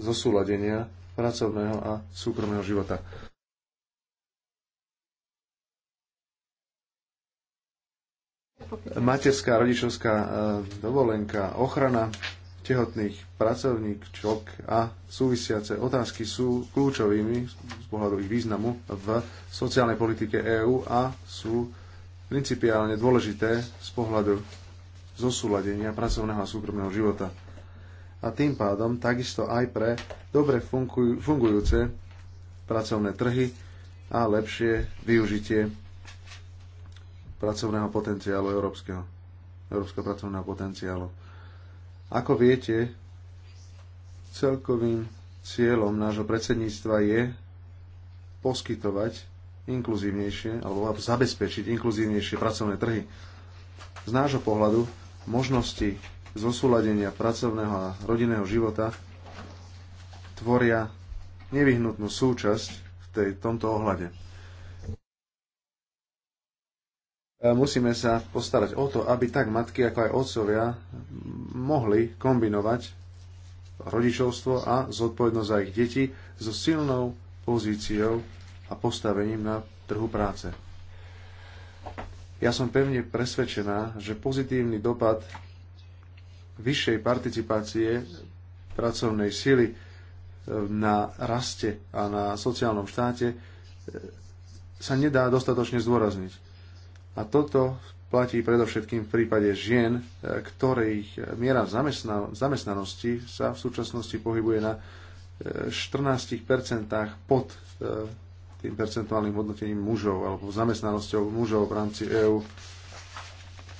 zosúladenia pracovného a súkromného života. Materská, rodičovská e, dovolenka, ochrana tehotných čok a súvisiace otázky sú kľúčovými z pohľadu ich významu v sociálnej politike EÚ a sú principiálne dôležité z pohľadu zosúladenia pracovného a súkromného života a tým pádom takisto aj pre dobre fungujúce pracovné trhy a lepšie využitie pracovného potenciálu európskeho, európskeho pracovného potenciálu. Ako viete, celkovým cieľom nášho predsedníctva je poskytovať inkluzívnejšie alebo zabezpečiť inkluzívnejšie pracovné trhy. Z nášho pohľadu možnosti zosúladenia pracovného a rodinného života tvoria nevyhnutnú súčasť v tej, tomto ohľade. Musíme sa postarať o to, aby tak matky ako aj otcovia mohli kombinovať rodičovstvo a zodpovednosť za ich deti so silnou pozíciou a postavením na trhu práce. Ja som pevne presvedčená, že pozitívny dopad vyššej participácie pracovnej sily e, na raste a na sociálnom štáte e, sa nedá dostatočne zdôrazniť. A toto platí predovšetkým v prípade žien, e, ktorých miera zamestnanosti sa v súčasnosti pohybuje na 14% pod tým percentuálnym hodnotením mužov alebo zamestnanosťou mužov v rámci EÚ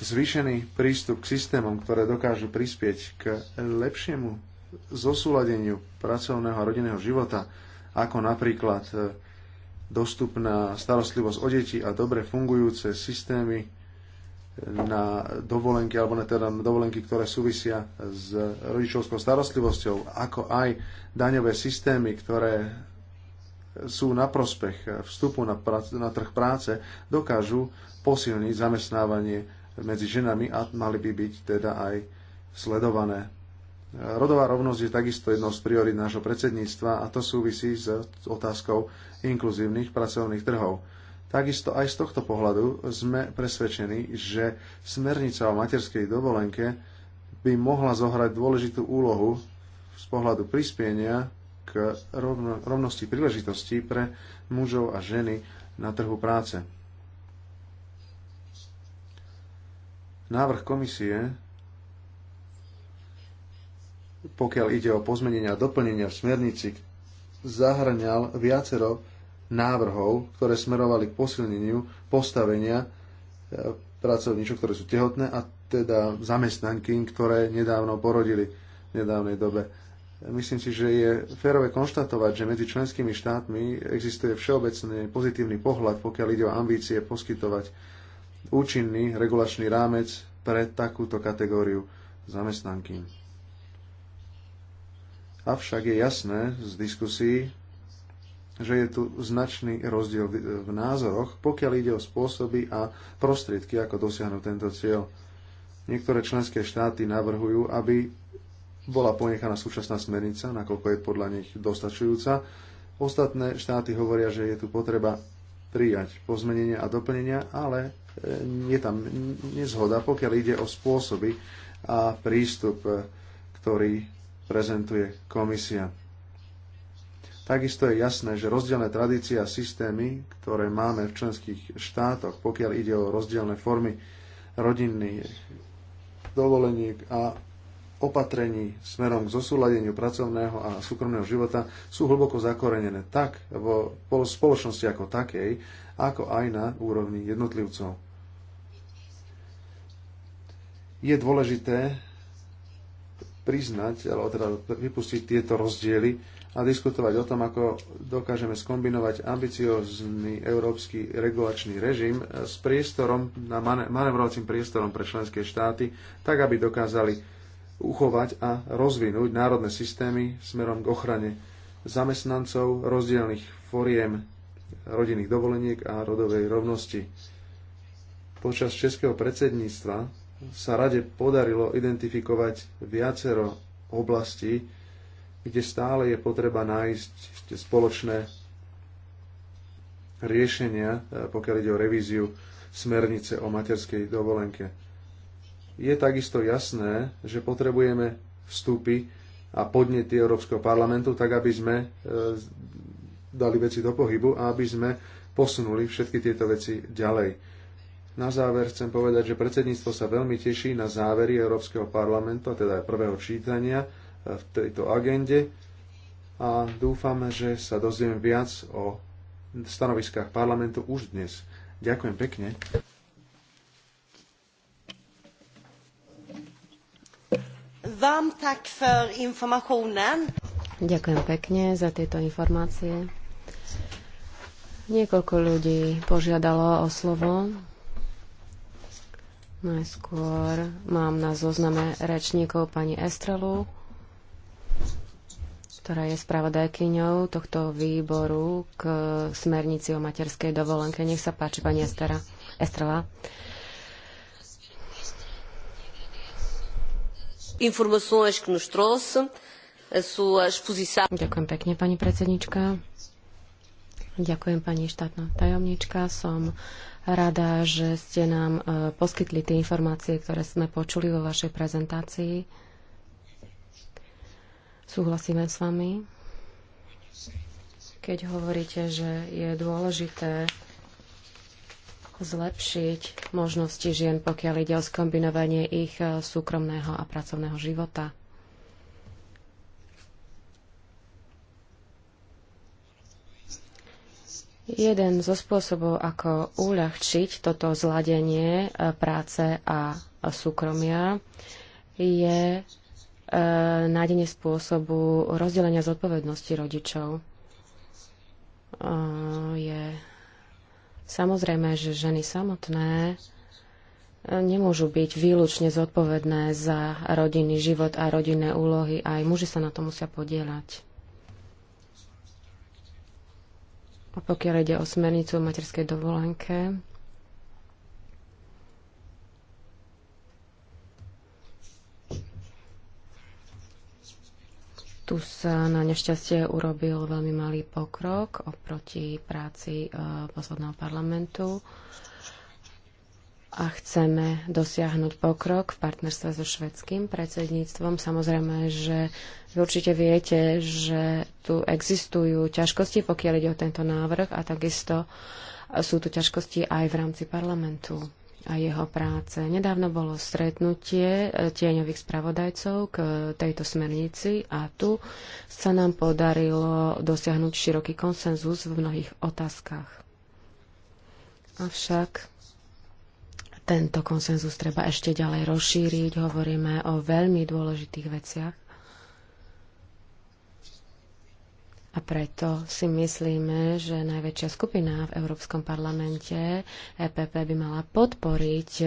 zvýšený prístup k systémom, ktoré dokážu prispieť k lepšiemu zosúladeniu pracovného a rodinného života, ako napríklad e, dostupná starostlivosť o deti a dobre fungujúce systémy e, na dovolenky, alebo na teda dovolenky, ktoré súvisia s rodičovskou starostlivosťou, ako aj daňové systémy, ktoré sú na prospech vstupu na, prac, na trh práce, dokážu posilniť zamestnávanie medzi ženami a mali by byť teda aj sledované. Rodová rovnosť je takisto jednou z priorit nášho predsedníctva a to súvisí s otázkou inkluzívnych pracovných trhov. Takisto aj z tohto pohľadu sme presvedčení, že smernica o materskej dovolenke by mohla zohrať dôležitú úlohu z pohľadu prispienia k rovnosti príležitostí pre mužov a ženy na trhu práce. Návrh komisie, pokiaľ ide o pozmenenia a doplnenia v smernici, zahrňal viacero návrhov, ktoré smerovali k posilneniu postavenia e, pracovníčok, ktoré sú tehotné a teda zamestnanky, ktoré nedávno porodili v nedávnej dobe. Myslím si, že je férové konštatovať, že medzi členskými štátmi existuje všeobecný pozitívny pohľad, pokiaľ ide o ambície poskytovať účinný regulačný rámec pre takúto kategóriu zamestnanky. Avšak je jasné z diskusí, že je tu značný rozdiel v názoroch, pokiaľ ide o spôsoby a prostriedky, ako dosiahnuť tento cieľ. Niektoré členské štáty navrhujú, aby bola ponechaná súčasná smernica, nakoľko je podľa nich dostačujúca. Ostatné štáty hovoria, že je tu potreba prijať pozmenenia a doplnenia, ale je tam nezhoda, pokiaľ ide o spôsoby a prístup, ktorý prezentuje komisia. Takisto je jasné, že rozdielne tradície a systémy, ktoré máme v členských štátoch, pokiaľ ide o rozdielne formy rodinných dovoleniek a opatrení smerom k zosúladeniu pracovného a súkromného života sú hlboko zakorenené tak vo spoločnosti ako takej, ako aj na úrovni jednotlivcov je dôležité priznať, alebo teda vypustiť tieto rozdiely a diskutovať o tom, ako dokážeme skombinovať ambiciózny európsky regulačný režim s priestorom, na manevrovacím priestorom pre členské štáty, tak aby dokázali uchovať a rozvinúť národné systémy smerom k ochrane zamestnancov, rozdielných foriem rodinných dovoleniek a rodovej rovnosti. Počas českého predsedníctva sa rade podarilo identifikovať viacero oblastí, kde stále je potreba nájsť ešte spoločné riešenia, e, pokiaľ ide o revíziu smernice o materskej dovolenke. Je takisto jasné, že potrebujeme vstupy a podnety Európskeho parlamentu, tak aby sme e, dali veci do pohybu a aby sme posunuli všetky tieto veci ďalej na záver chcem povedať, že predsedníctvo sa veľmi teší na závery Európskeho parlamentu, teda aj prvého čítania e, v tejto agende a dúfame, že sa dozviem viac o stanoviskách parlamentu už dnes. Ďakujem pekne. Vám tak Ďakujem pekne za tieto informácie. Niekoľko ľudí požiadalo o slovo. Najskôr mám na zozname rečníkov pani Estrelu, ktorá je spravodajkyňou tohto výboru k smernici o materskej dovolenke. Nech sa páči, pani Estera, Estrela. Informações que nos trouxe, sú sua Ďakujem pekne, pani predsednička. Ďakujem pani štátna tajomnička. Som rada, že ste nám e, poskytli tie informácie, ktoré sme počuli vo vašej prezentácii. Súhlasíme s vami. Keď hovoríte, že je dôležité zlepšiť možnosti žien, pokiaľ ide o skombinovanie ich e, súkromného a pracovného života. Jeden zo spôsobov, ako uľahčiť toto zladenie e, práce a súkromia, je e, nájdenie spôsobu rozdelenia zodpovednosti rodičov. E, je samozrejme, že ženy samotné nemôžu byť výlučne zodpovedné za rodinný život a rodinné úlohy, aj muži sa na to musia podielať. pokiaľ ide o smernicu o materskej dovolenke. Tu sa na nešťastie urobil veľmi malý pokrok oproti práci e, posledného parlamentu a chceme dosiahnuť pokrok v partnerstve so švedským predsedníctvom. Samozrejme, že vy určite viete, že tu existujú ťažkosti, pokiaľ ide o tento návrh a takisto sú tu ťažkosti aj v rámci parlamentu a jeho práce. Nedávno bolo stretnutie e, tieňových spravodajcov k tejto smernici a tu sa nám podarilo dosiahnuť široký konsenzus v mnohých otázkach. Avšak tento konsenzus treba ešte ďalej rozšíriť. Hovoríme o veľmi dôležitých veciach A preto si myslíme, že najväčšia skupina v Európskom parlamente EPP by mala podporiť e,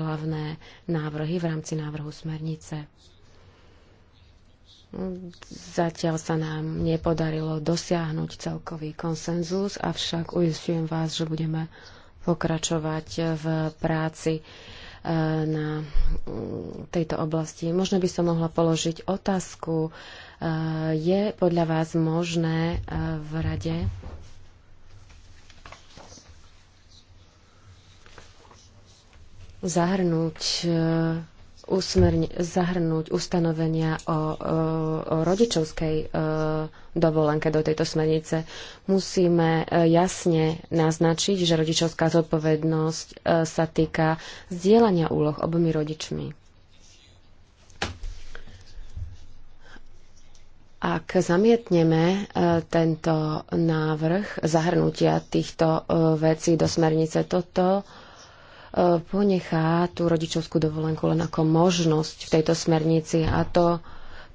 hlavné návrhy v rámci návrhu smernice. Zatiaľ sa nám nepodarilo dosiahnuť celkový konsenzus, avšak uistujem vás, že budeme pokračovať v práci e, na tejto oblasti. Možno by som mohla položiť otázku je podľa vás možné e, v rade zahrnúť e, usmerne, zahrnúť ustanovenia o, o, o rodičovskej o, e, dovolenke do tejto smernice. Musíme jasne naznačiť, že rodičovská zodpovednosť sa týka zdieľania úloh obomi rodičmi. Ak zamietneme e, tento návrh zahrnutia týchto e, vecí do smernice, toto e, ponechá tú rodičovskú dovolenku len ako možnosť v tejto smernici a to,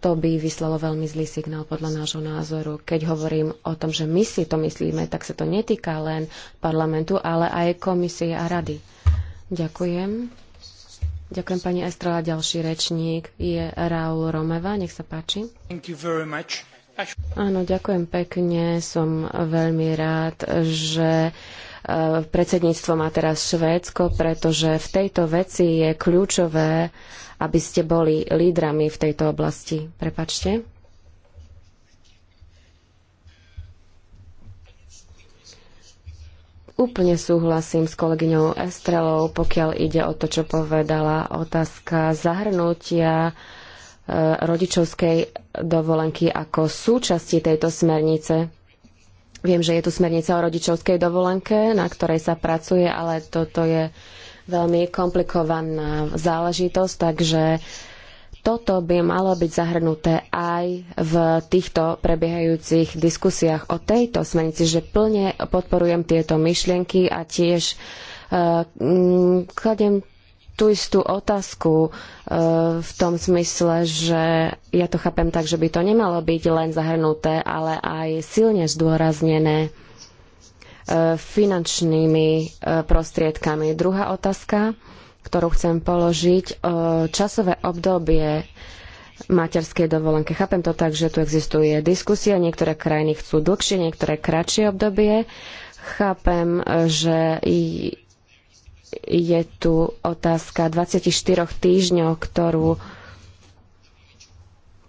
to by vyslalo veľmi zlý signál podľa nášho názoru. Keď hovorím o tom, že my si to myslíme, tak sa to netýka len parlamentu, ale aj komisie a rady. Ďakujem. Ďakujem pani Estrela. Ďalší rečník je Raúl Romeva. Nech sa páči. Áno, ďakujem pekne. Som veľmi rád, že eh, predsedníctvo má teraz Švédsko, pretože v tejto veci je kľúčové, aby ste boli lídrami v tejto oblasti. Prepačte. Úplne súhlasím s kolegyňou Estrelou, pokiaľ ide o to, čo povedala otázka zahrnutia e, rodičovskej dovolenky ako súčasti tejto smernice. Viem, že je tu smernica o rodičovskej dovolenke, na ktorej sa pracuje, ale toto je veľmi komplikovaná záležitosť, takže uh, toto by malo byť zahrnuté aj v týchto prebiehajúcich diskusiách o tejto smernici, že plne podporujem tieto myšlienky a tiež uh, kladiem tú istú otázku e, v tom smysle, že ja to chápem tak, že by to nemalo byť len zahrnuté, ale aj silne zdôraznené e, finančnými prostriedkami. Druhá otázka ktorú chcem položiť. E, časové obdobie materskej dovolenke. Chápem to tak, že tu existuje diskusia. Niektoré krajiny chcú dlhšie, niektoré kratšie obdobie. Chápem, že je tu otázka 24 týždňov, ktorú,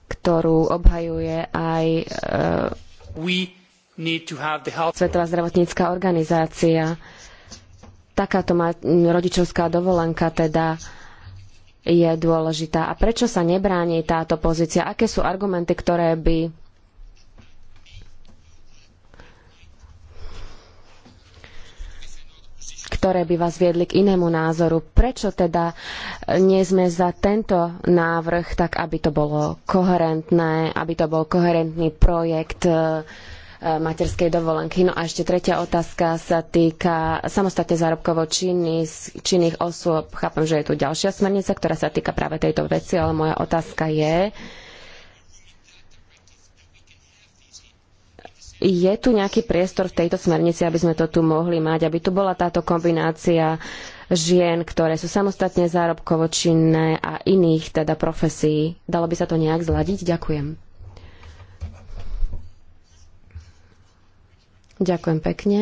ktorú obhajuje aj e, Svetová zdravotnícká organizácia takáto rodičovská dovolenka teda je dôležitá. A prečo sa nebráni táto pozícia? Aké sú argumenty, ktoré by ktoré by vás viedli k inému názoru. Prečo teda nie sme za tento návrh, tak aby to bolo koherentné, aby to bol koherentný projekt, e, materskej dovolenky. No a ešte tretia otázka sa týka samostatne zárobkovo činných, činných osôb. Chápem, že je tu ďalšia smernica, ktorá sa týka práve tejto veci, ale moja otázka je, je tu nejaký priestor v tejto smernici, aby sme to tu mohli mať, aby tu bola táto kombinácia žien, ktoré sú samostatne zárobkovo činné a iných teda profesí. Dalo by sa to nejak zladiť? Ďakujem. Ďakujem pekne.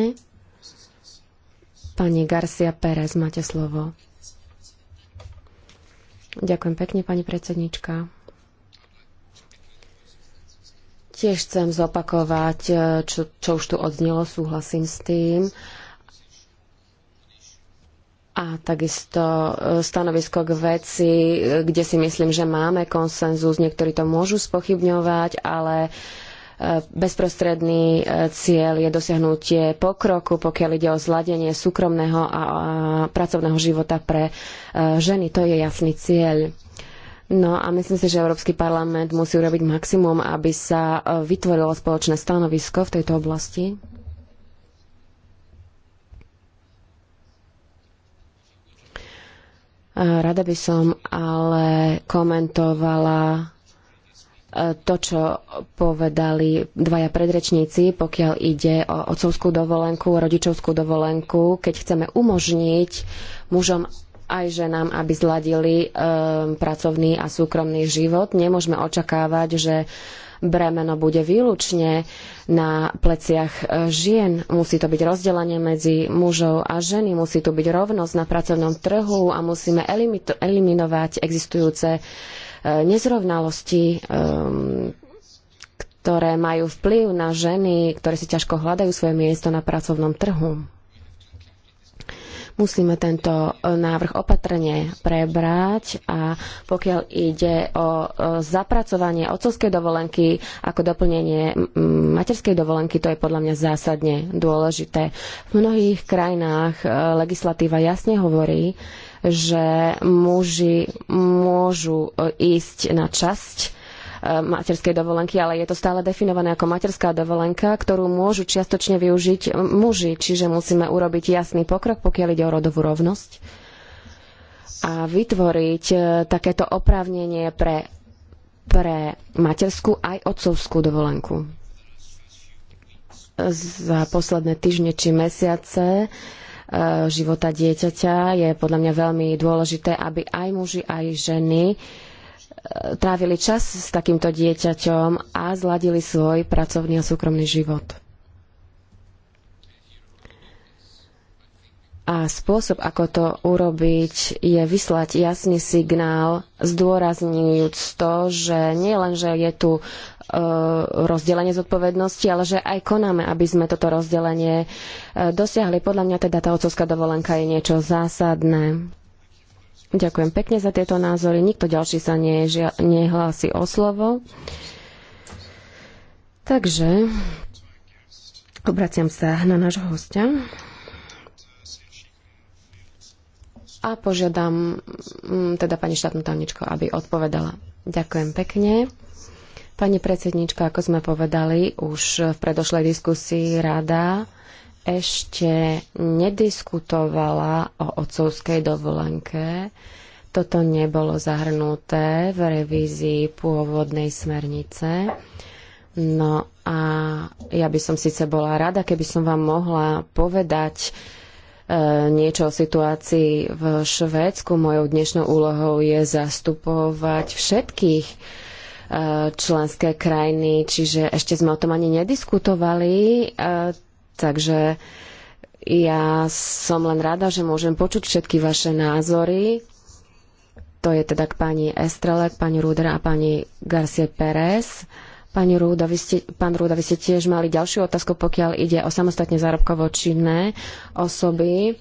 Pani Garcia Pérez, máte slovo. Ďakujem pekne, pani predsednička. Tiež chcem zopakovať, eh, čo, čo už tu odznelo, súhlasím s tým. A takisto eh, stanovisko k veci, eh, kde si myslím, že máme konsenzus, niektorí to môžu spochybňovať, ale uh, bezprostredný e, cieľ je dosiahnutie pokroku, pokiaľ ide o zladenie súkromného a pracovného života pre e, ženy. To je jasný cieľ. No a myslím si, že Európsky parlament musí urobiť maximum, aby sa e, vytvorilo spoločné stanovisko v tejto oblasti. Rada by som ale komentovala E, to, čo povedali dvaja predrečníci, pokiaľ ide o otcovskú dovolenku, rodičovskú dovolenku, keď chceme umožniť mužom aj ženám, aby zladili um, pracovný a súkromný život. Nemôžeme očakávať, že bremeno bude výlučne na pleciach e, žien. Musí to byť rozdelenie medzi mužov a ženy, musí tu byť rovnosť na pracovnom trhu a musíme eliminovať existujúce nezrovnalosti, ehm, ktoré majú vplyv na ženy, ktoré si ťažko hľadajú svoje miesto na pracovnom trhu. Musíme tento eh, návrh opatrne prebrať a pokiaľ ide o eh, zapracovanie otcovskej dovolenky ako doplnenie materskej dovolenky, to je podľa mňa zásadne dôležité. V mnohých krajinách eh, legislatíva jasne hovorí, že muži môžu e, ísť na časť e, materskej dovolenky, ale je to stále definované ako materská dovolenka, ktorú môžu čiastočne využiť e, muži, čiže musíme urobiť jasný pokrok, pokiaľ ide o rodovú rovnosť a vytvoriť takéto oprávnenie pre, pre materskú aj otcovskú dovolenku. Za posledné týždne či mesiace života dieťaťa je podľa mňa veľmi dôležité, aby aj muži, aj ženy e, trávili čas s takýmto dieťaťom a zladili svoj pracovný a súkromný život. A spôsob, ako to urobiť, je vyslať jasný signál, zdôrazňujúc to, že nie len, že je tu Eh, rozdelenie zodpovednosti, ale že aj konáme, aby sme toto rozdelenie eh, dosiahli. Podľa mňa teda tá otcovská dovolenka je niečo zásadné. Ďakujem pekne za tieto názory. Nikto ďalší sa žia, nehlási o slovo. Takže obraciam sa na nášho hostia a požiadam mm, teda pani štátnu tajničko, aby odpovedala. Ďakujem pekne. Pani predsednička, ako sme povedali už v predošlej diskusii, rada ešte nediskutovala o otcovskej dovolenke. Toto nebolo zahrnuté v revízii pôvodnej smernice. No a ja by som síce bola rada, keby som vám mohla povedať, e, niečo o situácii v Švédsku. Mojou dnešnou úlohou je zastupovať všetkých členské krajiny, čiže ešte sme o tom ani nediskutovali, e, takže ja som len rada, že môžem počuť všetky vaše názory. To je teda k pani Estrele, k pani Rúder a pani Garcia Pérez. Pani Rúda, vy ste, pán Rúda, vy ste tiež mali ďalšiu otázku, pokiaľ ide o samostatne zárobkovo činné osoby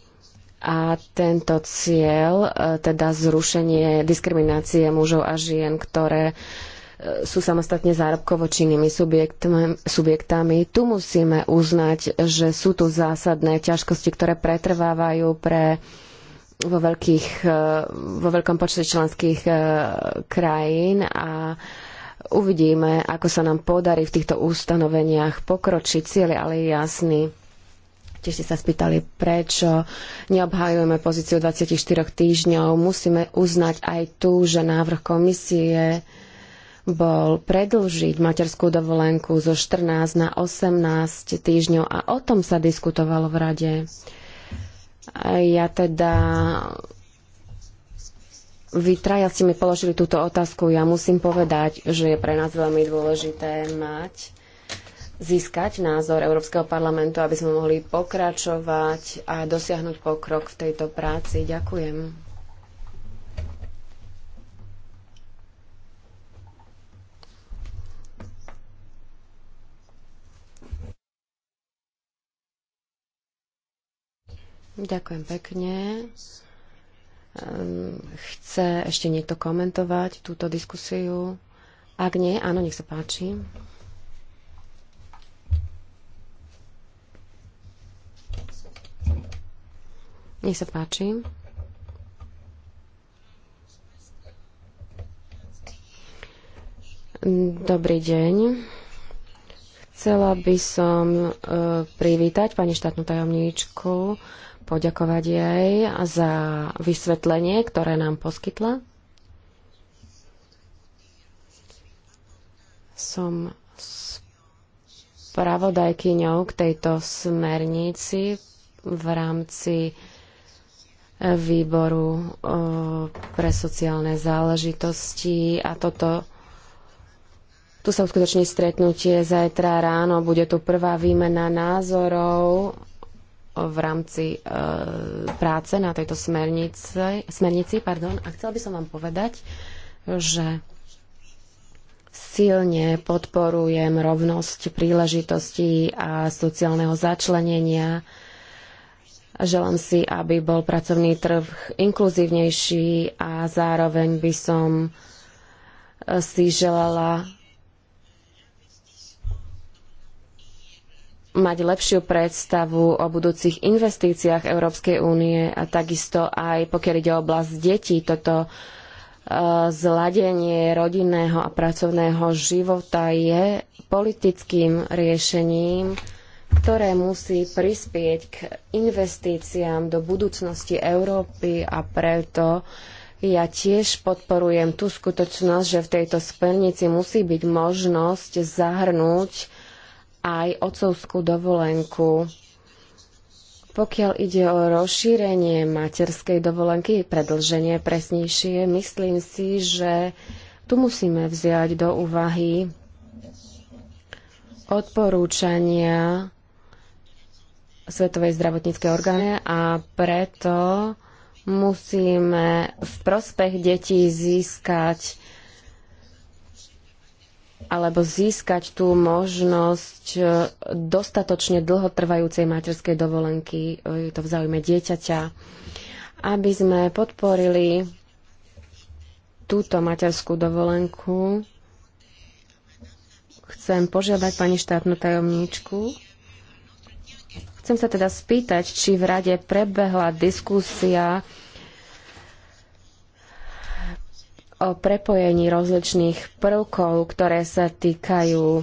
a tento cieľ, e, teda zrušenie diskriminácie mužov a žien, ktoré sú samostatne zárobkovo činnými subjektami. Tu musíme uznať, že sú tu zásadné ťažkosti, ktoré pretrvávajú pre vo, veľkých, e, vo veľkom počte členských e, krajín a uvidíme, ako sa nám podarí v týchto ustanoveniach pokročiť. Cieľ ale je jasný. Tiež ste sa spýtali, prečo neobhajujeme pozíciu 24 týždňov. Musíme uznať aj tu, že návrh komisie bol predlžiť materskú dovolenku zo 14 na 18 týždňov a o tom sa diskutovalo v rade. ja teda... Vy traja ste mi položili túto otázku. Ja musím povedať, že je pre nás veľmi dôležité mať získať názor Európskeho parlamentu, aby sme mohli pokračovať a dosiahnuť pokrok v tejto práci. Ďakujem. Ďakujem pekne. Ehm, chce ešte niekto komentovať túto diskusiu? Ak nie, áno, nech sa páči. Nech sa páči. Dobrý deň. Chcela by som e, privítať pani štátnu tajomníčku, poďakovať jej za vysvetlenie, ktoré nám poskytla. Som spravodajkyňou k tejto smernici v rámci e, výboru e, pre sociálne záležitosti a toto tu sa uskutoční stretnutie zajtra ráno, bude tu prvá výmena názorov v rámci e, práce na tejto smernici, smernici pardon, a chcela by som vám povedať, že silne podporujem rovnosť príležitostí a sociálneho začlenenia. Želám si, aby bol pracovný trh inkluzívnejší a zároveň by som e, si želala mať lepšiu predstavu o budúcich investíciách Európskej únie a takisto aj pokiaľ ide o oblasť detí, toto e, zladenie rodinného a pracovného života je politickým riešením, ktoré musí prispieť k investíciám do budúcnosti Európy a preto ja tiež podporujem tú skutočnosť, že v tejto smernici musí byť možnosť zahrnúť aj otcovskú dovolenku. Pokiaľ ide o rozšírenie materskej dovolenky, predlženie presnejšie, myslím si, že tu musíme vziať do úvahy odporúčania Svetovej zdravotníckej orgány a preto musíme v prospech detí získať alebo získať tú možnosť e, dostatočne dlhotrvajúcej materskej dovolenky, e, je to v záujme dieťaťa, aby sme podporili túto materskú dovolenku. Chcem požiadať pani štátnu tajomníčku. Chcem sa teda spýtať, či v rade prebehla diskusia o prepojení rozličných prvkov, ktoré sa týkajú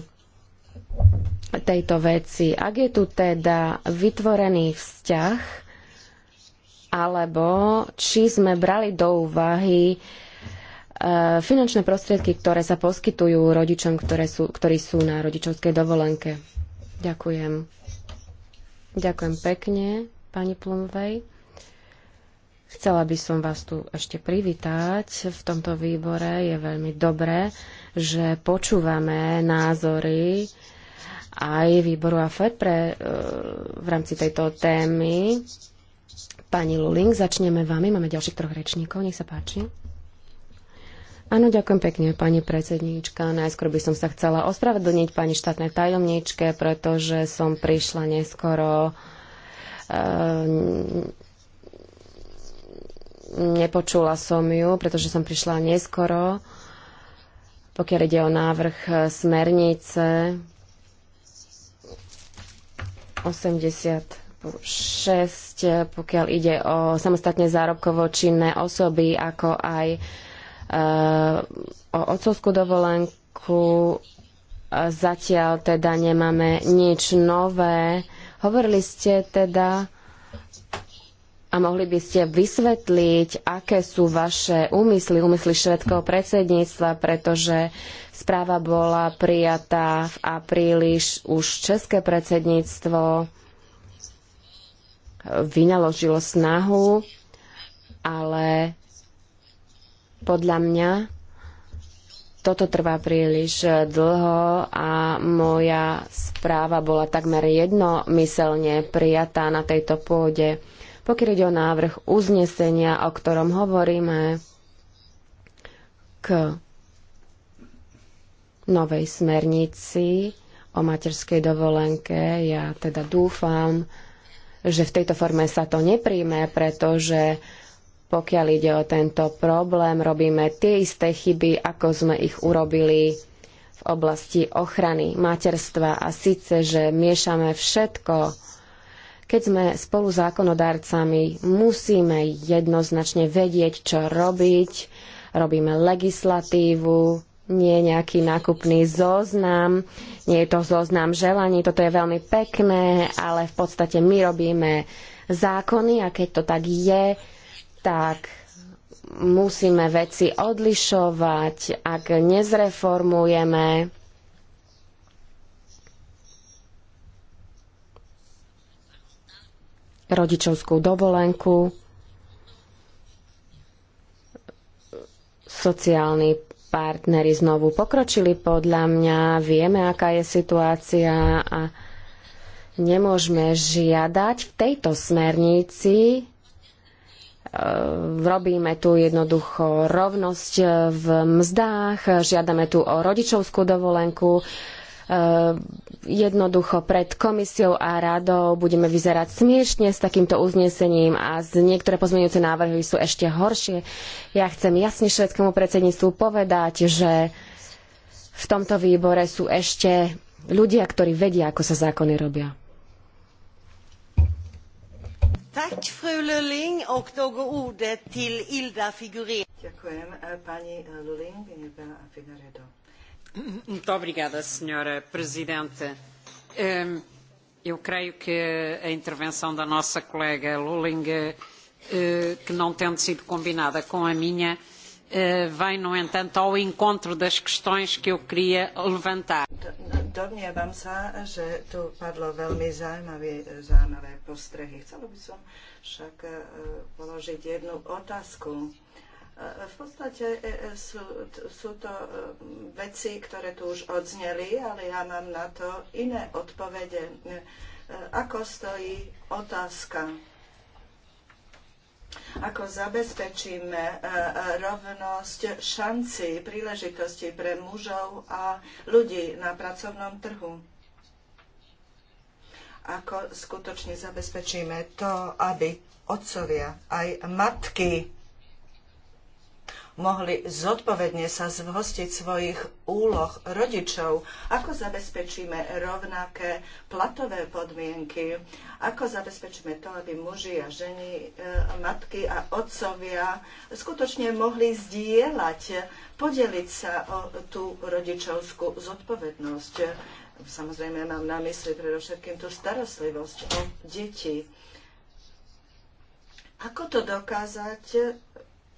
tejto veci. Ak je tu teda vytvorený vzťah, alebo či sme brali do úvahy e, finančné prostriedky, ktoré sa poskytujú rodičom, sú, ktorí sú na rodičovskej dovolenke. Ďakujem. Ďakujem pekne, pani Plumvej. Chcela by som vás tu ešte privítať v tomto výbore. Je veľmi dobré, že počúvame názory aj výboru AFED pre, e, v rámci tejto témy. Pani Luling, začneme vami. Máme ďalších troch rečníkov. Nech sa páči. Áno, ďakujem pekne, pani predsedníčka. Najskôr by som sa chcela ospravedlniť pani štátnej tajomníčke, pretože som prišla neskoro. E, Nepočula som ju, pretože som prišla neskoro. Pokiaľ ide o návrh e, smernice 86, e, pokiaľ ide o samostatne zárobkovo činné osoby, ako aj e, o otcovskú dovolenku, zatiaľ teda nemáme nič nové. Hovorili ste teda a mohli by ste vysvetliť, aké sú vaše úmysly, úmysly švedského predsedníctva, pretože správa bola prijatá v apríli, už české predsedníctvo vynaložilo snahu, ale podľa mňa toto trvá príliš dlho a moja správa bola takmer jednomyselne prijatá na tejto pôde. Pokiaľ ide o návrh uznesenia, o ktorom hovoríme, k novej smernici o materskej dovolenke. Ja teda dúfam, že v tejto forme sa to nepríjme, pretože pokiaľ ide o tento problém, robíme tie isté chyby, ako sme ich urobili v oblasti ochrany materstva a síce, že miešame všetko, keď sme spolu zákonodárcami, musíme jednoznačne vedieť, čo robiť. Robíme legislatívu, nie nejaký nákupný zoznam, nie je to zoznam želaní, toto je veľmi pekné, ale v podstate my robíme zákony a keď to tak je, tak musíme veci odlišovať, ak nezreformujeme rodičovskú dovolenku, sociálni partneri znovu pokročili podľa mňa, vieme, aká je situácia a nemôžeme žiadať v tejto smernici. E, robíme tu jednoducho rovnosť v mzdách, žiadame tu o rodičovskú dovolenku, Eh, jednoducho pred komisiou a radou budeme vyzerať smiešne s takýmto uznesením a z niektoré pozmeňujúce návrhy sú ešte horšie. Ja chcem jasne švedskému predsedníctvu povedať, že v tomto výbore sú ešte ľudia, ktorí vedia, ako sa zákony robia. Ďakujem eh, pani eh, Luling, Senhora Presidente. Eu creio que a intervenção da nossa colega Lulling, eh, que não tendo sido combinada com a minha, eh, vem, no entanto, ao encontro das questões que eu queria levantar. Domnievam sa, že tu padlo veľmi zaujímavé, zaujímavé postrehy. Chcela by som však eh, položiť jednu otázku. Uh, v podstate e, e, sú, sú to e, veci, ktoré tu už odzneli, ale ja mám na to iné odpovede. Ako stojí otázka? Ako zabezpečíme rovnosť šanci, príležitosti pre mužov a ľudí na pracovnom trhu? Ako skutočne zabezpečíme to, aby otcovia, aj matky mohli zodpovedne sa zhostiť svojich úloh rodičov? Ako zabezpečíme rovnaké platové podmienky? Ako zabezpečíme to, aby muži a ženy, e, matky a otcovia skutočne mohli zdieľať, podeliť sa o tú rodičovskú zodpovednosť? Samozrejme mám na mysli predovšetkým tú starostlivosť o deti. Ako to dokázať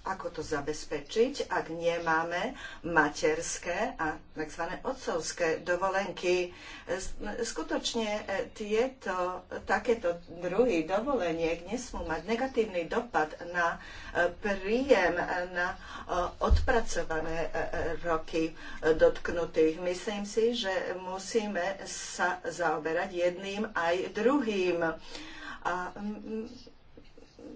ako to zabezpečiť, ak nemáme materské a tzv. otcovské dovolenky? Skutočne e, tieto, takéto druhy dovoleniek nesmú mať negatívny dopad na e, príjem, e, na odpracované roky dotknutých. Myslím si, že musíme sa zaoberať jedným aj druhým. A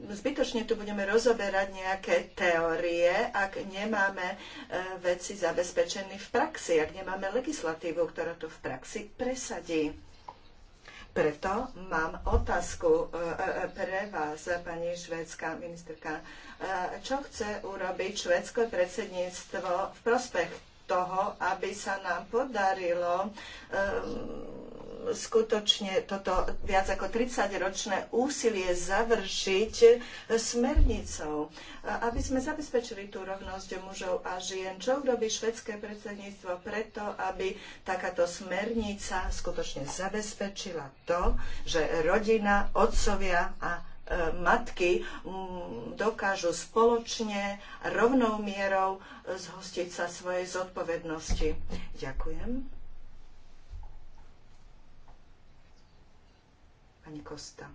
zbytočne tu budeme rozoberať nejaké teórie, ak nemáme e, veci zabezpečené v praxi, ak nemáme legislatívu, ktorá to v praxi presadí. Preto mám otázku e, e, pre vás, pani švédska ministerka. Čo chce urobiť švédske predsedníctvo v prospech toho, aby sa nám podarilo um, skutočne toto viac ako 30-ročné úsilie završiť smernicou, aby sme zabezpečili tú rovnosť mužov a žien. Čo urobí švedské predsedníctvo preto, aby takáto smernica skutočne zabezpečila to, že rodina, otcovia a e, matky dokážu spoločne rovnou mierou e, zhostiť sa svojej zodpovednosti. Ďakujem. Pani Kosta.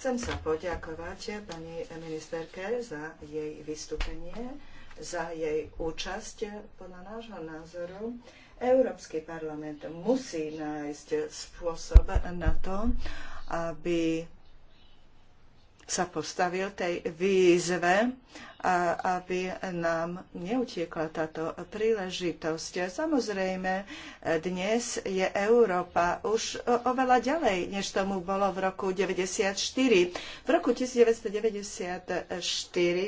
Chcem sa poďakovať eh, pani ministerke za jej vystúpenie, za jej účasť. Eh, podľa nášho názoru Európsky parlament musí nájsť spôsob na to, aby sa postavil tej výzve aby nám neutiekla táto príležitosť. Samozrejme, dnes je Európa už oveľa ďalej, než tomu bolo v roku 94. V roku 1994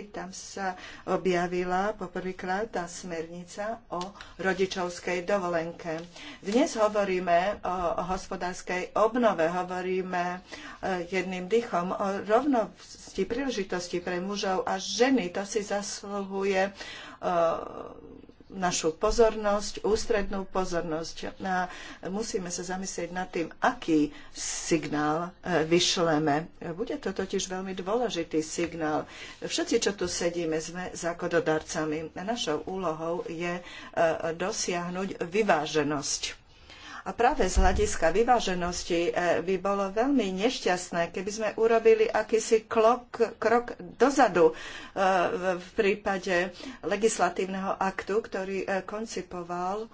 tam sa objavila poprvýkrát tá smernica o rodičovskej dovolenke. Dnes hovoríme o hospodárskej obnove, hovoríme eh, jedným dýchom o rovnosti rovnosti príležitosti pre mužov a ženy. To si zasluhuje eh, našu pozornosť, ústrednú pozornosť. A musíme sa zamyslieť nad tým, aký signál eh, vyšleme. Bude to totiž veľmi dôležitý signál. Všetci, čo tu sedíme, sme zákonodarcami. Našou úlohou je eh, dosiahnuť vyváženosť a práve z hľadiska vyváženosti eh, by bolo veľmi nešťastné, keby sme urobili akýsi krok, krok dozadu eh, v prípade legislatívneho aktu, ktorý eh, koncipoval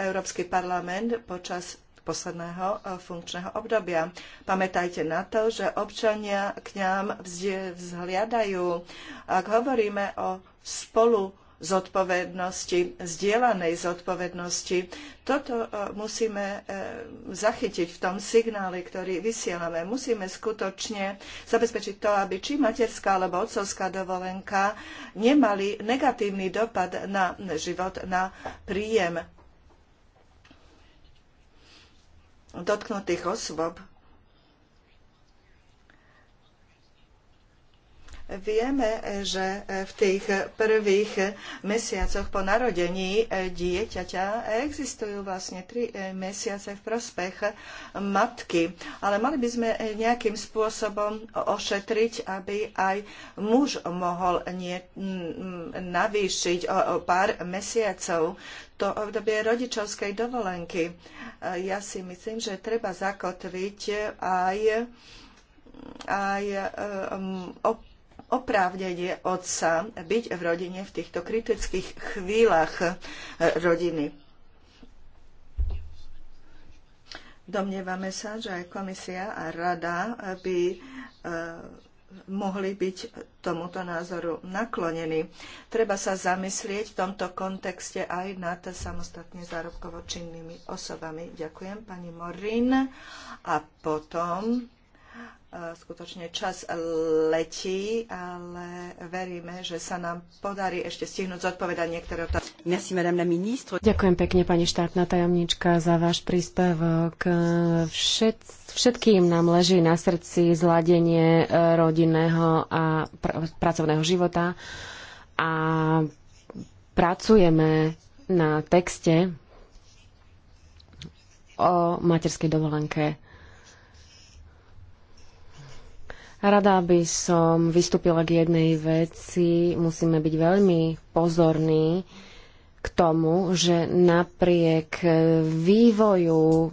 Európsky parlament počas posledného funkčného obdobia. Pamätajte na to, že občania k nám vzhliadajú. Ak hovoríme o spolu zodpovednosti, zdieľanej zodpovednosti. Toto e, musíme e, zachytiť v tom signáli, ktorý vysielame. Musíme skutočne zabezpečiť to, aby či materská alebo otcovská dovolenka nemali negatívny dopad na život, na príjem dotknutých osôb Vieme, že v tých prvých mesiacoch po narodení dieťaťa existujú vlastne tri mesiace v prospech matky. Ale mali by sme nejakým spôsobom ošetriť, aby aj muž mohol nie, mm, navýšiť o, o pár mesiacov to obdobie rodičovskej dovolenky. Ja si myslím, že treba zakotviť aj, aj um, oprávnenie otca byť v rodine v týchto kritických chvíľach eh, rodiny. Domnievame sa, že aj komisia a rada by eh, mohli byť tomuto názoru naklonení. Treba sa zamyslieť v tomto kontexte aj nad samostatne zárobkovo činnými osobami. Ďakujem pani Morin. A potom E, skutočne čas letí, ale veríme, že sa nám podarí ešte stihnúť zodpovedať niektoré otázky. Ďakujem pekne, pani štátna tajomnička, za váš príspevok. E, všet, všetkým nám leží na srdci zladenie e, rodinného a pr- pracovného života a pracujeme na texte o materskej dovolenke Rada by som vystúpila k jednej veci. Musíme byť veľmi pozorní k tomu, že napriek vývoju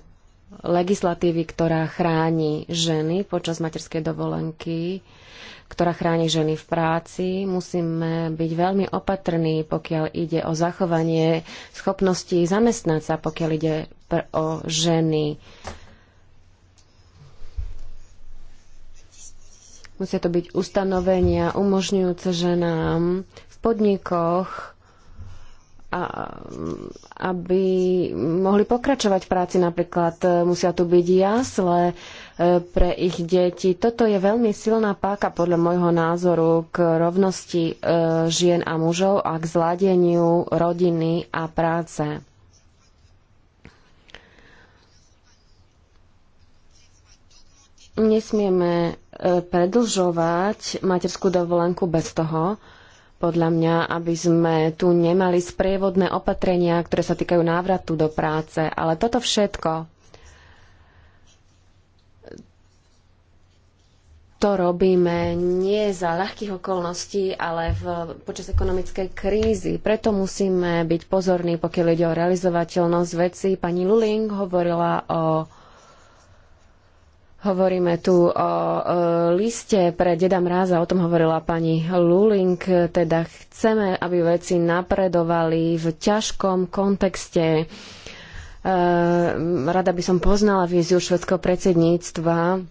legislatívy, ktorá chráni ženy počas materskej dovolenky, ktorá chráni ženy v práci. Musíme byť veľmi opatrní, pokiaľ ide o zachovanie schopností zamestnať sa, pokiaľ ide o ženy Musia to byť ustanovenia umožňujúce ženám v podnikoch, a, aby mohli pokračovať v práci. Napríklad e, musia tu byť jasle e, pre ich deti. Toto je veľmi silná páka podľa môjho názoru k rovnosti e, žien a mužov a k zladeniu rodiny a práce. Nesmieme E, predlžovať materskú dovolenku bez toho, podľa mňa, aby sme tu nemali sprievodné opatrenia, ktoré sa týkajú návratu do práce. Ale toto všetko to robíme nie za ľahkých okolností, ale v, počas ekonomickej krízy. Preto musíme byť pozorní, pokiaľ ide o realizovateľnosť vecí. Pani Luling hovorila o Hovoríme tu o liste pre Deda Mráza, o tom hovorila pani Luling, teda chceme, aby veci napredovali v ťažkom kontexte. E, rada by som poznala víziu švedského predsedníctva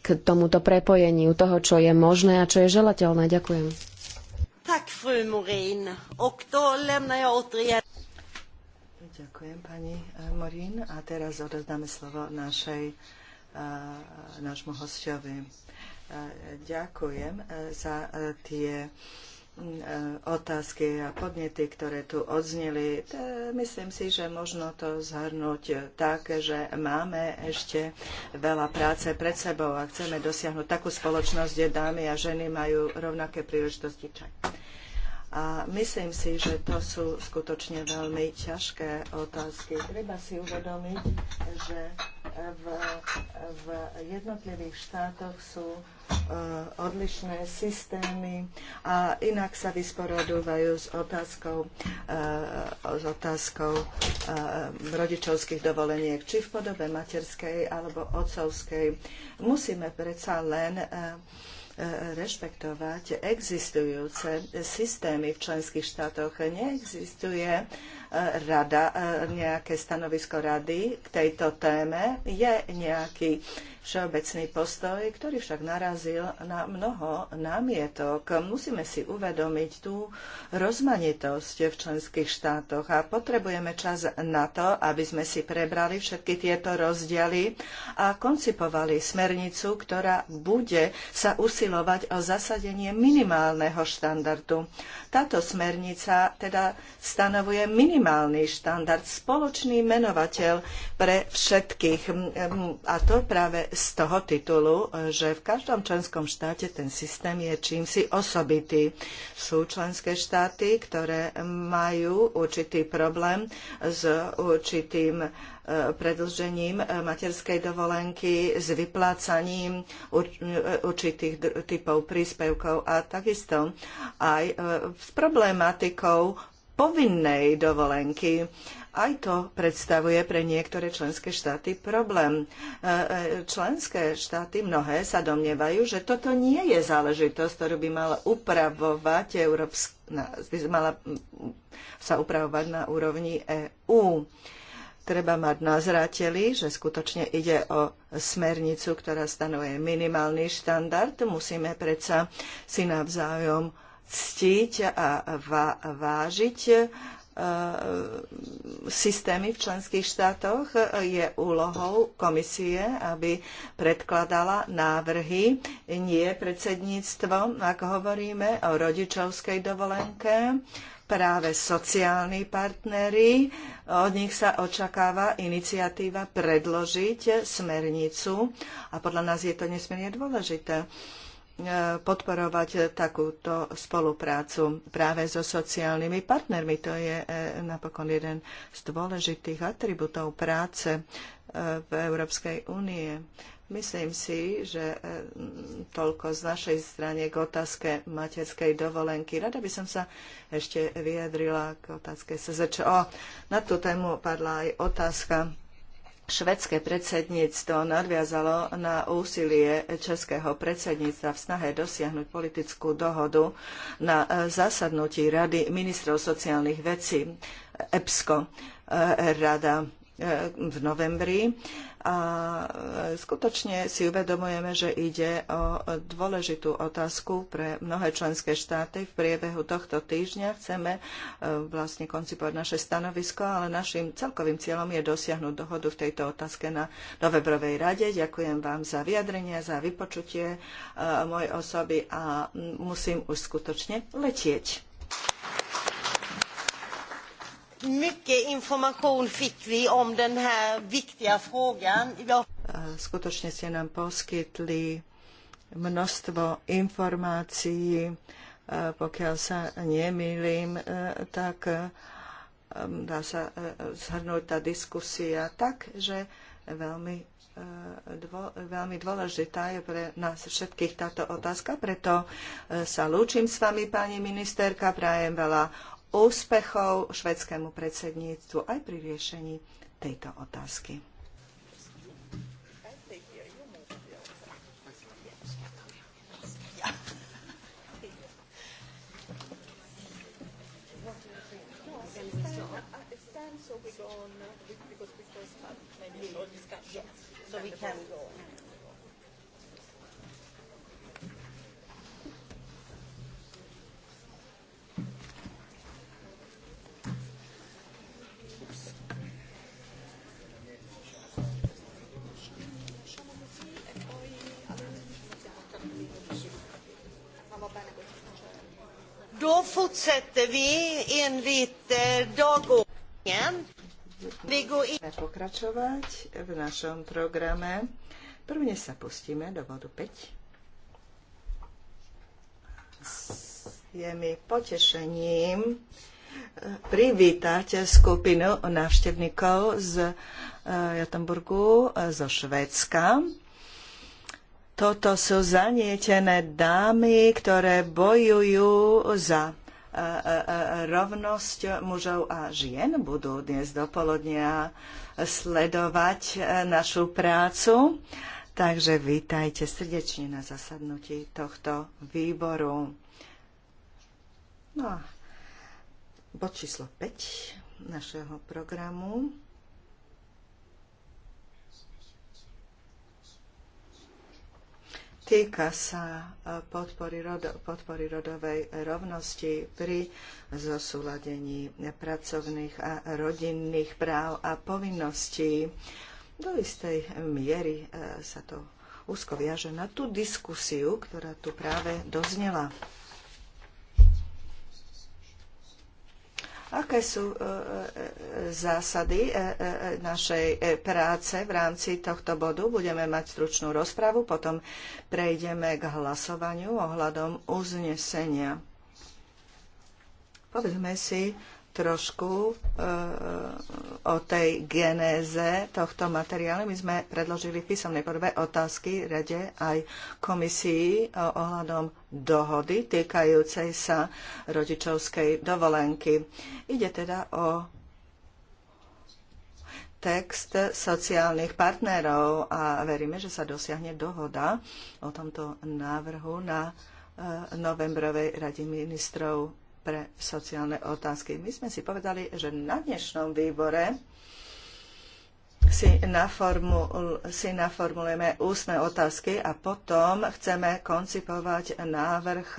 k tomuto prepojeniu toho, čo je možné a čo je želateľné. Ďakujem. Ďakujem pani Morín a teraz odozdáme slovo našej nášmu hostovi. Ďakujem e, za e, tie e, otázky a podnety, ktoré tu odzneli. Myslím si, že možno to zhrnúť tak, že máme ešte veľa práce pred sebou a chceme dosiahnuť takú spoločnosť, kde dámy a ženy majú rovnaké príležitosti. Čak. A myslím si, že to sú skutočne veľmi ťažké otázky. Treba si uvedomiť, že v, v jednotlivých štátoch sú e, odlišné systémy a inak sa vysporadujú s otázkou, e, s otázkou e, rodičovských dovoleniek, či v podobe materskej alebo otcovskej. Musíme predsa len rešpektovať existujúce systémy v členských štátoch. Neexistuje e, rada, e, nejaké stanovisko rady k tejto téme. Je nejaký všeobecný postoj, ktorý však narazil na mnoho námietok. Musíme si uvedomiť tú rozmanitosť v členských štátoch a potrebujeme čas na to, aby sme si prebrali všetky tieto rozdiely a koncipovali smernicu, ktorá bude sa usilovať o zasadenie minimálneho štandardu. Táto smernica teda stanovuje minimálny štandard, spoločný menovateľ pre všetkých. A to práve z toho titulu, že v každom členskom štáte ten systém je čímsi osobitý. Sú členské štáty, ktoré majú určitý problém s určitým e, predlžením e, materskej dovolenky, s vyplácaním e, určitých typov príspevkov a takisto aj s problematikou povinnej dovolenky. Aj to predstavuje pre niektoré členské štáty problém. E, e, členské štáty mnohé sa domnievajú, že toto nie je záležitosť, ktorú by mala upravovať Európska, by mala sa upravovať na úrovni EÚ. Treba mať na zrateli, že skutočne ide o smernicu, ktorá stanovuje minimálny štandard. Musíme predsa si navzájom ctiť a vážiť E, systémy v členských štátoch, je úlohou komisie, aby predkladala návrhy, nie predsedníctvo, ak hovoríme o rodičovskej dovolenke, práve sociálni partneri. Od nich sa očakáva iniciatíva predložiť smernicu a podľa nás je to nesmierne dôležité podporovať takúto spoluprácu práve so sociálnymi partnermi. To je e, napokon jeden z dôležitých atribútov práce e, v Európskej únie. Myslím si, že e, toľko z našej strany k otázke materskej dovolenky. Rada by som sa ešte vyjadrila k otázke SZČO. Na tú tému padla aj otázka Švedské predsedníctvo nadviazalo na úsilie českého predsedníctva v snahe dosiahnuť politickú dohodu na zasadnutí Rady ministrov sociálnych vecí EPSCO. Eh, Rada v novembri. A skutočne si uvedomujeme, že ide o dôležitú otázku pre mnohé členské štáty. V priebehu tohto týždňa chceme e, vlastne koncipovať naše stanovisko, ale našim celkovým cieľom je dosiahnuť dohodu v tejto otázke na novembrovej rade. Ďakujem vám za vyjadrenie, za vypočutie e, mojej osoby a musím už skutočne letieť. Mycket information fick vi om den här viktiga frågan. Skutočne ste nám poskytli množstvo informácií. Pokiaľ sa nemýlim, e, tak e, dá sa e, zhrnúť tá diskusia tak, že veľmi, dvo, veľmi dôležitá je pre nás všetkých táto otázka, preto sa lúčim s vami, pani ministerka, prajem veľa úspechov švedskému predsedníctvu aj pri riešení tejto otázky. So we go on uh, because we first had maybe a short discussion. So we can go on. fortsätter vi enligt eh, dagordningen. Vi går in... pokračovať v našom programe. Prvne sa pustíme do bodu 5. Je mi potešením eh, privítať skupinu návštevníkov z eh, Jotamburgu, zo Švédska. Toto sú zanietené dámy, ktoré bojujú za rovnosť mužov a žien budú dnes dopoludnia sledovať eh, našu prácu. Takže vítajte srdečne na zasadnutí tohto výboru. No a bod číslo 5 našeho programu Týka sa e, podpory, rodo, podpory rodovej rovnosti pri zosúladení pracovných a rodinných práv a povinností. Do istej miery e, sa to úzko viaže na tú diskusiu, ktorá tu práve doznela. aké sú e, e, e, zásady našej práce v rámci tohto bodu. Budeme mať stručnú rozpravu, potom prejdeme k hlasovaniu ohľadom uznesenia. Povedzme si, trošku eh, o tej genéze tohto materiálu. My sme predložili v písomnej podobe otázky rade aj komisii eh, ohľadom dohody týkajúcej sa rodičovskej dovolenky. Ide teda o text sociálnych partnerov a veríme, že sa dosiahne dohoda o tomto návrhu na eh, novembrovej rade ministrov pre sociálne otázky. My sme si povedali, že na dnešnom výbore si, naformul, si naformulujeme ústne otázky a potom chceme koncipovať návrh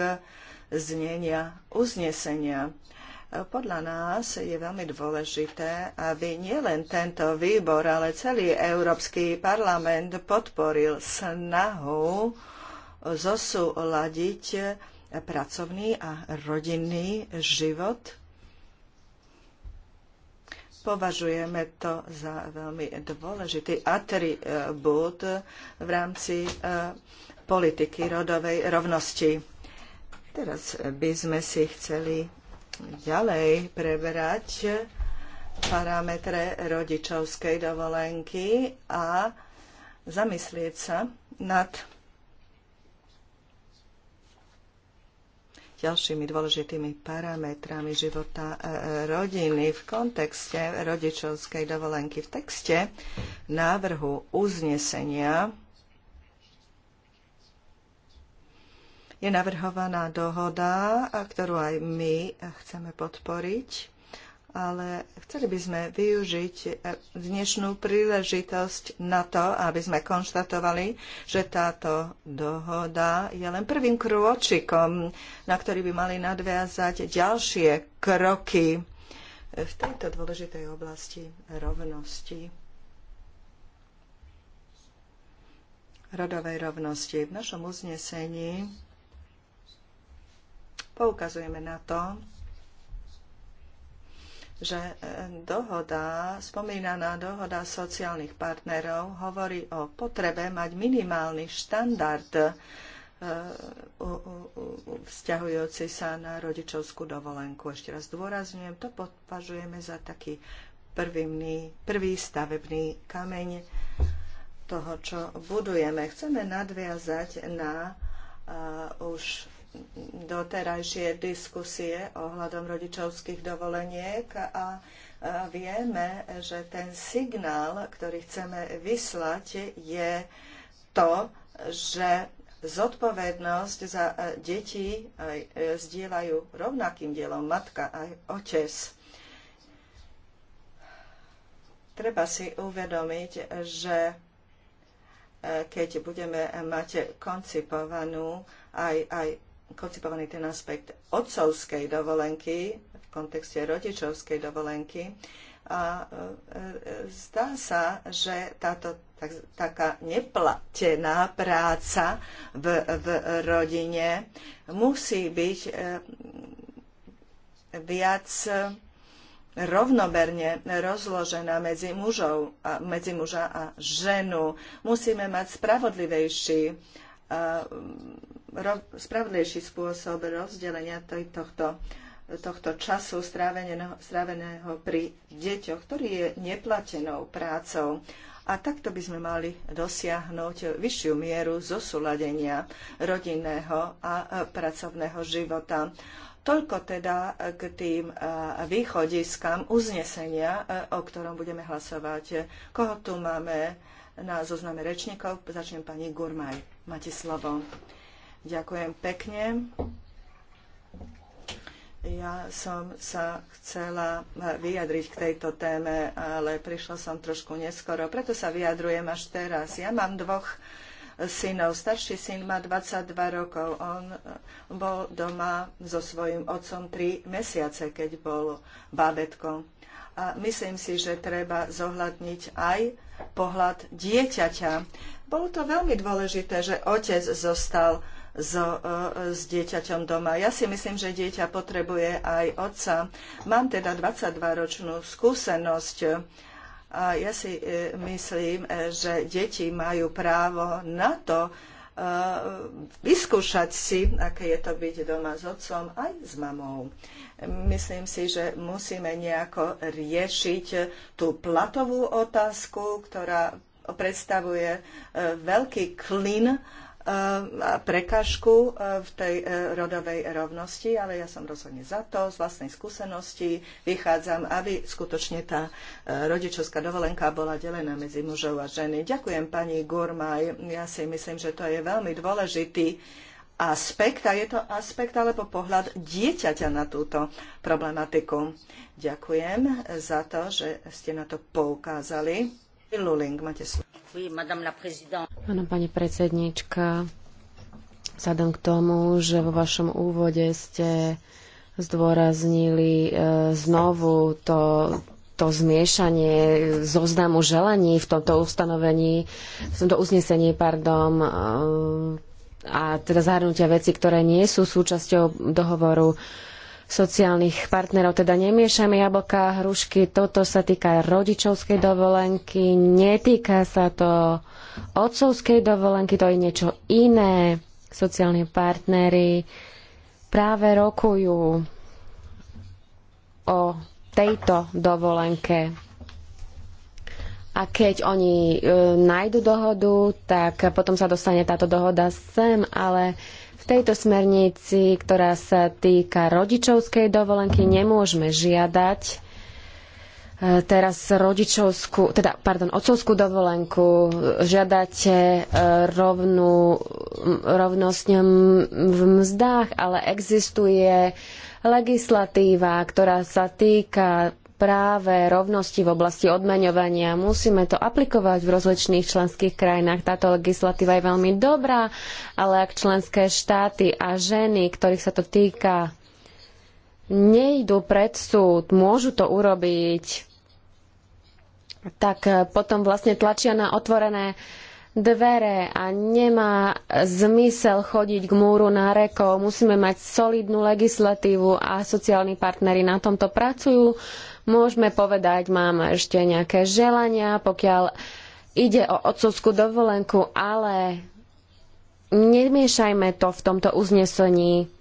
znenia uznesenia. Podľa nás je veľmi dôležité, aby nielen tento výbor, ale celý Európsky parlament podporil snahu zosúladiť pracovný a rodinný život. Považujeme to za veľmi dôležitý atribút v rámci e, politiky rodovej rovnosti. Teraz by sme si chceli ďalej preberať parametre rodičovskej dovolenky a zamyslieť sa nad ďalšími dôležitými parametrami života e, e, rodiny v kontexte rodičovskej dovolenky. V texte návrhu uznesenia je navrhovaná dohoda, ktorú aj my chceme podporiť ale chceli by sme využiť eh, dnešnú príležitosť na to, aby sme konštatovali, že táto dohoda je len prvým krôčikom, na ktorý by mali nadviazať ďalšie kroky v tejto dôležitej oblasti rovnosti. rodovej rovnosti. V našom uznesení poukazujeme na to, že e, dohoda, spomínaná dohoda sociálnych partnerov hovorí o potrebe mať minimálny štandard e, vzťahujúci sa na rodičovskú dovolenku. Ešte raz dôrazňujem, to považujeme za taký prvý, prvý stavebný kameň toho, čo budujeme. Chceme nadviazať na e, už doterajšie diskusie ohľadom rodičovských dovoleniek a vieme, že ten signál, ktorý chceme vyslať, je to, že zodpovednosť za e, deti e, zdieľajú rovnakým dielom matka aj otec. Treba si uvedomiť, že e, keď budeme mať koncipovanú aj, aj koncipovaný ten aspekt otcovskej dovolenky v kontexte rodičovskej dovolenky. A e, e, zdá sa, že táto tak, taká neplatená práca v, v rodine musí byť e, viac rovnoberne rozložená medzi, mužov, medzi muža a ženu. Musíme mať spravodlivejší správnejší spôsob rozdelenia tohto, tohto času stráveného, stráveného pri deťoch, ktorý je neplatenou prácou. A takto by sme mali dosiahnuť vyššiu mieru zosúladenia rodinného a pracovného života. Toľko teda k tým východiskám uznesenia, o ktorom budeme hlasovať. Koho tu máme na zozname rečníkov? Začnem pani Gurmaj. Máte slovo. Ďakujem pekne. Ja som sa chcela vyjadriť k tejto téme, ale prišla som trošku neskoro, preto sa vyjadrujem až teraz. Ja mám dvoch synov. Starší syn má 22 rokov. On bol doma so svojím otcom 3 mesiace, keď bol bábetkom. A myslím si, že treba zohľadniť aj pohľad dieťaťa. Bolo to veľmi dôležité, že otec zostal E, s dieťaťom doma. Ja si myslím, že dieťa potrebuje aj otca. Mám teda 22-ročnú skúsenosť a ja si e, myslím, e, že deti majú právo na to, vyskúšať si, aké je to byť doma s otcom aj s mamou. Myslím si, že musíme nejako riešiť tú platovú otázku, ktorá predstavuje veľký klin prekažku e, v tej e, rodovej rovnosti, ale ja som rozhodne za to, z vlastnej skúsenosti vychádzam, aby skutočne tá e, rodičovská dovolenka bola delená medzi mužov a ženy. Ďakujem pani Gurmaj, ja si myslím, že to je veľmi dôležitý aspekt a je to aspekt alebo pohľad dieťaťa na túto problematiku. Ďakujem za to, že ste na to poukázali. Áno, pani predsedníčka, vzhľadom k tomu, že vo vašom úvode ste zdôraznili e, znovu to, to zmiešanie zoznamu želaní v tomto ustanovení, v tomto uznesení, pardon, e, a teda zahrnutia veci, ktoré nie sú súčasťou dohovoru sociálnych partnerov, teda nemiešame jablka, hrušky, toto sa týka rodičovskej dovolenky, netýka sa to otcovskej dovolenky, to je niečo iné. Sociálni partnery práve rokujú o tejto dovolenke. A keď oni e, nájdu dohodu, tak potom sa dostane táto dohoda sem, ale tejto smernici, ktorá sa týka rodičovskej dovolenky, nemôžeme žiadať e, teraz rodičovskú, teda, pardon, otcovskú dovolenku, žiadate rovnú, rovnosť v mzdách, ale existuje legislatíva, ktorá sa týka práve rovnosti v oblasti odmeňovania. Musíme to aplikovať v rozličných členských krajinách. Táto legislatíva je veľmi dobrá, ale ak členské štáty a ženy, ktorých sa to týka, nejdú pred súd, môžu to urobiť, tak potom vlastne tlačia na otvorené dvere a nemá zmysel chodiť k múru na reko. Musíme mať solidnú legislatívu a sociálni partnery na tomto pracujú môžeme povedať, máme ešte nejaké želania, pokiaľ ide o otcovskú dovolenku, ale nemiešajme to v tomto uznesení.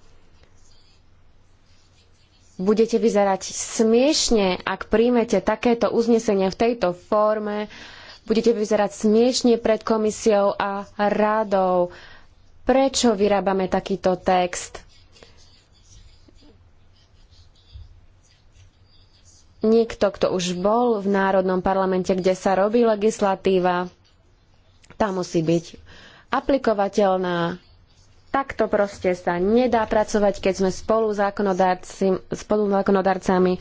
Budete vyzerať smiešne, ak príjmete takéto uznesenie v tejto forme. Budete vyzerať smiešne pred komisiou a radou. Prečo vyrábame takýto text? Niekto, kto už bol v Národnom parlamente, kde sa robí legislatíva, tá musí byť aplikovateľná. Takto proste sa nedá pracovať, keď sme spolu zákonodarcami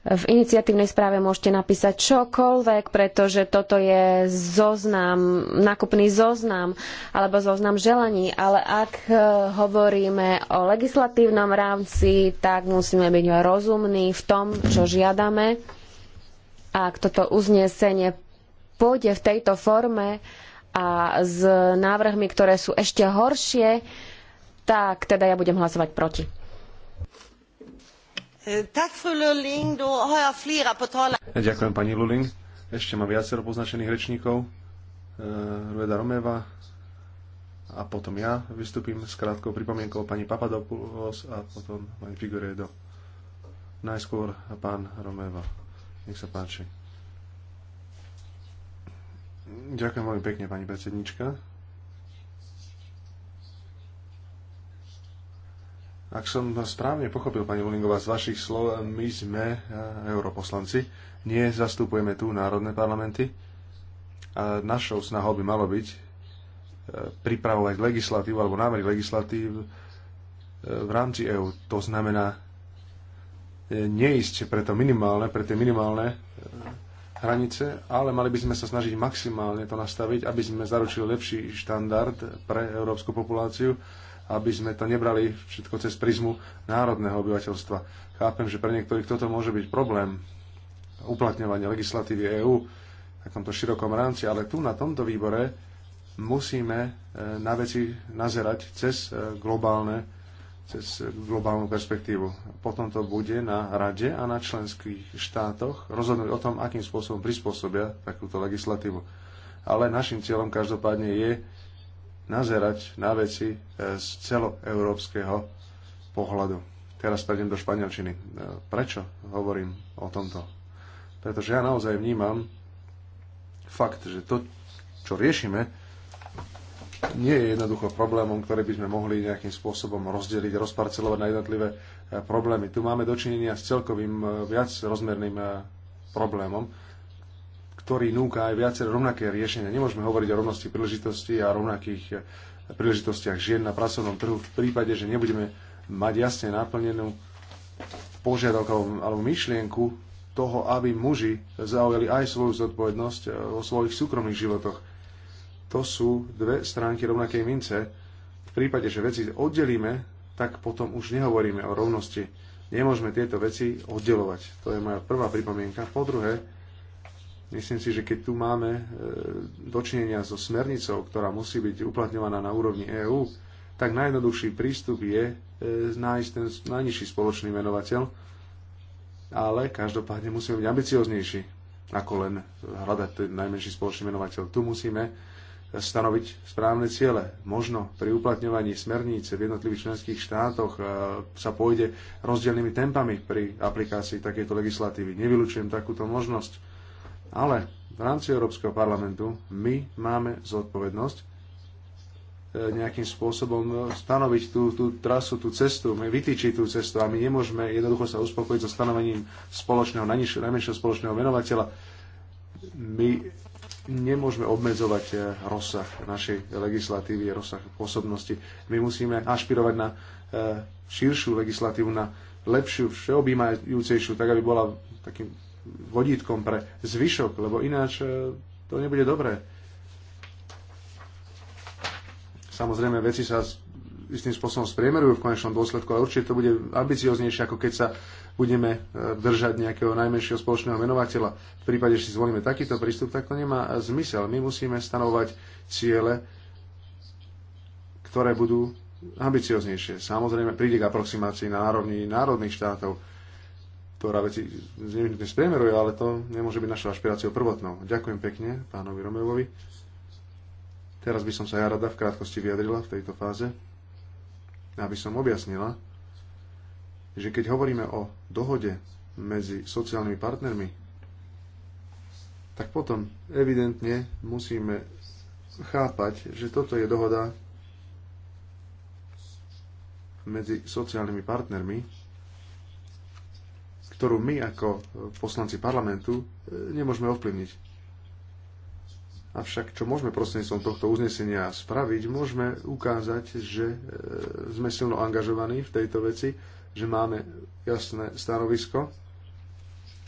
v iniciatívnej správe môžete napísať čokoľvek, pretože toto je zoznam, nákupný zoznam alebo zoznam želaní, ale ak e, hovoríme o legislatívnom rámci, tak musíme byť rozumní v tom, čo žiadame. Ak toto uznesenie pôjde v tejto forme a s návrhmi, ktoré sú ešte horšie, tak teda ja budem hlasovať proti. Eh, Ďakujem pani Luling. Ešte mám viacero poznačených rečníkov. Eh, Rueda Romeva a potom ja vystúpim s krátkou pripomienkou pani Papadopoulos a potom pani Figueredo. Najskôr pán Romeva. Nech sa páči. Ďakujem veľmi pekne, pani predsednička. Ak som správne pochopil, pani Volingová, z vašich slov, my sme eh, europoslanci, nie zastupujeme tu národné parlamenty. A našou snahou by malo byť eh, pripravovať legislatívu alebo návrhy legislatív eh, v rámci EÚ. To znamená neísť pre to minimálne, pre tie minimálne hranice, ale mali by sme sa snažiť maximálne to nastaviť, aby sme zaručili lepší štandard pre európsku populáciu aby sme to nebrali všetko cez prizmu národného obyvateľstva. Chápem, že pre niektorých toto môže byť problém uplatňovania legislatívy EÚ v takomto širokom rámci, ale tu na tomto výbore musíme e, na veci nazerať cez e, globálne cez e, globálnu perspektívu. Potom to bude na rade a na členských štátoch rozhodnúť o tom, akým spôsobom prispôsobia takúto legislatívu. Ale našim cieľom každopádne je nazerať na veci e, z celoeurópskeho pohľadu. Teraz prejdem do španielčiny. E, prečo hovorím o tomto? Pretože ja naozaj vnímam fakt, že to, čo riešime, nie je jednoducho problémom, ktorý by sme mohli nejakým spôsobom rozdeliť, rozparcelovať na jednotlivé e, problémy. Tu máme dočinenia s celkovým viac rozmerným problémom ktorý núka aj viaceré rovnaké riešenia. Nemôžeme hovoriť o rovnosti príležitosti a rovnakých e, príležitostiach žien na pracovnom trhu v prípade, že nebudeme mať jasne naplnenú požiadavku alebo myšlienku toho, aby muži zaujali aj svoju zodpovednosť e, o svojich súkromných životoch. To sú dve stránky rovnakej mince. V prípade, že veci oddelíme, tak potom už nehovoríme o rovnosti. Nemôžeme tieto veci oddelovať. To je moja prvá pripomienka. Po druhé, Myslím si, že keď tu máme e, dočinenia so smernicou, ktorá musí byť uplatňovaná na úrovni EÚ, tak najjednoduchší prístup je e, nájsť ten najnižší spoločný menovateľ, ale každopádne musíme byť ambicioznejší, ako len hľadať ten najmenší spoločný menovateľ. Tu musíme stanoviť správne ciele. Možno pri uplatňovaní smernice v jednotlivých členských štátoch e, sa pôjde rozdielnymi tempami pri aplikácii takéto legislatívy. Nevylučujem takúto možnosť ale v rámci Európskeho parlamentu my máme zodpovednosť e, nejakým spôsobom stanoviť tú, tú trasu, tú cestu, vytýčiť tú cestu a my nemôžeme jednoducho sa uspokojiť so stanovením spoločného, najmenšieho spoločného venovateľa. My nemôžeme obmedzovať e, rozsah našej legislatívy, rozsah pôsobnosti. My musíme ašpirovať na e, širšiu legislatívu, na lepšiu, všeobjímajúcejšiu, tak aby bola takým vodítkom pre zvyšok, lebo ináč e, to nebude dobré. Samozrejme, veci sa istým spôsobom spriemerujú v konečnom dôsledku, ale určite to bude ambicioznejšie, ako keď sa budeme e, držať nejakého najmenšieho spoločného menovateľa. V prípade, že si zvolíme takýto prístup, tak to nemá zmysel. My musíme stanovať ciele, ktoré budú ambicioznejšie. Samozrejme, príde k aproximácii na národných štátov ktorá veci nevyhnutne spriemeruje, ale to nemôže byť našou ašpiráciou prvotnou. Ďakujem pekne pánovi Romeovovi. Teraz by som sa ja rada v krátkosti vyjadrila v tejto fáze, aby som objasnila, že keď hovoríme o dohode medzi sociálnymi partnermi, tak potom evidentne musíme chápať, že toto je dohoda medzi sociálnymi partnermi, ktorú my ako poslanci parlamentu e, nemôžeme ovplyvniť. Avšak, čo môžeme prostredníctvom tohto uznesenia spraviť, môžeme ukázať, že e, sme silno angažovaní v tejto veci, že máme jasné stanovisko.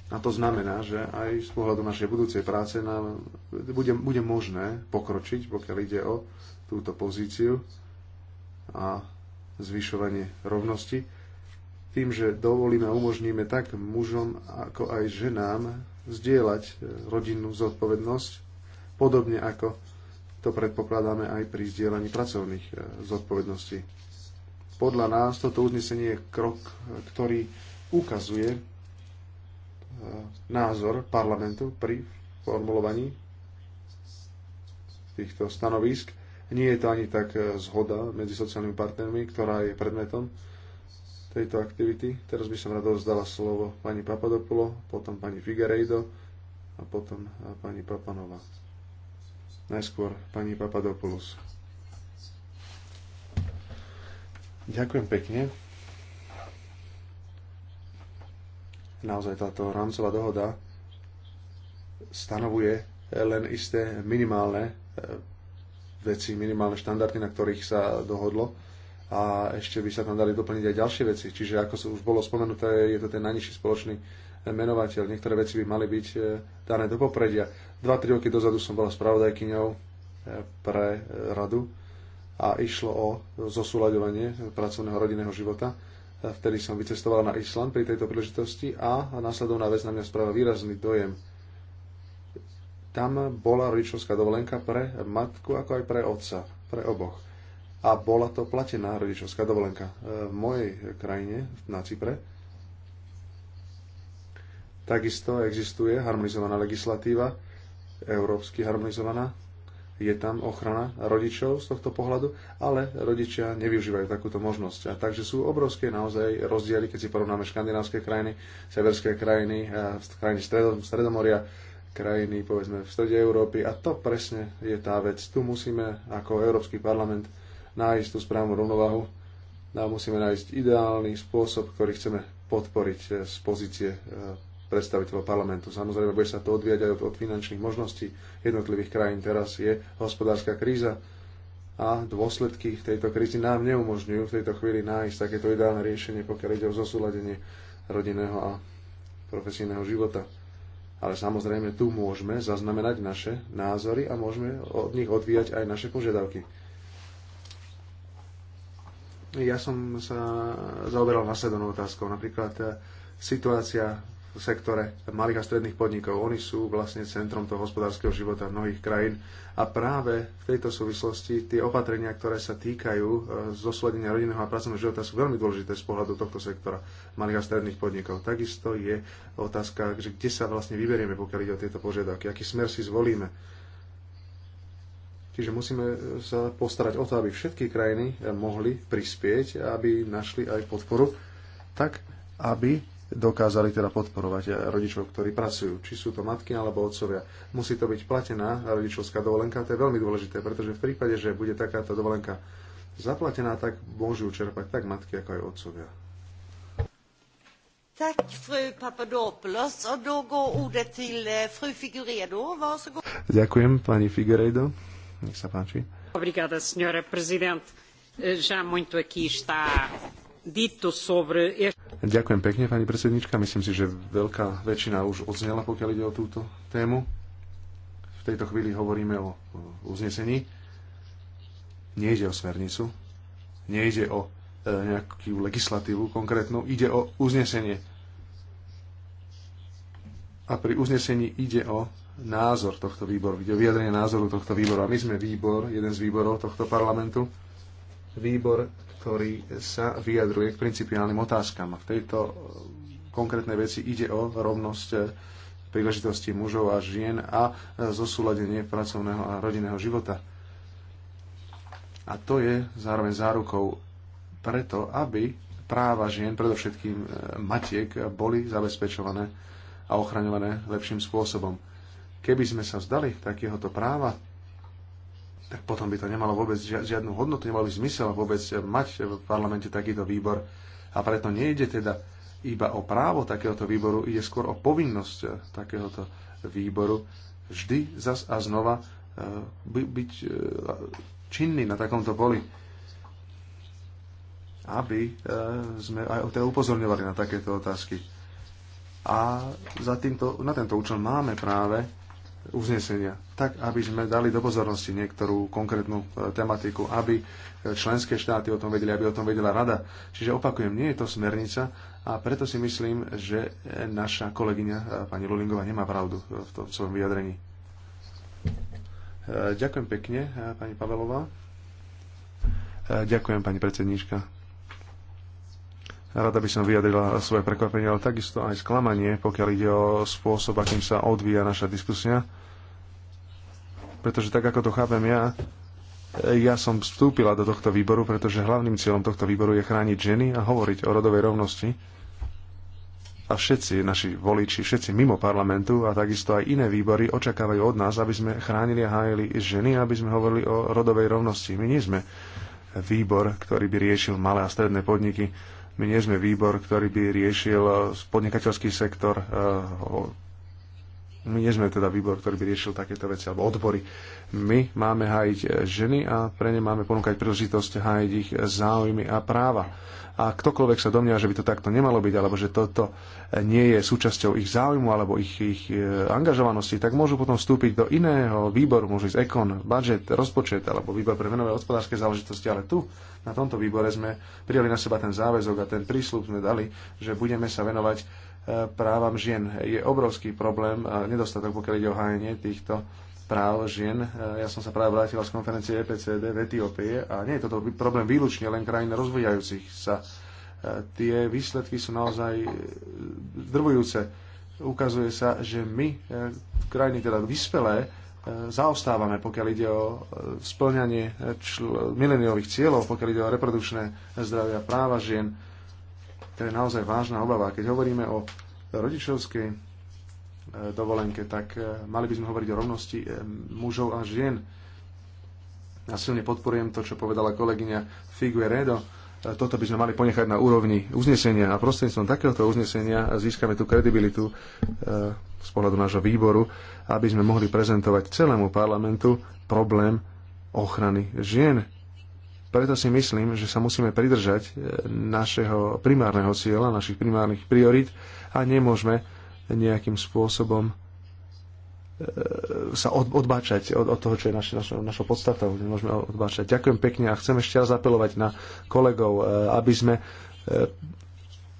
A to znamená, že aj z pohľadu našej budúcej práce nám bude, bude možné pokročiť, pokiaľ ide o túto pozíciu a zvyšovanie rovnosti tým, že dovolíme a umožníme tak mužom ako aj ženám zdieľať e, rodinnú zodpovednosť, podobne ako to predpokladáme aj pri zdieľaní pracovných e, zodpovedností. Podľa nás toto uznesenie je krok, e, ktorý ukazuje názor parlamentu pri formulovaní týchto stanovísk. Nie je to ani tak zhoda medzi sociálnymi partnermi, ktorá je predmetom tejto aktivity. Teraz by som rado vzdala slovo pani Papadopulo, potom pani Figarejdo a potom pani Papanova. Najskôr pani Papadopoulos. Ďakujem pekne. Naozaj táto rámcová dohoda stanovuje len isté minimálne e, veci, minimálne štandardy, na ktorých sa dohodlo a ešte by sa tam dali doplniť aj ďalšie veci. Čiže ako už bolo spomenuté, je to ten najnižší spoločný eh, menovateľ. Niektoré veci by mali byť eh, dané do popredia. 2-3 roky dozadu som bola spravodajkyňou eh, pre radu a išlo o zosúľadovanie pracovného rodinného života. Vtedy som vycestovala na Island pri tejto príležitosti a následovná vec na mňa spravila výrazný dojem. Tam bola rodičovská dovolenka pre matku ako aj pre otca, pre oboch a bola to platená rodičovská dovolenka e, v mojej krajine, na Cypre. Takisto existuje harmonizovaná legislatíva, európsky harmonizovaná. Je tam ochrana rodičov z tohto pohľadu, ale rodičia nevyužívajú takúto možnosť. A takže sú obrovské naozaj rozdiely, keď si porovnáme škandinávské krajiny, severské krajiny, e, krajiny stredom, Stredomoria, krajiny povedzme v strede Európy. A to presne je tá vec. Tu musíme ako Európsky parlament nájsť tú správnu rovnovahu no a musíme nájsť ideálny spôsob, ktorý chceme podporiť eh, z pozície eh, predstaviteľov parlamentu. Samozrejme, bude sa to odvíjať aj od, od finančných možností jednotlivých krajín. Teraz je hospodárska kríza a dôsledky tejto krízy nám neumožňujú v tejto chvíli nájsť takéto ideálne riešenie, pokiaľ ide o zosúladenie rodinného a profesijného života. Ale samozrejme, tu môžeme zaznamenať naše názory a môžeme od nich odvíjať aj naše požiadavky. Ja som sa zaoberal následovnou otázkou. Napríklad e, situácia v sektore malých a stredných podnikov. Oni sú vlastne centrom toho hospodárskeho života mnohých krajín a práve v tejto súvislosti tie opatrenia, ktoré sa týkajú e, zosledenia rodinného a pracovného života sú veľmi dôležité z pohľadu tohto sektora malých a stredných podnikov. Takisto je otázka, že kde sa vlastne vyberieme, pokiaľ ide o tieto požiadavky, aký smer si zvolíme Čiže musíme e, sa postarať o to, aby všetky krajiny e, mohli prispieť, aby našli aj podporu, tak aby dokázali teda podporovať e, rodičov, ktorí pracujú. Či sú to matky alebo otcovia. Musí to byť platená rodičovská dovolenka, to je veľmi dôležité, pretože v prípade, že bude takáto dovolenka zaplatená, tak môžu čerpať tak matky, ako aj otcovia. Tak, fru Papadopoulos a då går ordet eh, fru Figueredo. Varsågod. Ďakujem pani Figueredo. Nech sa páči. Obrigada, senhora prezident. Já muito aqui está dito sobre... Ďakujem pekne, pani predsednička. Myslím si, že veľká väčšina už odznela, pokiaľ ide o túto tému. V tejto chvíli hovoríme o uznesení. Nejde o smernicu, nejde o e, nejakú legislatívu konkrétnu, ide o uznesenie. A pri uznesení ide o názor tohto výboru, ide o vyjadrenie názoru tohto výboru. A my sme výbor, jeden z výborov tohto parlamentu, výbor, ktorý sa vyjadruje k principiálnym otázkam. A v tejto e, konkrétnej veci ide o rovnosť e, príležitosti mužov a žien a e, zosúladenie pracovného a rodinného života. A to je zároveň zárukou preto, aby práva žien, predovšetkým matiek, boli zabezpečované a ochraňované lepším spôsobom Keby sme sa vzdali takéhoto práva, tak potom by to nemalo vôbec žiadnu hodnotu, nemalo by zmysel vôbec mať v parlamente takýto výbor. A preto nejde teda iba o právo takéhoto výboru, ide skôr o povinnosť takéhoto výboru vždy zas a znova e, by, byť e, činný na takomto poli, aby e, sme aj teda upozorňovali na takéto otázky. A za týmto, na tento účel máme práve uznesenia, tak aby sme dali do pozornosti niektorú konkrétnu e, tematiku, aby e, členské štáty o tom vedeli, aby o tom vedela rada. Čiže opakujem, nie je to smernica a preto si myslím, že e, naša kolegyňa pani Lulingová nemá pravdu v tom svojom vyjadrení. Ďakujem pekne, pani Pavelová. Ďakujem, pani predsedníčka. Rada by som vyjadrila svoje prekvapenie, ale takisto aj sklamanie, pokiaľ ide o spôsob, akým sa odvíja naša diskusia. Pretože tak, ako to chápem ja, ja som vstúpila do tohto výboru, pretože hlavným cieľom tohto výboru je chrániť ženy a hovoriť o rodovej rovnosti. A všetci naši voliči, všetci mimo parlamentu a takisto aj iné výbory očakávajú od nás, aby sme chránili a hájili ženy, aby sme hovorili o rodovej rovnosti. My nie sme výbor, ktorý by riešil malé a stredné podniky. My nie sme výbor, ktorý by riešil podnikateľský sektor, eh, my nie sme teda výbor, ktorý by riešil takéto veci, alebo odbory. My máme hájiť eh, ženy a pre ne máme ponúkať príležitosť hájiť ich záujmy a práva. A ktokoľvek sa domňa, že by to takto nemalo byť, alebo že toto eh, nie je súčasťou ich záujmu alebo ich, ich eh, angažovanosti, tak môžu potom vstúpiť do iného výboru, môžu ísť ekon, budget, rozpočet alebo výbor pre menové hospodárske záležitosti, ale tu na tomto výbore sme prijali na seba ten záväzok a ten prísľub sme dali, že budeme sa venovať právam žien. Je obrovský problém a nedostatok, pokiaľ ide o hájenie týchto práv žien. E, ja som sa práve vrátila z konferencie EPCD v Etiópie a nie je toto problém výlučne len krajín rozvíjajúcich sa. E, Tie výsledky sú naozaj e, zdrvujúce. Ukazuje sa, že my, krajiny teda vyspelé, zaostávame, pokiaľ ide o splňanie mileniových cieľov, pokiaľ ide o reprodukčné zdravia práva žien to je naozaj vážna obava. Keď hovoríme o rodičovskej e, dovolenke, tak e, mali by sme hovoriť o rovnosti e, mužov a žien. Ja silne podporujem to, čo povedala kolegyňa Figueredo. Toto by sme mali ponechať na úrovni uznesenia a prostredníctvom takéhoto uznesenia získame tú kredibilitu z pohľadu nášho výboru, aby sme mohli prezentovať celému parlamentu problém ochrany žien preto si myslím, že sa musíme pridržať e, našeho primárneho cieľa, našich primárnych priorít a nemôžeme nejakým spôsobom e, sa odbáčať od, od toho, čo je našou našo, našo podstatou. Nemôžeme odbáčať. Ďakujem pekne a chcem ešte raz apelovať na kolegov, e, aby sme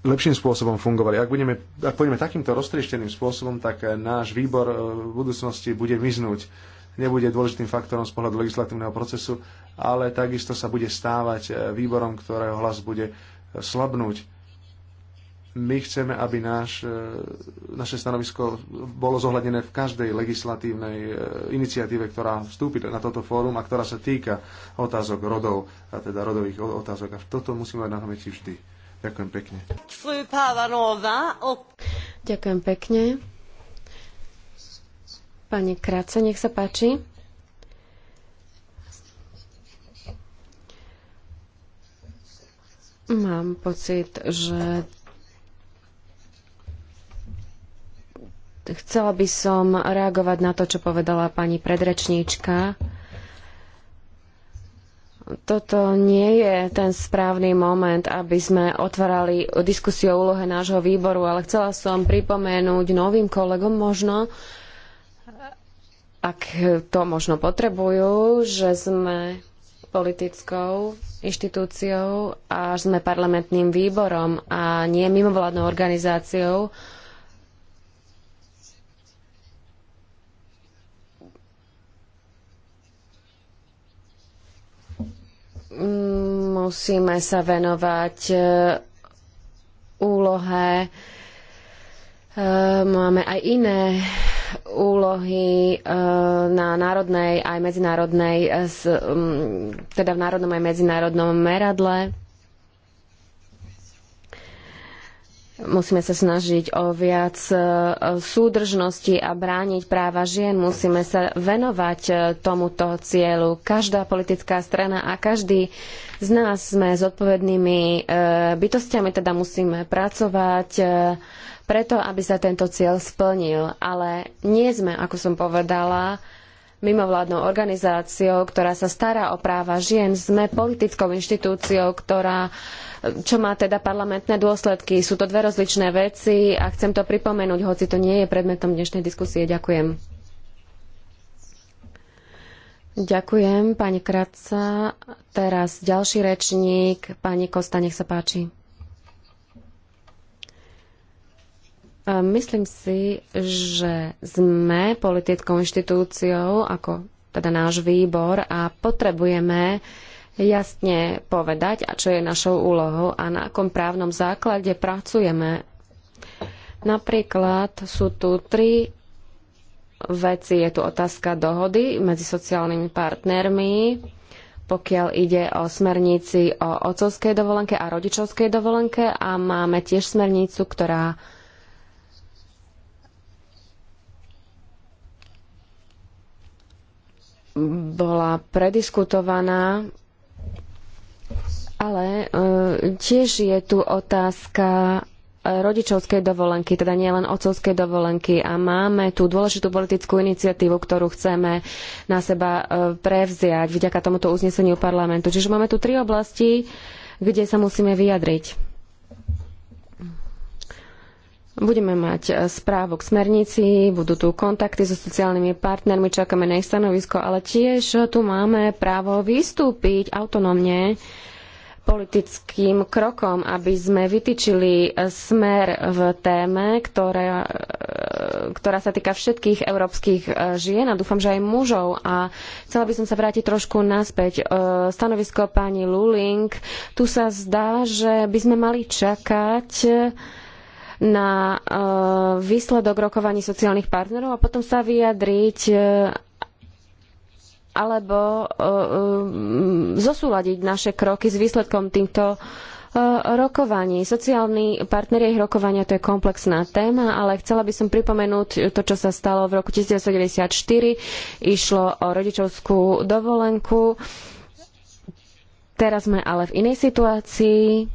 lepším spôsobom fungovali. Ak, budeme, ak pôjdeme takýmto roztriešteným spôsobom, tak náš výbor v budúcnosti bude miznúť. Nebude dôležitým faktorom z pohľadu legislatívneho procesu ale takisto sa bude stávať e, výborom, ktorého hlas bude e, slabnúť. My chceme, aby náš, e, naše stanovisko bolo zohľadené v každej legislatívnej iniciatíve, ktorá vstúpi na toto fórum a ktorá sa týka otázok rodov, a teda rodových otázok. A toto musíme mať na pamäti vždy. Ďakujem pekne. Ďakujem pekne. Pani Kráce, nech sa páči. Mám pocit, že Chcela by som reagovať na to, čo povedala pani predrečníčka. Toto nie je ten správny moment, aby sme otvárali diskusiu o úlohe nášho výboru, ale chcela som pripomenúť novým kolegom možno, ak to možno potrebujú, že sme politickou inštitúciou a sme parlamentným výborom a nie mimovládnou organizáciou, musíme sa venovať e, úlohe. E, máme aj iné úlohy eh, na národnej aj medzinárodnej, eh, mm, teda v národnom aj medzinárodnom meradle. Musíme sa snažiť o viac eh, súdržnosti a brániť práva žien. Musíme sa venovať tomuto cieľu. Každá politická strana a každý z nás sme zodpovednými bytostiami, teda musíme pracovať preto, aby sa tento cieľ splnil. Ale nie sme, ako som povedala, mimovládnou organizáciou, ktorá sa stará o práva žien. Sme politickou inštitúciou, ktorá, čo má teda parlamentné dôsledky. Sú to dve rozličné veci a chcem to pripomenúť, hoci to nie je predmetom dnešnej diskusie. Ďakujem. Ďakujem, pani Kratca. Teraz ďalší rečník, pani Kosta, nech sa páči. E, myslím si, že sme politickou inštitúciou, ako teda náš výbor, a potrebujeme jasne povedať, a čo je našou úlohou a na akom právnom základe pracujeme. Napríklad sú tu tri veci. Je tu otázka dohody medzi sociálnymi partnermi, pokiaľ ide o smernici o otcovskej dovolenke a rodičovskej dovolenke a máme tiež smernicu, ktorá bola prediskutovaná, ale e, tiež je tu otázka rodičovskej dovolenky, teda nielen otcovskej dovolenky a máme tú dôležitú politickú iniciatívu, ktorú chceme na seba e, prevziať vďaka tomuto uzneseniu parlamentu. Čiže máme tu tri oblasti, kde sa musíme vyjadriť. Budeme mať e, správu k smernici, budú tu kontakty so sociálnymi partnermi, čakáme na ich stanovisko, ale tiež tu máme právo vystúpiť autonómne politickým krokom, aby sme vytýčili e, smer v téme, ktorá, e, ktorá sa týka všetkých európskych žien a dúfam, že aj mužov. A chcela by som sa vrátiť trošku naspäť. Stanovisko pani Luling. Tu sa zdá, že by sme mali čakať na eh, výsledok rokovaní sociálnych partnerov a potom sa vyjadriť eh, alebo eh, mm, zosúladiť naše kroky s výsledkom týchto rokovaní. Sociálni partneri ich rokovania to je komplexná téma, ale chcela by som pripomenúť to, čo sa stalo v roku 1994. Išlo o rodičovskú dovolenku. Teraz sme ale v inej situácii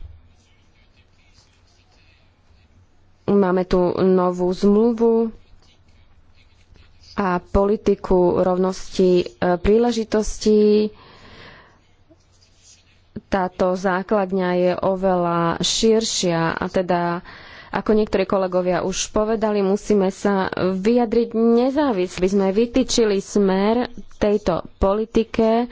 Máme tu novú zmluvu a politiku rovnosti e, príležitostí. Táto základňa je oveľa širšia a teda ako niektorí kolegovia už povedali, musíme sa vyjadriť nezávisle, aby sme vytýčili smer tejto politike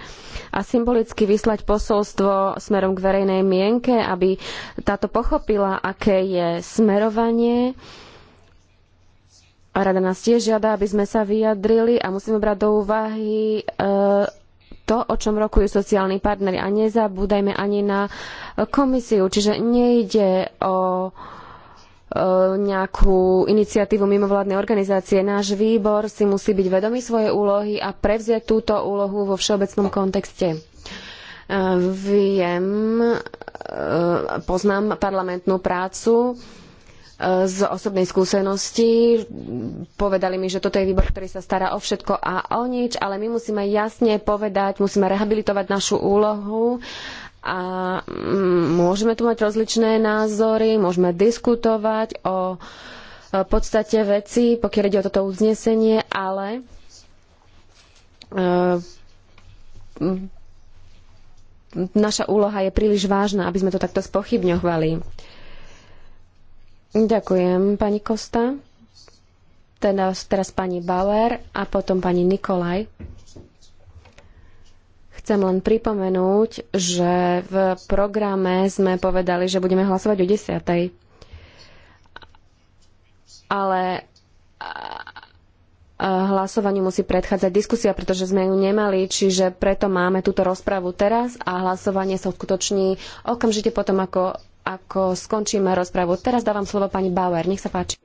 a symbolicky vyslať posolstvo smerom k verejnej mienke, aby táto pochopila, aké je smerovanie. A rada nás tiež žiada, aby sme sa vyjadrili a musíme brať do úvahy e, to, o čom rokujú sociálni partneri. A nezabúdajme ani na komisiu. Čiže nejde o E, nejakú iniciatívu mimovládnej organizácie. Náš výbor si musí byť vedomý svojej úlohy a prevziať túto úlohu vo všeobecnom kontexte. E, viem, e, poznám parlamentnú prácu z osobnej skúsenosti. Povedali mi, že toto je výbor, ktorý sa stará o všetko a o nič, ale my musíme jasne povedať, musíme rehabilitovať našu úlohu a mm, môžeme tu mať rozličné názory, môžeme diskutovať o podstate veci, pokiaľ ide o toto uznesenie, ale e, naša úloha je príliš vážna, aby sme to takto spochybňovali. Ďakujem, pani Kosta. Teda, teraz pani Bauer a potom pani Nikolaj. Chcem len pripomenúť, že v programe sme povedali, že budeme hlasovať o 10. Ale hlasovaniu musí predchádzať diskusia, pretože sme ju nemali, čiže preto máme túto rozpravu teraz a hlasovanie sa skutoční okamžite potom, ako, ako skončíme rozpravu. Teraz dávam slovo pani Bauer. Nech sa páči.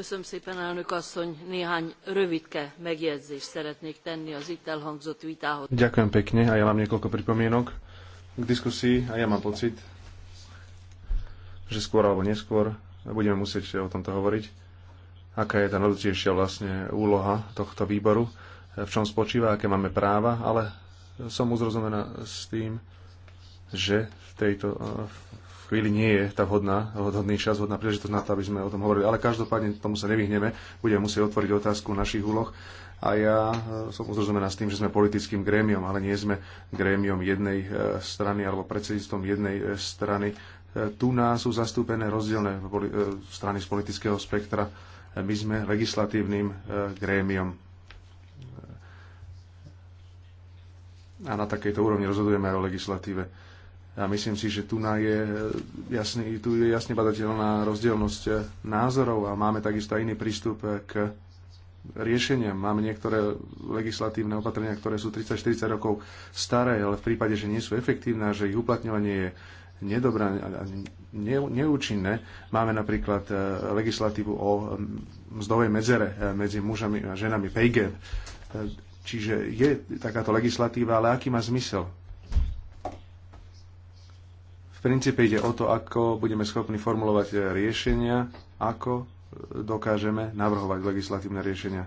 Köszönöm szépen, elnök asszony. Néhány rövidke megjegyzést szeretnék tenni az itt elhangzott vitához. Ďakujem pekne a ja mám niekoľko pripomienok k diskusii a ja mám pocit, že skôr alebo neskôr budeme musieť o tomto hovoriť. Aká je tá najdôležitejšia vlastne úloha tohto výboru, v čom spočíva, aké máme práva, ale som uzrozumená s tým, že v tejto chvíli nie je tá vhodná, vhodný čas, vhodná príležitosť na to, aby sme o tom hovorili. Ale každopádne tomu sa nevyhneme. Budeme musieť otvoriť otázku našich úloh. A ja e, som uzrozumená s tým, že sme politickým grémiom, ale nie sme grémiom jednej e, strany alebo predsedníctvom jednej e, strany. Tu nás sú zastúpené rozdielne strany z politického spektra. My sme legislatívnym grémiom. a na takejto úrovni rozhodujeme aj o legislatíve. A myslím si, že tu, na je jasne, tu je jasne badateľná rozdielnosť názorov a máme takisto iný prístup k riešeniam. Máme niektoré legislatívne opatrenia, ktoré sú 30-40 rokov staré, ale v prípade, že nie sú efektívne a že ich uplatňovanie je nedobré a neúčinné. Máme napríklad e, legislatívu o mm, mzdovej medzere e, medzi mužami a ženami, pay gap. E, čiže je takáto legislatíva, ale aký má zmysel? V princípe ide o to, ako budeme schopní formulovať riešenia, ako dokážeme navrhovať legislatívne riešenia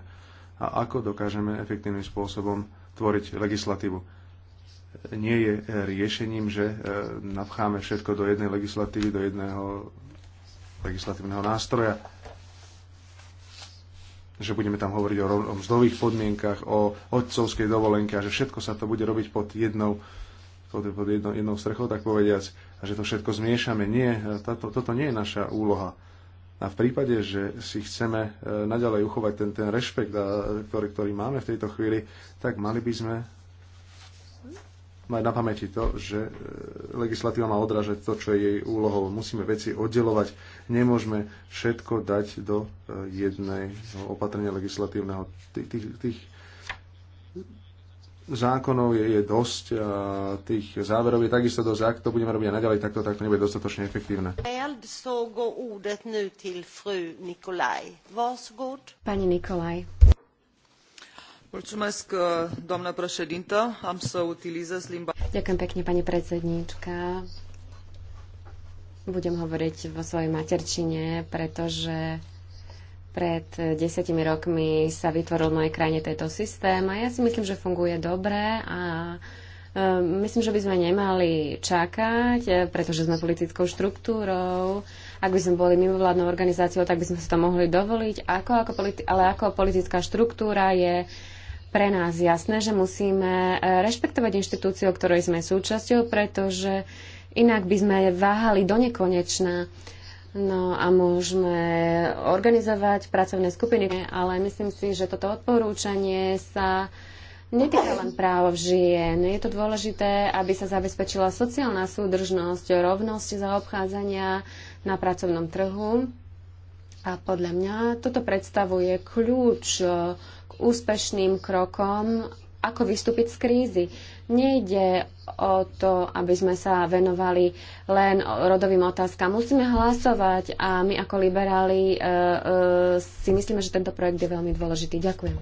a ako dokážeme efektívnym spôsobom tvoriť legislatívu. Nie je riešením, že e, napcháme všetko do jednej legislatívy, do jedného legislatívneho nástroja, že budeme tam hovoriť o, o mzdových podmienkach, o otcovskej dovolenke a že všetko sa to bude robiť pod jednou, pod jednou, jednou strechou, tak povediac že to všetko zmiešame. Nie, táto, toto nie je naša úloha. A v prípade, že si chceme e, naďalej uchovať ten, ten rešpekt, ktorý, ktorý máme v tejto chvíli, tak mali by sme mať na pamäti to, že e, legislatíva má odrážať to, čo je jej úlohou. Musíme veci oddelovať. Nemôžeme všetko dať do e, jednej no, opatrenia legislatívneho. Tých, tých, tých zákonov je, je dosť a tých záverov je takisto dosť. Ak to budeme robiť naďalej takto, tak to nebude dostatočne efektívne. Pani Nikolaj. Mulțumesc, doamnă președintă. Am să utilizez limba... Ďakujem pekne, pani predsedníčka. Budem hovoriť vo svojej materčine, pretože pred eh, desiatimi rokmi sa vytvoril v mojej krajine tento systém a ja si myslím, že funguje dobre a eh, myslím, že by sme nemali čakať, eh, pretože sme politickou štruktúrou. Ak by sme boli mimovládnou organizáciou, tak by sme si to mohli dovoliť. Ako, ako politi- ale ako politická štruktúra je pre nás jasné, že musíme rešpektovať inštitúciu, ktorej sme súčasťou, pretože inak by sme váhali do nekonečna. Uh, No a môžeme organizovať pracovné skupiny, ale myslím si, že toto odporúčanie sa netýka len práv žien. Je to dôležité, aby sa zabezpečila sociálna súdržnosť, rovnosť zaobchádzania na pracovnom trhu. A podľa mňa toto predstavuje kľúč k úspešným krokom ako vystúpiť z krízy. Nejde o to, aby sme sa venovali len rodovým otázkam. Musíme hlasovať a my ako liberáli e, e, si myslíme, že tento projekt je veľmi dôležitý. Ďakujem.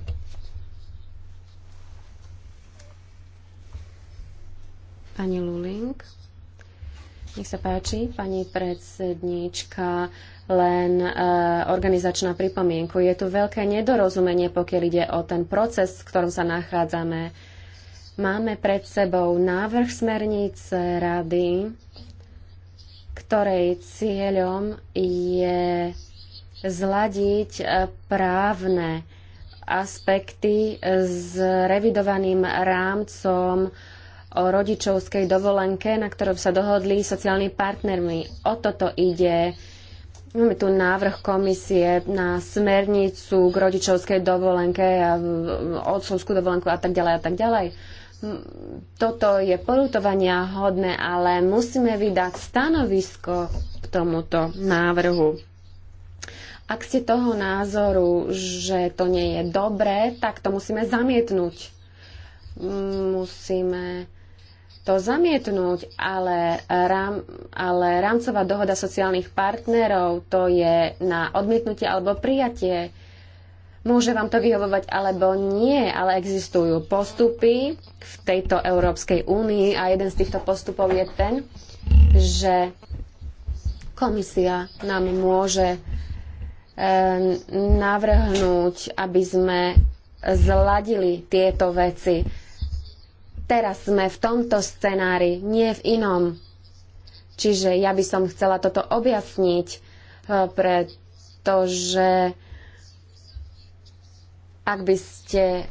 Pani Luling. Nech sa páči, pani predsedníčka len e, organizačná pripomienku. Je tu veľké nedorozumenie, pokiaľ ide o ten proces, v ktorom sa nachádzame. Máme pred sebou návrh smernice rady, ktorej cieľom je zladiť e, právne aspekty s revidovaným rámcom o rodičovskej dovolenke, na ktorom sa dohodli sociálni partnermi. O toto ide Máme tu návrh komisie na smernicu k rodičovskej dovolenke a odcovskú dovolenku a tak ďalej a tak ďalej. Toto je porutovania hodné, ale musíme vydať stanovisko k tomuto návrhu. Ak ste toho názoru, že to nie je dobré, tak to musíme zamietnúť. Musíme to zamietnúť, ale, rám, ale rámcová dohoda sociálnych partnerov to je na odmietnutie alebo prijatie. Môže vám to vyhovovať alebo nie, ale existujú postupy v tejto Európskej únii a jeden z týchto postupov je ten, že komisia nám môže e, navrhnúť, aby sme zladili tieto veci Teraz sme v tomto scenári, nie v inom. Čiže ja by som chcela toto objasniť, eh, pretože ak by ste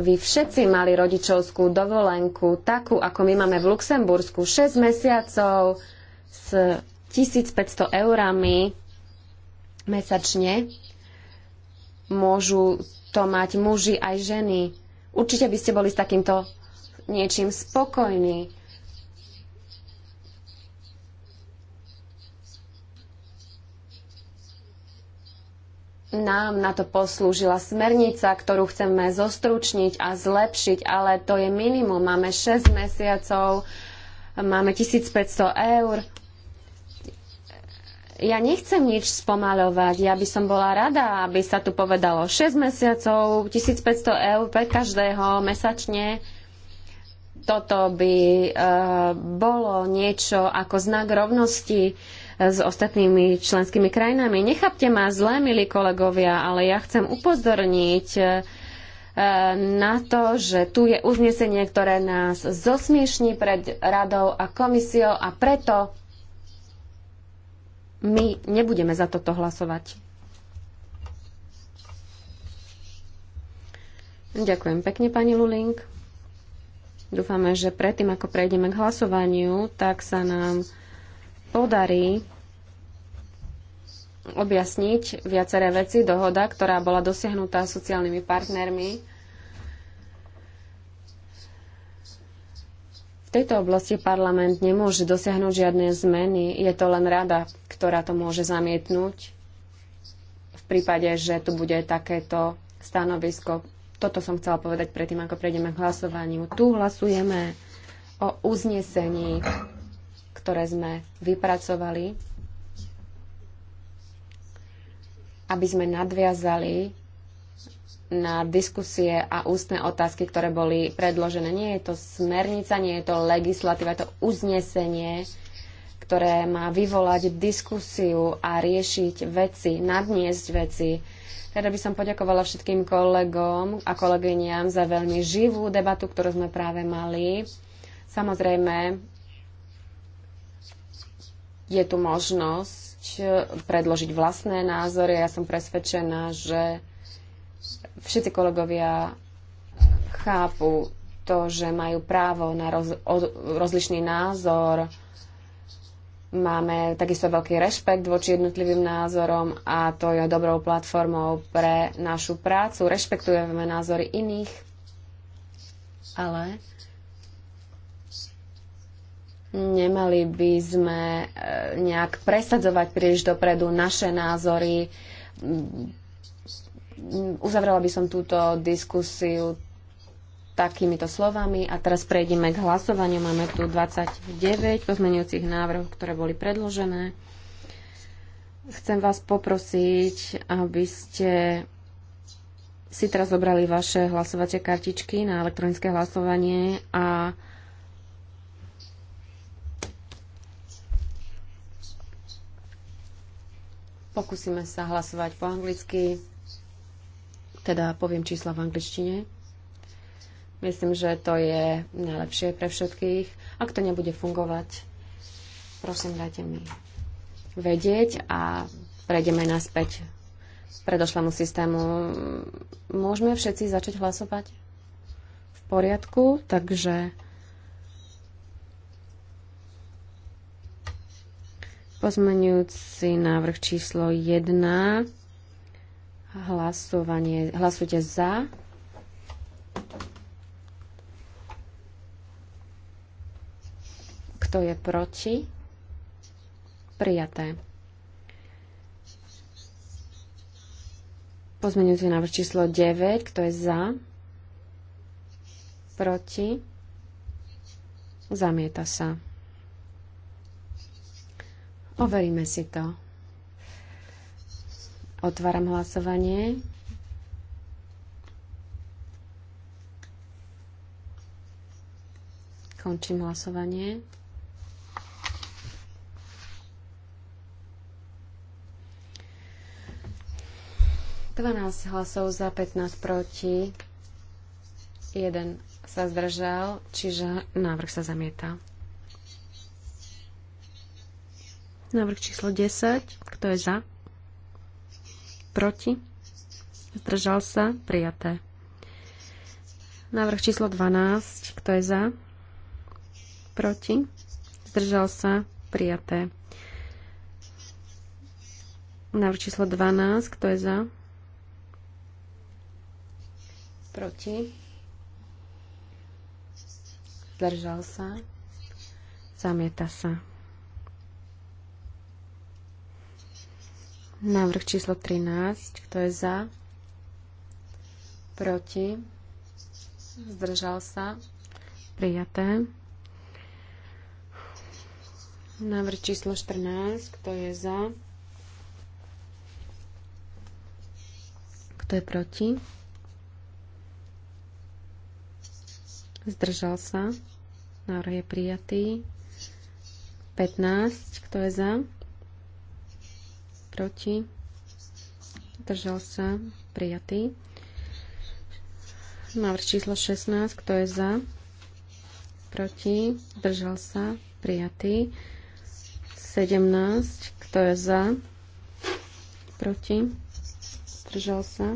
vy všetci mali rodičovskú dovolenku, takú ako my máme v Luxembursku, 6 mesiacov s 1500 eurami mesačne, môžu to mať muži aj ženy. Určite by ste boli s takýmto niečím spokojný. Nám na to poslúžila smernica, ktorú chceme zostručniť a zlepšiť, ale to je minimum. Máme 6 mesiacov, máme 1500 eur. Ja nechcem nič spomaľovať. Ja by som bola rada, aby sa tu povedalo 6 mesiacov, 1500 eur pre každého mesačne toto by eh, bolo niečo ako znak rovnosti eh, s ostatnými členskými krajinami. Nechápte ma zlé, milí kolegovia, ale ja chcem upozorniť eh, na to, že tu je uznesenie, ktoré nás zosmiešní pred radou a komisiou a preto my nebudeme za toto hlasovať. Ďakujem pekne, pani Luling. Dúfame, že predtým, ako prejdeme k hlasovaniu, tak sa nám podarí objasniť viaceré veci. Dohoda, ktorá bola dosiahnutá sociálnymi partnermi V tejto oblasti parlament nemôže dosiahnuť žiadne zmeny, je to len rada, ktorá to môže zamietnúť v prípade, že tu bude takéto stanovisko toto som chcela povedať predtým, ako prejdeme k hlasovaniu. Tu hlasujeme o uznesení, ktoré sme vypracovali, aby sme nadviazali na diskusie a ústne otázky, ktoré boli predložené. Nie je to smernica, nie je to legislatíva, je to uznesenie, ktoré má vyvolať diskusiu a riešiť veci, nadniesť veci teda by som poďakovala všetkým kolegom a kolegyniam za veľmi živú debatu, ktorú sme práve mali. Samozrejme, je tu možnosť eh, predložiť vlastné názory. Ja som presvedčená, že všetci kolegovia chápu to, že majú právo na roz, o, rozlišný názor, Máme takisto veľký rešpekt voči jednotlivým názorom a to je dobrou platformou pre našu prácu. Rešpektujeme názory iných, ale nemali by sme eh, nejak presadzovať príliš dopredu naše názory. Mm, uzavrela by som túto diskusiu takýmito slovami a teraz prejdeme k hlasovaniu. Máme tu 29 pozmenujúcich návrhov, ktoré boli predložené. Chcem vás poprosiť, aby ste si teraz zobrali vaše hlasovacie kartičky na elektronické hlasovanie a pokúsime sa hlasovať po anglicky, teda poviem čísla v angličtine. Myslím, že to je najlepšie pre všetkých. Ak to nebude fungovať, prosím, dajte mi vedieť a prejdeme naspäť predošlému systému. Môžeme všetci začať hlasovať? V poriadku, takže pozmenujúci návrh číslo 1 hlasovanie, hlasujte za Kto je proti? Prijaté. Pozmeňujúci návrh číslo 9. Kto je za? Proti? Zamieta sa. Overíme si to. Otváram hlasovanie. Končím hlasovanie. 12 hlasov za, 15 proti, 1 sa zdržal, čiže návrh sa zamieta. Návrh číslo 10. Kto je za? Proti? Zdržal sa? Prijaté. Návrh číslo 12. Kto je za? Proti? Zdržal sa? Prijaté. Návrh číslo 12. Kto je za? Proti? Zdržal sa? Zamieta sa. Návrh číslo 13. Kto je za? Proti? Zdržal sa? Prijaté. Návrh číslo 14. Kto je za? Kto je proti? zdržal sa, návrh je prijatý. 15, kto je za, proti, zdržal sa, prijatý. Návrh číslo 16, kto je za, proti, zdržal sa, prijatý. 17, kto je za, proti, zdržal sa,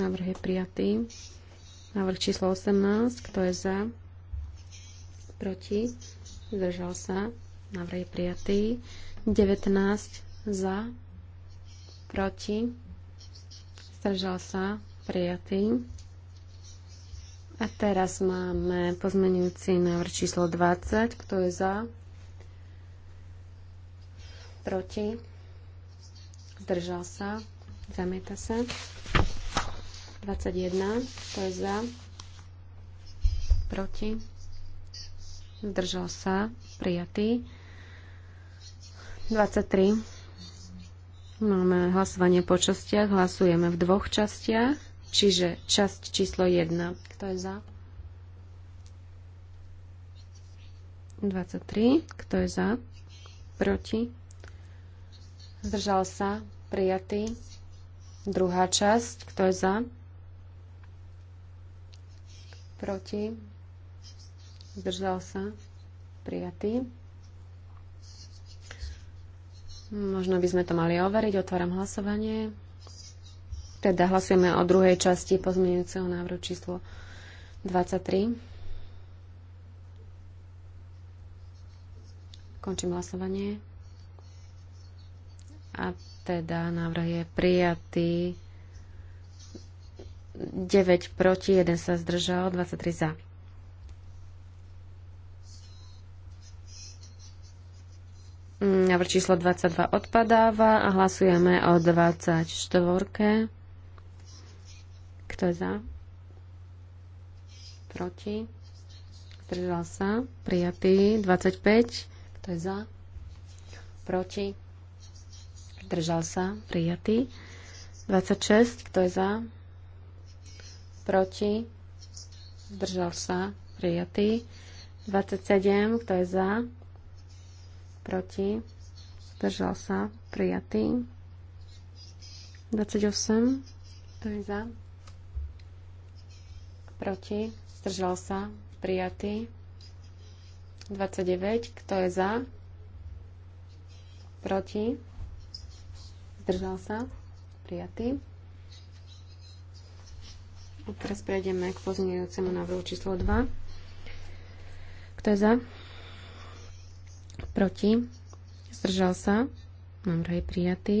návrh je prijatý. Návrh číslo 18. Kto je za? Proti? Zdržal sa. Návrh je prijatý. 19. Za? Proti? Zdržal sa. Prijatý. A teraz máme pozmenujúci návrh číslo 20. Kto je za? Proti? Zdržal sa? Zamieta sa. 21. Kto je za? Proti? Zdržal sa. Prijatý. 23. Máme hlasovanie po častiach. Hlasujeme v dvoch častiach. Čiže časť číslo 1. Kto je za? 23. Kto je za? Proti? Zdržal sa? Prijatý. Druhá časť. Kto je za? proti, zdržal sa, prijatý. Možno by sme to mali overiť. Otváram hlasovanie. Teda hlasujeme o druhej časti pozmeňujúceho návrhu číslo 23. Končím hlasovanie. A teda návrh je prijatý. 9 proti, 1 sa zdržal, 23 za. Mm, návrh číslo 22 odpadáva a hlasujeme o 24. Kto je za? Proti? Zdržal sa? Prijatý. 25. Kto je za? Proti? Zdržal sa? Prijatý. 26. Kto je za? proti, zdržal sa, prijatý. 27, kto je za, proti, zdržal sa, prijatý. 28, kto je za, proti, zdržal sa, prijatý. 29, kto je za, proti, zdržal sa, prijatý. Teraz prejdeme k pozmeňujúcemu návrhu číslo 2. Kto je za? Proti? Zdržal sa? Návrh je prijatý.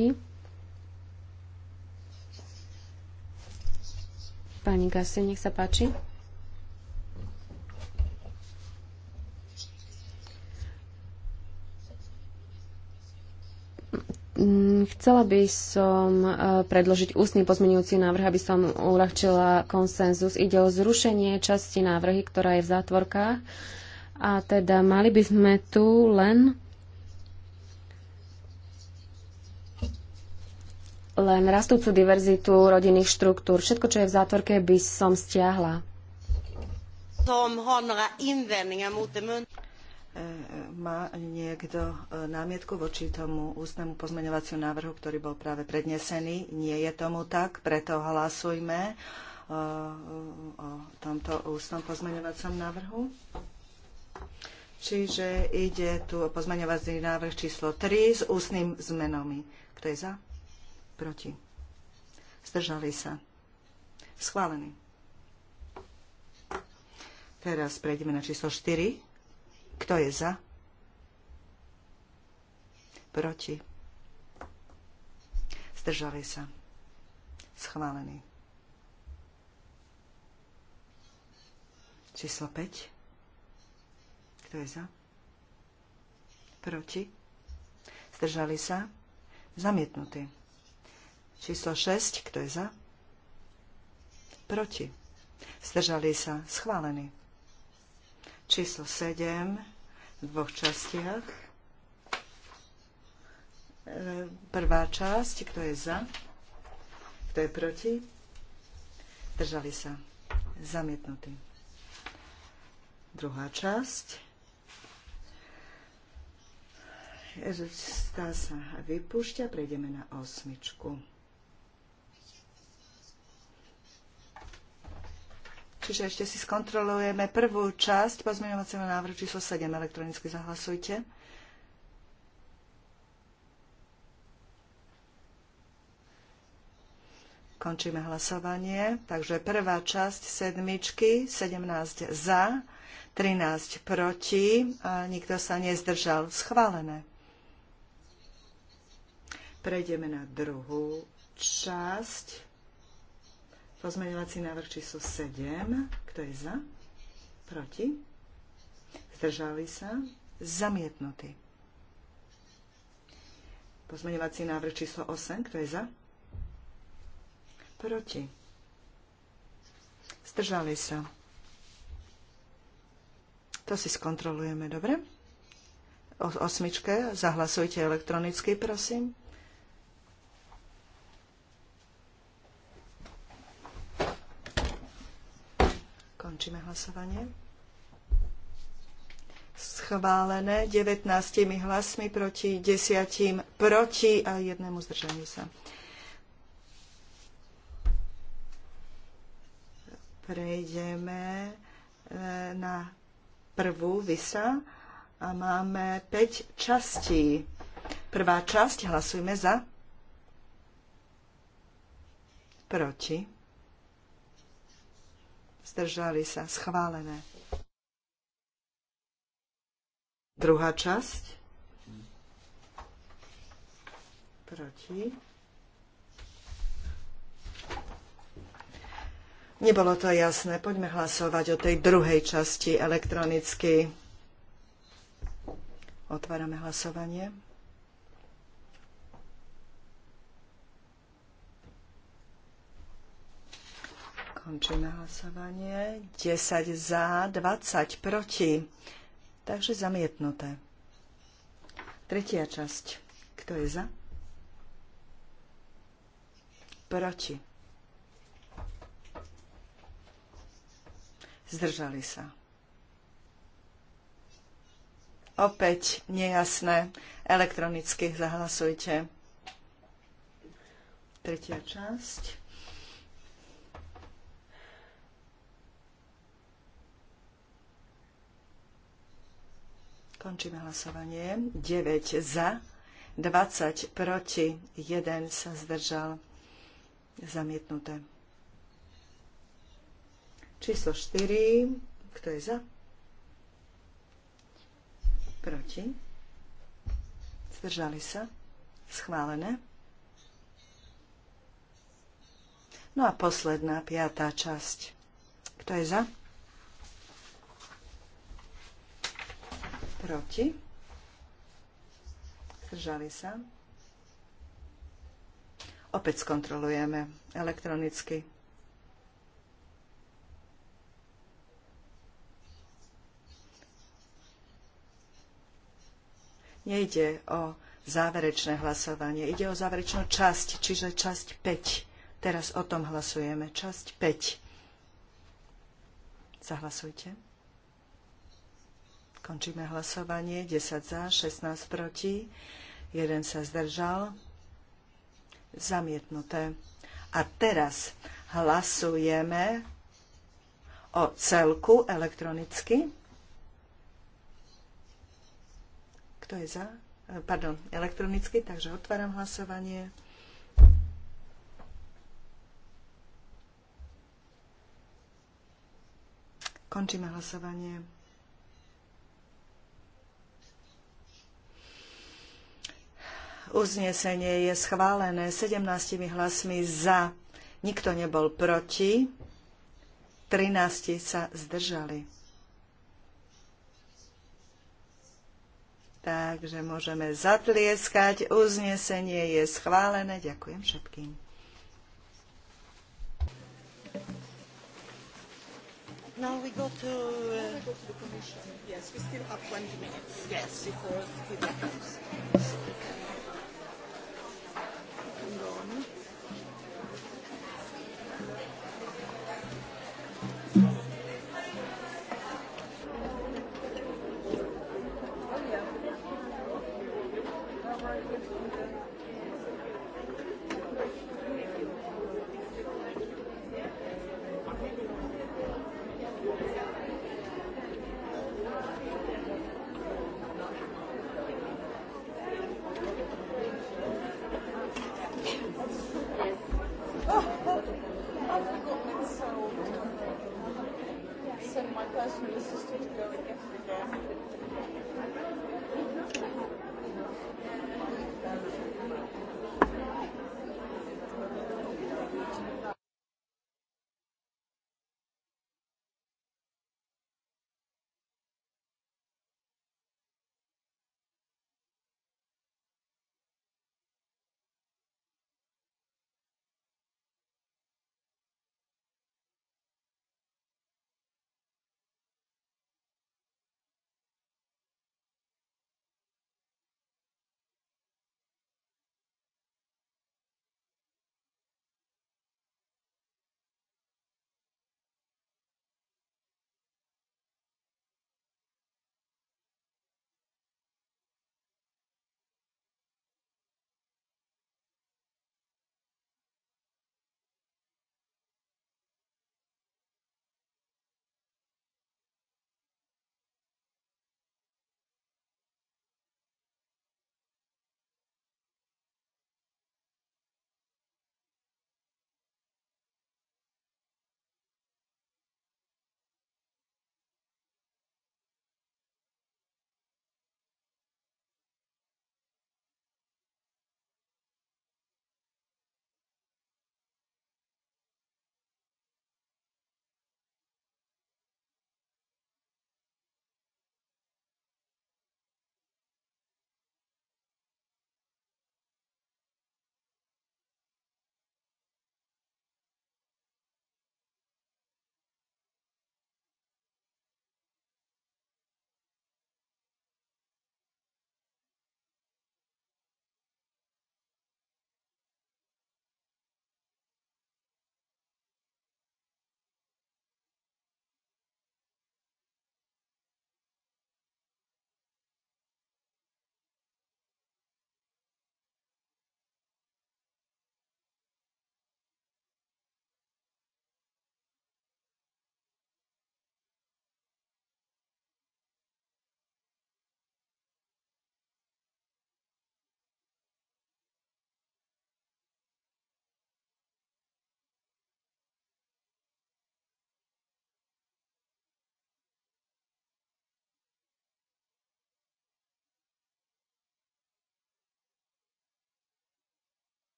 Pani Gase, nech sa páči. Mm, chcela by som e, predložiť ústny pozmenujúci návrh, aby som uľahčila konsenzus. Ide o zrušenie časti návrhy, ktorá je v zátvorkách. A teda mali by sme tu len len rastúcu diverzitu rodinných štruktúr. Všetko, čo je v zátvorke, by som stiahla. Má niekto e, námietku voči tomu ústnemu pozmeňovaciu návrhu, ktorý bol práve prednesený? Nie je tomu tak, preto hlasujme e, o tomto ústnom pozmeňovacom návrhu. Čiže ide tu o pozmeňovací návrh číslo 3 s ústnym zmenami. Kto je za? Proti. Zdržali sa. Schválený. Teraz prejdeme na číslo 4. Kto je za? Proti. Zdržali sa. Schválený. Číslo 5. Kto je za? Proti. Zdržali sa. Zamietnutý. Číslo 6. Kto je za? Proti. Zdržali sa. Schválený číslo 7 v dvoch častiach. Prvá časť, kto je za, kto je proti, držali sa zamietnutí. Druhá časť. Ježiš stá sa a vypúšťa, prejdeme na osmičku. čiže ešte si skontrolujeme prvú časť pozmeňovacieho návrhu číslo 7. Elektronicky zahlasujte. Končíme hlasovanie. Takže prvá časť sedmičky, 17 za, 13 proti a nikto sa nezdržal. Schválené. Prejdeme na druhú časť. Pozmeňovací návrh číslo 7. Kto je za? Proti? Zdržali sa? Zamietnutý. Pozmeňovací návrh číslo 8. Kto je za? Proti. Zdržali sa. To si skontrolujeme, dobre? O osmičke zahlasujte elektronicky, prosím. Končíme hlasovanie. Schválené 19 hlasmi proti 10 proti a jednému zdržaniu sa. Prejdeme e, na prvú visa a máme 5 častí. Prvá časť hlasujme za. Proti zdržali sa, schválené. Druhá časť. Proti. Nebolo to jasné. Poďme hlasovať o tej druhej časti elektronicky. Otvárame hlasovanie. Končíme hlasovanie. 10 za, 20 proti. Takže zamietnuté. Tretia časť. Kto je za? Proti. Zdržali sa. Opäť nejasné. Elektronicky zahlasujte. Tretia časť. Končíme hlasovanie. 9 za, 20 proti, 1 sa zdržal. Zamietnuté. Číslo 4. Kto je za? Proti. Zdržali sa. Schválené. No a posledná, piatá časť. Kto je za? Proti? Zdržali sa? Opäť skontrolujeme elektronicky. Nejde o záverečné hlasovanie, ide o záverečnú časť, čiže časť 5. Teraz o tom hlasujeme. Časť 5. Zahlasujte. Končíme hlasovanie. 10 za, 16 proti. 1 sa zdržal. Zamietnuté. A teraz hlasujeme o celku elektronicky. Kto je za? Pardon, elektronicky, takže otváram hlasovanie. Končíme hlasovanie. Uznesenie je schválené 17 hlasmi za. Nikto nebol proti. 13 sa zdržali. Takže môžeme zatlieskať. Uznesenie je schválené. Ďakujem všetkým. Now we go to. Uh, we go to the commission. Yes, we still have 20 minutes. Yes, before he comes. send my personal assistant to go and get it again. Um,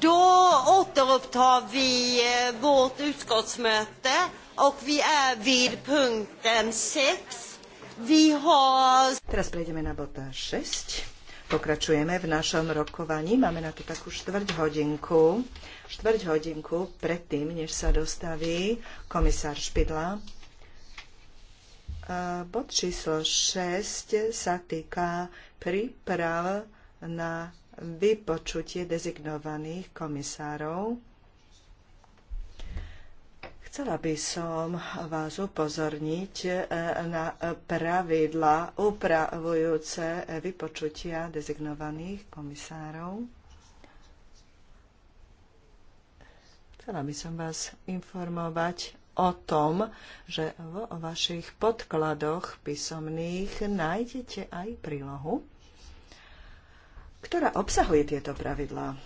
Då återupptar vi eh, vårt utskottsmöte och vi är vid punkten 6. Vi har... Teraz prejdeme na bota 6. Pokračujeme v našom rokovaní. Máme na to takú štvrť hodinku. Štvrť hodinku predtým, než sa dostaví komisár Špidla. Eh, bod číslo 6 sa týka príprav na vypočutie dezignovaných komisárov. Chcela by som vás upozorniť e, na pravidla upravujúce vypočutia dezignovaných komisárov. Chcela by som vás informovať o tom, že vo vašich podkladoch písomných nájdete aj prílohu ktorá obsahuje tieto pravidlá.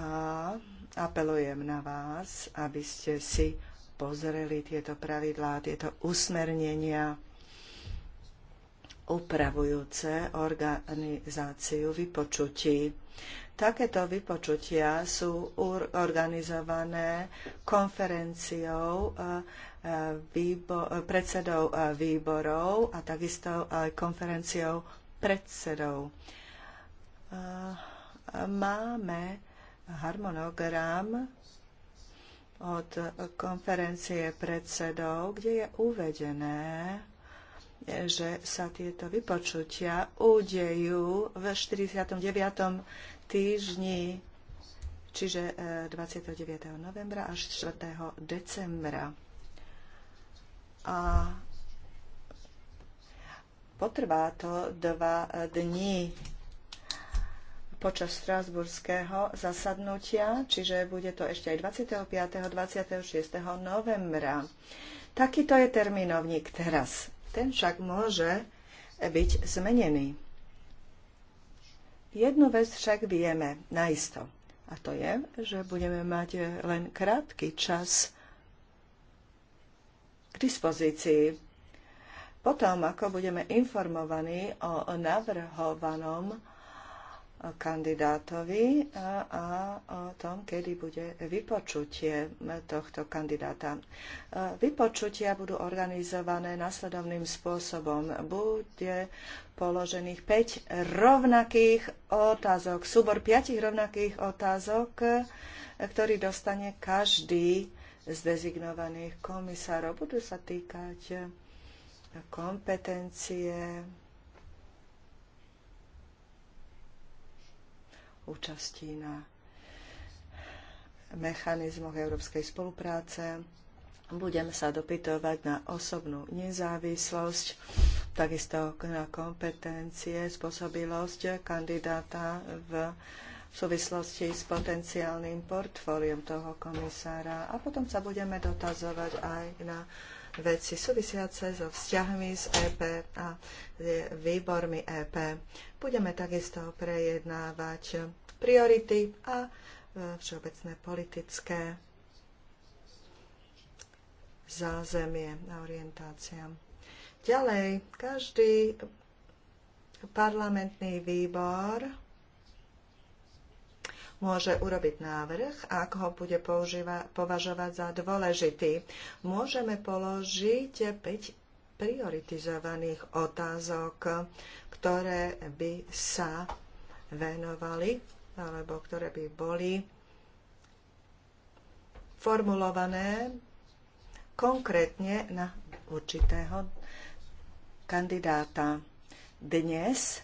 A apelujem na vás, aby ste si pozreli tieto pravidlá, tieto usmernenia upravujúce organizáciu vypočutí. Takéto vypočutia sú organizované konferenciou e, e, výbo- predsedov e, výborov a takisto aj konferenciou predsedov. Eh, máme harmonogram od konferencie predsedov, kde je uvedené, že sa tieto vypočutia udejú v 49. týždni, čiže 29. Eh, novembra až 4. decembra. A Potrvá to dva e, dní počas strasburského zasadnutia, čiže bude to ešte aj 25. 26. novembra. Takýto je termínovník teraz. Ten však môže byť zmenený. Jednu vec však vieme naisto. A to je, že budeme mať len krátky čas k dispozícii potom, ako budeme informovaní o navrhovanom kandidátovi a, a o tom, kedy bude vypočutie tohto kandidáta. E, vypočutia budú organizované nasledovným spôsobom. Bude položených 5 rovnakých otázok, súbor 5 rovnakých otázok, ktorý dostane každý z dezignovaných komisárov. Budú sa týkať kompetencie, účastí na mechanizmoch európskej spolupráce. Budem sa dopytovať na osobnú nezávislosť, takisto na kompetencie, spôsobilosť kandidáta v v súvislosti s potenciálnym portfóliom toho komisára. A potom sa budeme dotazovať aj na veci súvisiace so vzťahmi s EP a e, výbormi EP. Budeme takisto prejednávať priority a e, všeobecné politické zázemie a orientácia. Ďalej, každý parlamentný výbor môže urobiť návrh, ak ho bude používa, považovať za dôležitý. Môžeme položiť 5 prioritizovaných otázok, ktoré by sa venovali alebo ktoré by boli formulované konkrétne na určitého kandidáta. Dnes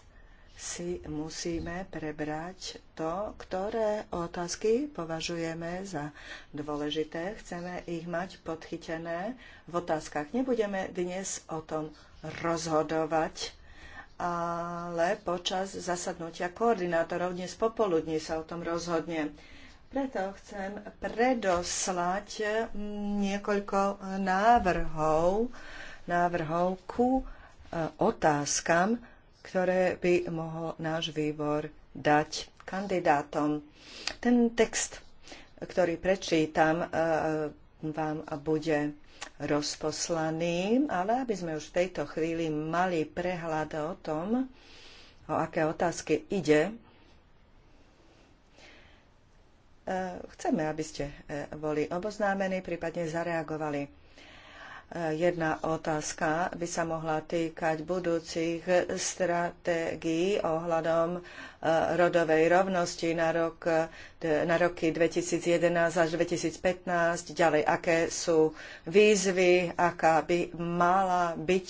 si musíme prebrať to, ktoré otázky považujeme za dôležité. Chceme ich mať podchytené v otázkach. Nebudeme dnes o tom rozhodovať, ale počas zasadnutia koordinátorov dnes popoludní sa o tom rozhodne. Preto chcem predoslať niekoľko návrhov, návrhov ku e, otázkam, ktoré by mohol náš výbor dať kandidátom. Ten text, ktorý prečítam, e, vám bude rozposlaný, ale aby sme už v tejto chvíli mali prehľad o tom, o aké otázky ide, e, chceme, aby ste e, boli oboznámení, prípadne zareagovali. Jedna otázka by sa mohla týkať budúcich stratégií ohľadom e, rodovej rovnosti na, rok, e, na roky 2011 až 2015. Ďalej, aké sú výzvy, aká by mala byť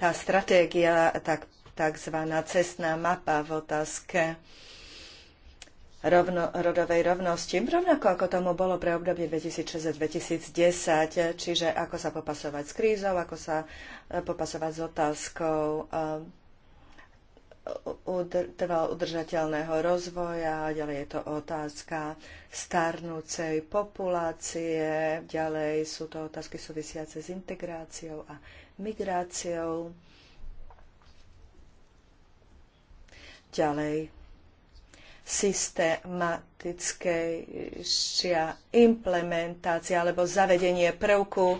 tá stratégia, tak, takzvaná cestná mapa v otázke rovno, rodovej rovnosti, rovnako ako tomu bolo pre obdobie 2006-2010, čiže ako sa popasovať s krízou, ako sa e, popasovať s otázkou e, trvalo udržateľného rozvoja, ďalej je to otázka starnúcej populácie, ďalej sú to otázky súvisiace s integráciou a migráciou. Ďalej systematickejšia implementácia alebo zavedenie prvku e,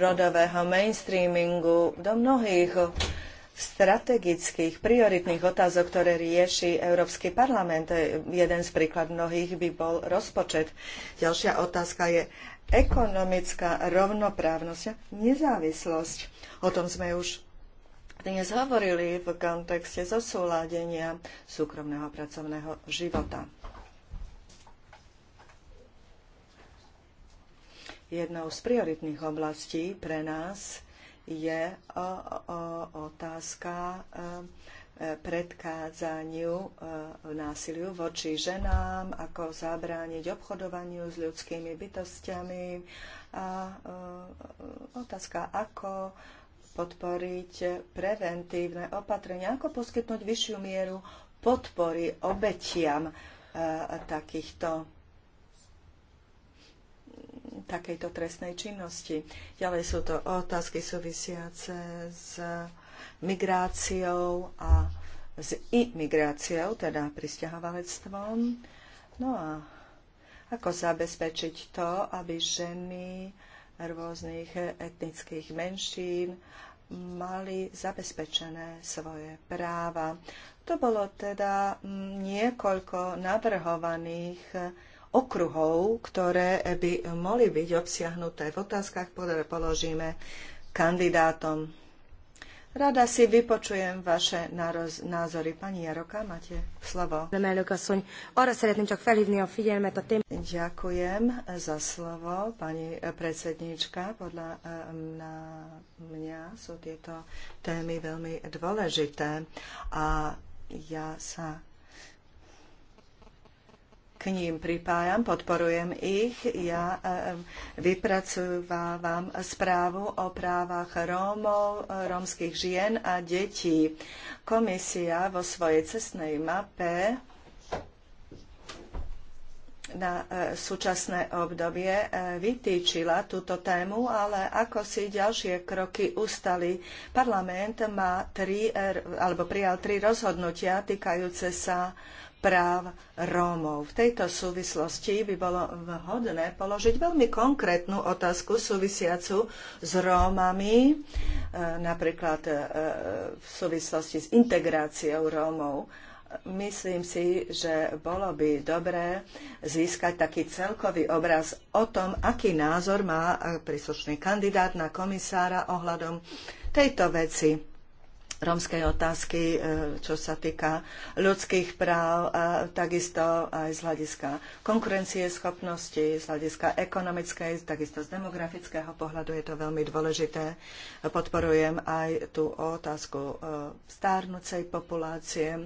rodového mainstreamingu do mnohých strategických, prioritných otázok, ktoré rieši Európsky parlament. E, jeden z príklad mnohých by bol rozpočet. Ďalšia otázka je ekonomická rovnoprávnosť a nezávislosť. O tom sme už dnes hovorili v kontexte zosúladenia súkromného pracovného života. Jednou z prioritných oblastí pre nás je o, o, otázka e, predkádzaniu e, násiliu voči ženám, ako zabrániť obchodovaniu s ľudskými bytostiami a e, otázka, ako podporiť preventívne opatrenia, ako poskytnúť vyššiu mieru podpory obetiam e, takýchto takejto trestnej činnosti. Ďalej sú to otázky súvisiace s migráciou a s imigráciou, teda pristahovalectvom. No a ako zabezpečiť to, aby ženy rôznych etnických menšín mali zabezpečené svoje práva. To bolo teda niekoľko navrhovaných okruhov, ktoré by mohli byť obsiahnuté v otázkach, ktoré položíme kandidátom. Rada si vypočujem vaše názory. Pani Jaroka, máte slovo. Ďakujem za slovo, pani eh, predsednička. Podľa na eh, mňa sú tieto témy veľmi dôležité a ja sa k ním pripájam, podporujem ich. Ja vypracovávam správu o právach Rómov, rómskych žien a detí. Komisia vo svojej cestnej mape na e, súčasné obdobie e, vytýčila túto tému, ale ako si ďalšie kroky ustali. Parlament má tri, e, alebo prijal tri rozhodnutia týkajúce sa práv Rómov. V tejto súvislosti by bolo vhodné položiť veľmi konkrétnu otázku súvisiacu s Rómami, e, napríklad e, v súvislosti s integráciou Rómov. Myslím si, že bolo by dobré získať taký celkový obraz o tom, aký názor má príslušný kandidát na komisára ohľadom tejto veci rómskej otázky, e, čo sa týka ľudských práv a takisto aj z hľadiska konkurencie schopnosti, z hľadiska ekonomickej, takisto z demografického pohľadu je to veľmi dôležité. Podporujem aj tú otázku e, stárnucej populácie. E,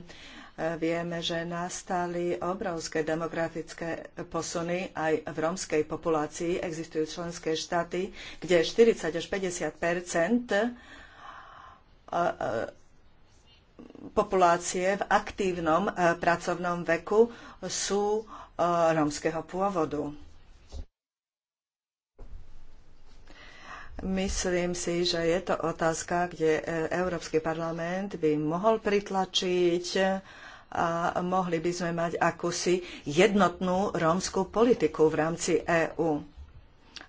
vieme, že nastali obrovské demografické posuny aj v rómskej populácii. Existujú členské štáty, kde 40 až 50 populácie v aktívnom pracovnom veku sú rómskeho pôvodu. Myslím si, že je to otázka, kde e, Európsky parlament by mohol pritlačiť a mohli by sme mať akúsi jednotnú rómskú politiku v rámci EÚ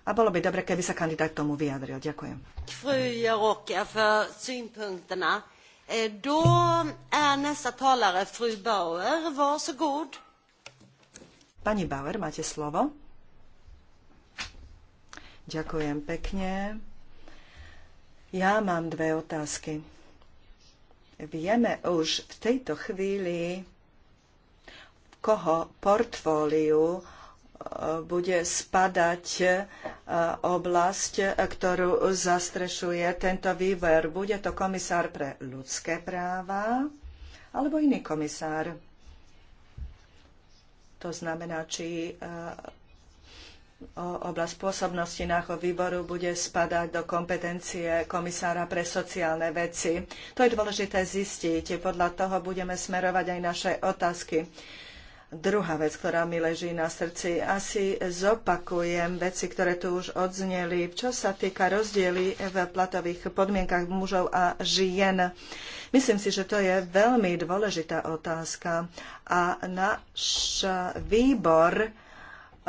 a bolo by dobre, keby sa kandidát k tomu vyjadril. Ďakujem. Eh, Pani Bauer, máte slovo. Ďakujem pekne. Ja mám dve otázky. Vieme už v tejto chvíli, koho portfóliu bude spadať e, oblasť, e, ktorú zastrešuje tento výver. Bude to komisár pre ľudské práva alebo iný komisár. To znamená, či e, oblasť pôsobnosti nášho výboru bude spadať do kompetencie komisára pre sociálne veci. To je dôležité zistiť. Podľa toho budeme smerovať aj naše otázky druhá vec, ktorá mi leží na srdci. Asi zopakujem veci, ktoré tu už odzneli. Čo sa týka rozdiely v platových podmienkach mužov a žien, myslím si, že to je veľmi dôležitá otázka. A náš výbor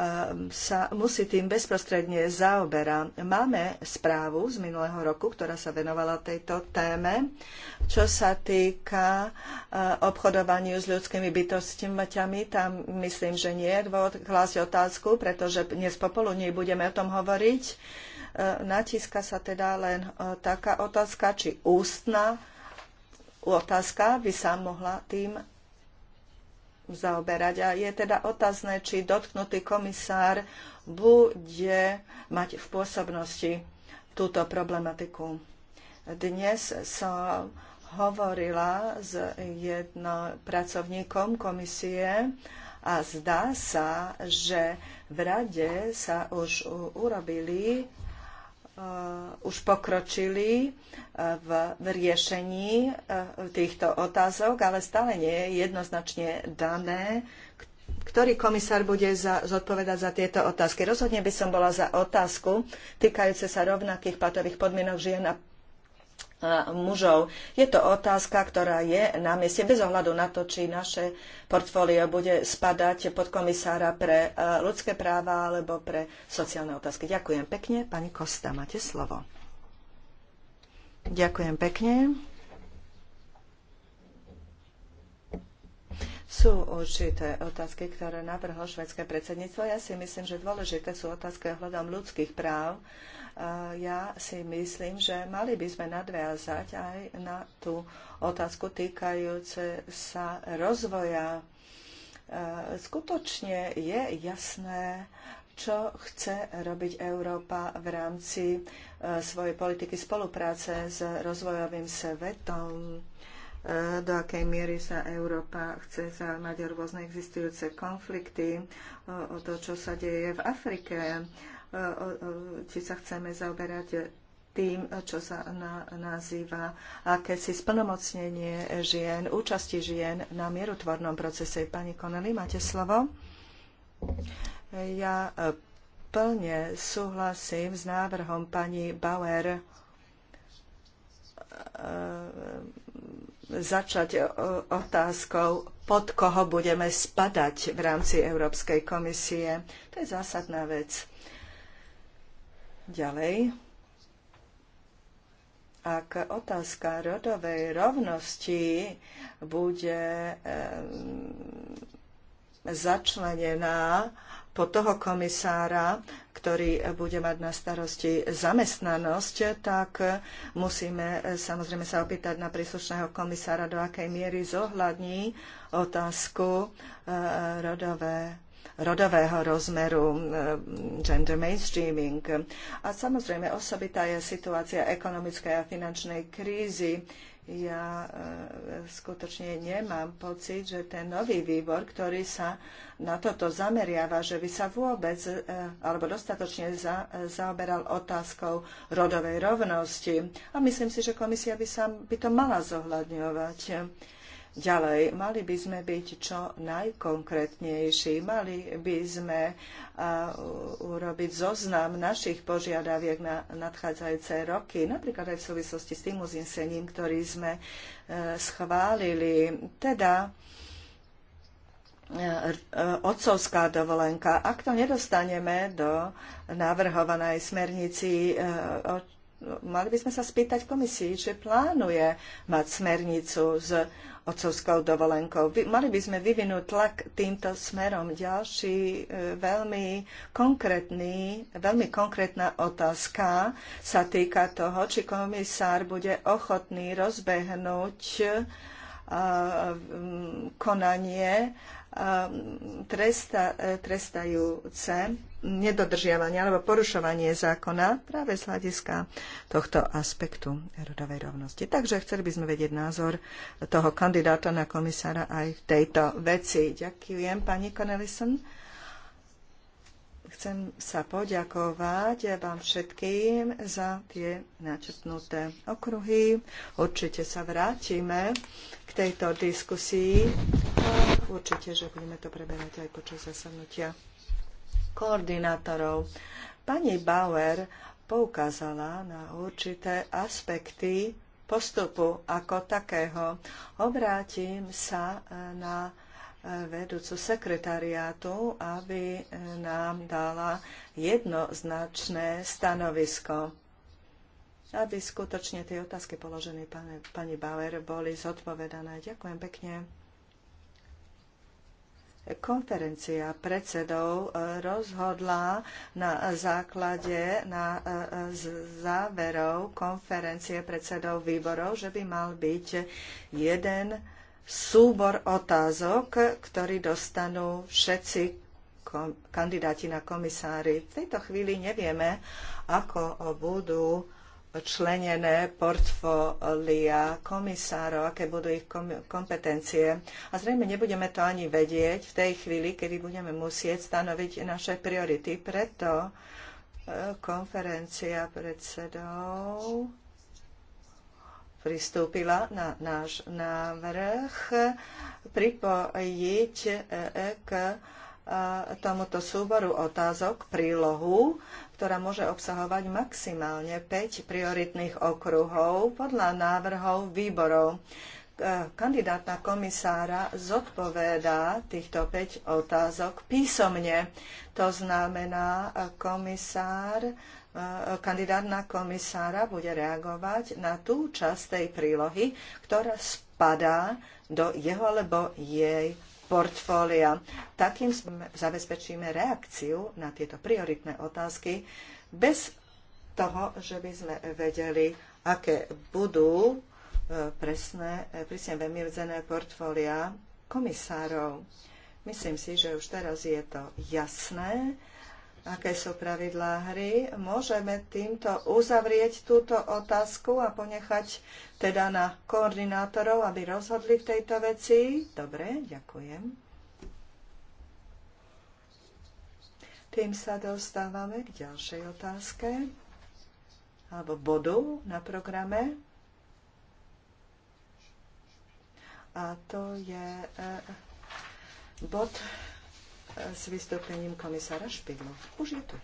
Ehm, sa musí tým bezprostredne zaoberá. Máme správu z minulého roku, ktorá sa venovala tejto téme, čo sa týka eh, obchodovaniu s ľudskými bytostiami. Tam myslím, že nie je dôvod klásť otázku, pretože dnes popoludní budeme o tom hovoriť. Eh, natíska sa teda len eh, taká otázka, či ústna otázka by sa mohla tým zaoberať. A je teda otázne, či dotknutý komisár bude mať v pôsobnosti túto problematiku. Dnes som hovorila s jednou pracovníkom komisie a zdá sa, že v rade sa už urobili Eh, už pokročili eh, v riešení eh, týchto otázok, ale stále nie je jednoznačne dané, ktorý komisár bude za, zodpovedať za tieto otázky. Rozhodne by som bola za otázku týkajúce sa rovnakých platových podmienok žien a E, mužov. Je to otázka, ktorá je na mieste bez ohľadu na to, či naše portfólio bude spadať pod komisára pre e, ľudské práva alebo pre sociálne otázky. Ďakujem pekne. Pani Kosta, máte slovo. Ďakujem pekne. Sú určité otázky, ktoré navrhlo švedské predsedníctvo. Ja si myslím, že dôležité sú otázky ohľadom ľudských práv ja si myslím, že mali by sme nadviazať aj na tú otázku týkajúce sa rozvoja. Skutočne je jasné, čo chce robiť Európa v rámci e, svojej politiky spolupráce s rozvojovým svetom e, do akej miery sa Európa chce zaujímať o rôzne existujúce konflikty, o to, čo sa deje v Afrike, či sa chceme zaoberať tým, čo sa na, nazýva akési splnomocnenie žien, účasti žien na mierotvornom procese. Pani Konely, máte slovo? Ja e, plne súhlasím s návrhom pani Bauer e, začať otázkou, pod koho budeme spadať v rámci Európskej komisie. To je zásadná vec Ďalej, ak otázka rodovej rovnosti bude začlenená po toho komisára, ktorý bude mať na starosti zamestnanosť, tak musíme eh, samozrejme sa opýtať na príslušného komisára, do akej miery zohľadní otázku eh, rodové rodového rozmeru, e, gender mainstreaming. A samozrejme, osobitá je situácia ekonomickej a finančnej krízy. Ja e, skutočne nemám pocit, že ten nový výbor, ktorý sa na toto zameriava, že by sa vôbec e, alebo dostatočne za, zaoberal otázkou rodovej rovnosti. A myslím si, že komisia by, sa, by to mala zohľadňovať Ďalej, mali by sme byť čo najkonkrétnejší, mali by sme urobiť zoznam našich požiadaviek na nadchádzajúce roky, napríklad aj v súvislosti s tým uznesením, ktorý sme e, schválili. Teda e, e, otcovská dovolenka. Ak to nedostaneme do navrhovanej smernici mali by sme sa spýtať komisii, či plánuje mať smernicu s otcovskou dovolenkou. Mali by sme vyvinúť tlak týmto smerom. Ďalší e, veľmi, konkrétny, veľmi konkrétna otázka sa týka toho, či komisár bude ochotný rozbehnúť konanie tresta, e, trestajúce nedodržiavanie alebo porušovanie zákona práve z hľadiska tohto aspektu rodovej rovnosti. Takže chceli by sme vedieť názor toho kandidáta na komisára aj v tejto veci. Ďakujem, pani Connellison. Chcem sa poďakovať vám všetkým za tie načrtnuté okruhy. Určite sa vrátime k tejto diskusii určite, že budeme to preberať aj počas zasadnutia koordinátorov. Pani Bauer poukázala na určité aspekty postupu ako takého. Obrátim sa na vedúcu sekretariátu, aby nám dala jednoznačné stanovisko, aby skutočne tie otázky položené pane, pani Bauer boli zodpovedané. Ďakujem pekne. Konferencia predsedov e, rozhodla na základe na e, záverov konferencie predsedov výborov, že by mal byť jeden súbor otázok, ktorý dostanú všetci kandidáti na komisári. V tejto chvíli nevieme, ako budú členené portfólia komisárov, aké budú ich kompetencie. A zrejme nebudeme to ani vedieť v tej chvíli, kedy budeme musieť stanoviť naše priority. Preto e, konferencia predsedov pristúpila na náš návrh pripojiť e, e, k e, tomuto súboru otázok prílohu, ktorá môže obsahovať maximálne 5 prioritných okruhov podľa návrhov výborov. Kandidát na komisára zodpovedá týchto 5 otázok písomne. To znamená, komisár kandidát na komisára bude reagovať na tú časť tej prílohy, ktorá spadá do jeho alebo jej portfólia. Takým zabezpečíme reakciu na tieto prioritné otázky bez toho, že by sme vedeli, aké budú e, presné, e, prísne vymedzené portfólia komisárov. Myslím si, že už teraz je to jasné aké sú pravidlá hry. Môžeme týmto uzavrieť túto otázku a ponechať teda na koordinátorov, aby rozhodli v tejto veci. Dobre, ďakujem. Tým sa dostávame k ďalšej otázke alebo bodu na programe. A to je eh, bod s vystúpením komisára Špidlu. Už je tu.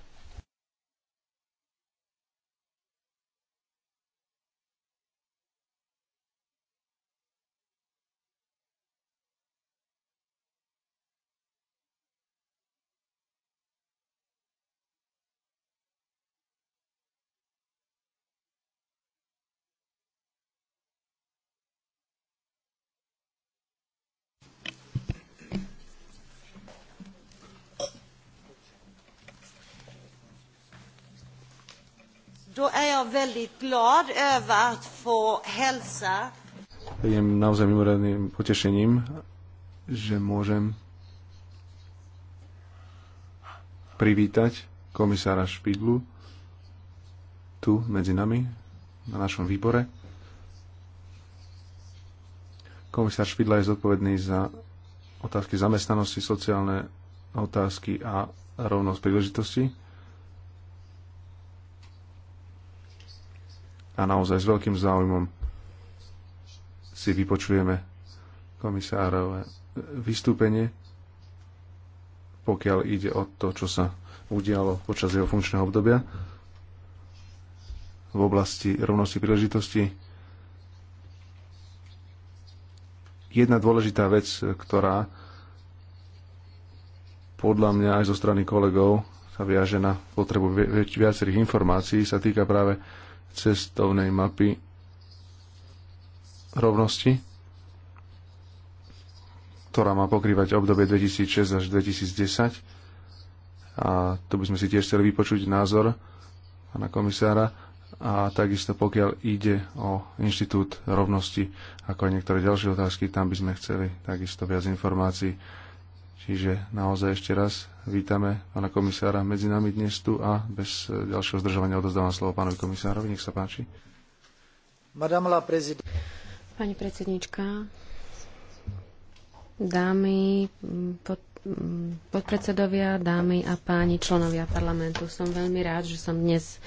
Då är jag väldigt glad över att få hälsa. Je naozaj mimoriadným potešením, že môžem privítať komisára Špidlu tu medzi nami, na našom výbore. Komisár Špidla je zodpovedný za otázky zamestnanosti, sociálne otázky a rovnosť príležitosti a naozaj s veľkým záujmom si vypočujeme komisárové vystúpenie, pokiaľ ide o to, čo sa udialo počas jeho funkčného obdobia v oblasti rovnosti príležitosti. Jedna dôležitá vec, ktorá podľa mňa aj zo strany kolegov sa viaže na potrebu viacerých informácií, sa týka práve cestovnej mapy rovnosti, ktorá má pokrývať obdobie 2006 až 2010. A tu by sme si tiež chceli vypočuť názor pána komisára a takisto pokiaľ ide o Inštitút rovnosti, ako aj niektoré ďalšie otázky, tam by sme chceli takisto viac informácií. Čiže naozaj ešte raz vítame pána komisára medzi nami dnes tu a bez e, ďalšieho zdržovania odozdávam slovo pánovi komisárovi. Nech sa páči. Pani predsednička, dámy, pod, podpredsedovia, dámy a páni členovia parlamentu, som veľmi rád, že som dnes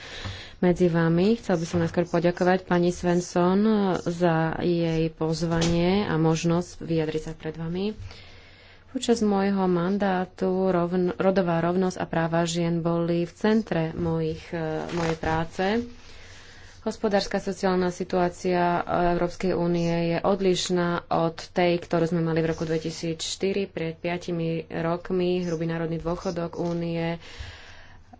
medzi vami. Chcel by som najskôr poďakovať pani Svensson za jej pozvanie a možnosť vyjadriť sa pred vami. Počas môjho mandátu rovn, rodová rovnosť a práva žien boli v centre mojich, e, mojej práce. Hospodárska sociálna situácia Európskej únie je odlišná od tej, ktorú sme mali v roku 2004. Pred piatimi rokmi hrubý národný dôchodok únie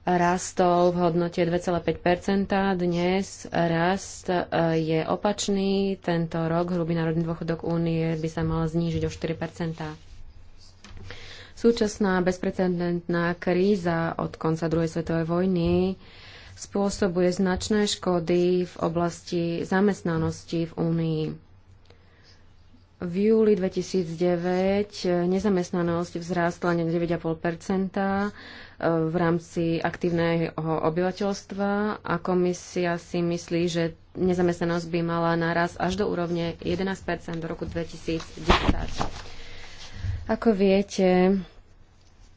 rastol v hodnote 2,5 Dnes rast e, je opačný. Tento rok hrubý národný dôchodok únie by sa mal znížiť o 4 Súčasná bezprecedentná kríza od konca druhej svetovej vojny spôsobuje značné škody v oblasti zamestnanosti v Únii. V júli 2009 nezamestnanosť vzrástla na 9,5 eh, v rámci aktívneho obyvateľstva a komisia si myslí, že nezamestnanosť by mala naraz až do úrovne 11 do roku 2010. Ako viete,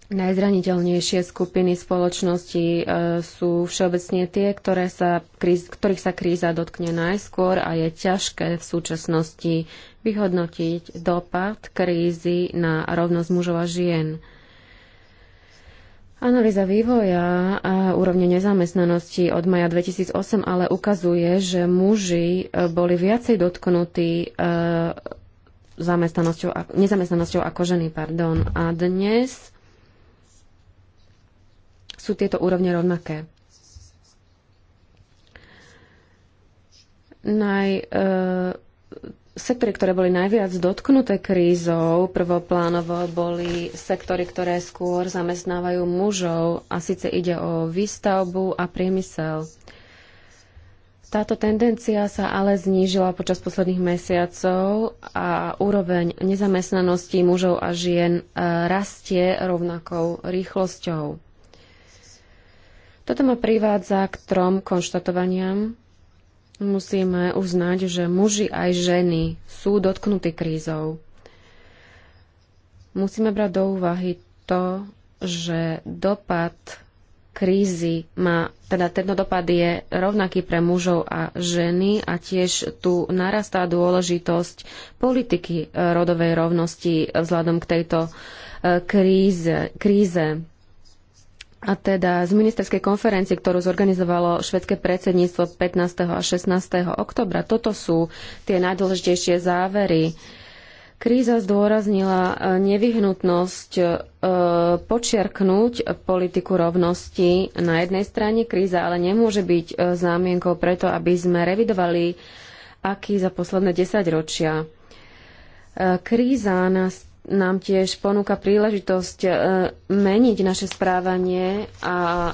najzraniteľnejšie skupiny spoločnosti e, sú všeobecne tie, ktoré sa, ktorých sa kríza dotkne najskôr a je ťažké v súčasnosti vyhodnotiť dopad krízy na rovnosť mužov a žien. Analýza vývoja a úrovne nezamestnanosti od maja 2008 ale ukazuje, že muži e, boli viacej dotknutí e, zamestnanosťou, nezamestnanosťou ako ženy. Pardon. A dnes sú tieto úrovne rovnaké. Naj, e, sektory, ktoré boli najviac dotknuté krízou prvoplánovo, boli sektory, ktoré skôr zamestnávajú mužov a síce ide o výstavbu a priemysel. E, táto tendencia sa ale znížila počas posledných mesiacov a úroveň nezamestnanosti mužov a žien e, rastie rovnakou rýchlosťou. Toto ma privádza k trom konštatovaniam. Musíme uznať, že muži aj ženy sú dotknutí krízou. Musíme brať do úvahy to, že dopad krízy má, teda tento dopad je rovnaký pre mužov a ženy a tiež tu narastá dôležitosť politiky e, rodovej rovnosti vzhľadom k tejto e, kríze. kríze. A teda z ministerskej konferencie, ktorú zorganizovalo švedské predsedníctvo 15. a 16. oktobra, toto sú tie najdôležitejšie závery. Uh, Kríza zdôraznila e, nevyhnutnosť e, počiarknúť politiku rovnosti na jednej strane. Kríza ale nemôže byť e, zámienkou preto, aby sme revidovali aký za posledné desaťročia. Kríza nás, nám tiež ponúka príležitosť meniť naše správanie a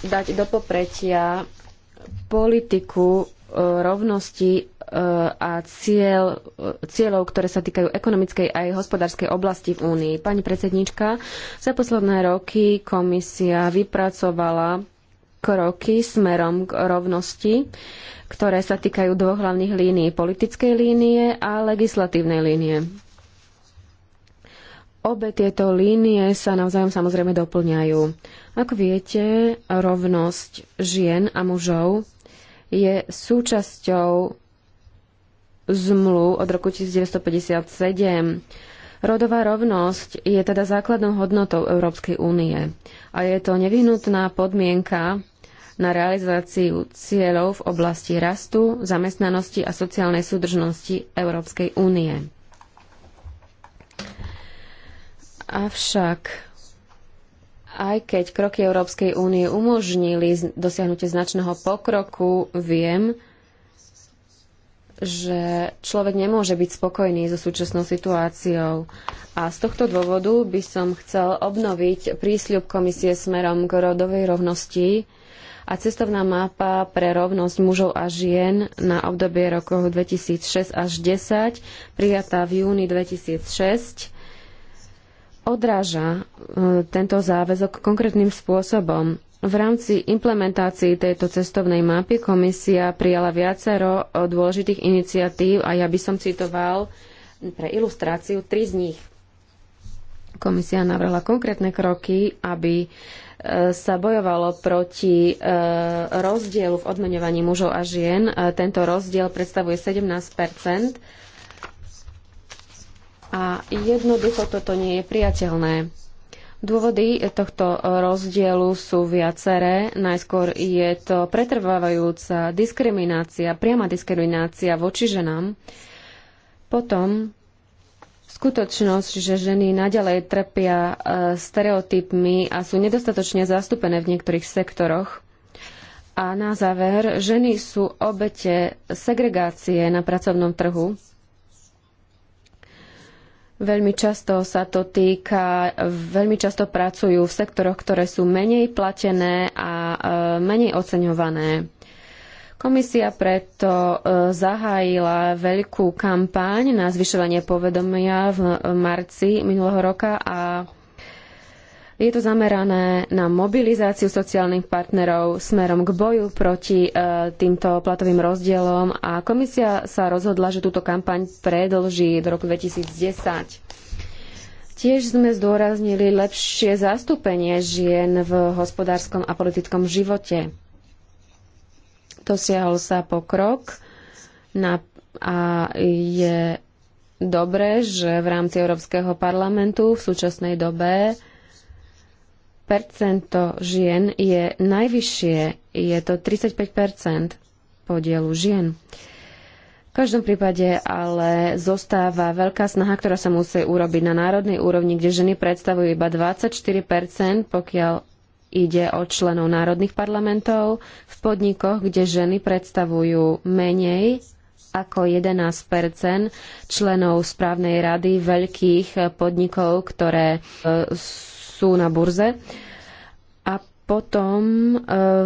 dať do popretia politiku rovnosti e, a cieľ, e, cieľov, ktoré sa týkajú ekonomickej aj hospodárskej oblasti v Únii. Pani predsednička, za posledné roky komisia vypracovala kroky smerom k rovnosti, ktoré sa týkajú dvoch hlavných línií, politickej línie a legislatívnej línie. Obe tieto línie sa navzájom samozrejme doplňajú. Ako viete, rovnosť žien a mužov je súčasťou zmluv od roku 1957. Rodová rovnosť je teda základnou hodnotou Európskej únie a je to nevyhnutná podmienka na realizáciu cieľov v oblasti rastu, zamestnanosti a sociálnej súdržnosti Európskej únie. Avšak aj keď kroky Európskej únie umožnili dosiahnutie značného pokroku, viem, že človek nemôže byť spokojný so súčasnou situáciou. A z tohto dôvodu by som chcel obnoviť prísľub komisie smerom k rodovej rovnosti a cestovná mapa pre rovnosť mužov a žien na obdobie rokov 2006 až 10, prijatá v júni 2006 odráža e, tento záväzok konkrétnym spôsobom. V rámci implementácií tejto cestovnej mapy komisia prijala viacero e, dôležitých iniciatív a ja by som citoval pre ilustráciu tri z nich. Komisia navrhla konkrétne kroky, aby e, sa bojovalo proti rozdielu v odmeňovaní mužov a žien. Tento rozdiel predstavuje 17 a jednoducho toto nie je priateľné. Dôvody tohto rozdielu sú viaceré. Najskôr je to pretrvávajúca diskriminácia, priama diskriminácia voči ženám. Potom skutočnosť, že ženy naďalej trpia e, stereotypmi a sú nedostatočne zastúpené v niektorých sektoroch. A na záver, ženy sú obete segregácie na pracovnom trhu Veľmi často sa to týka, veľmi často pracujú v sektoroch, ktoré sú menej platené a e, menej oceňované. Komisia preto e, zahájila veľkú kampaň na zvyšovanie povedomia v e, marci minulého roka a je to zamerané na mobilizáciu sociálnych partnerov smerom k boju proti e, týmto platovým rozdielom a komisia sa rozhodla, že túto kampaň predlží do roku 2010. Tiež sme zdôraznili lepšie zastúpenie žien v hospodárskom a politickom živote. Dosiahol sa pokrok na, a je dobré, že v rámci Európskeho parlamentu v súčasnej dobe percento žien je najvyššie, je to 35 podielu žien. V každom prípade ale zostáva veľká snaha, ktorá sa musí urobiť na národnej úrovni, kde ženy predstavujú iba 24 pokiaľ ide o členov národných parlamentov, v podnikoch, kde ženy predstavujú menej ako 11 členov správnej rady veľkých podnikov, ktoré sú e, sú na burze. A potom e,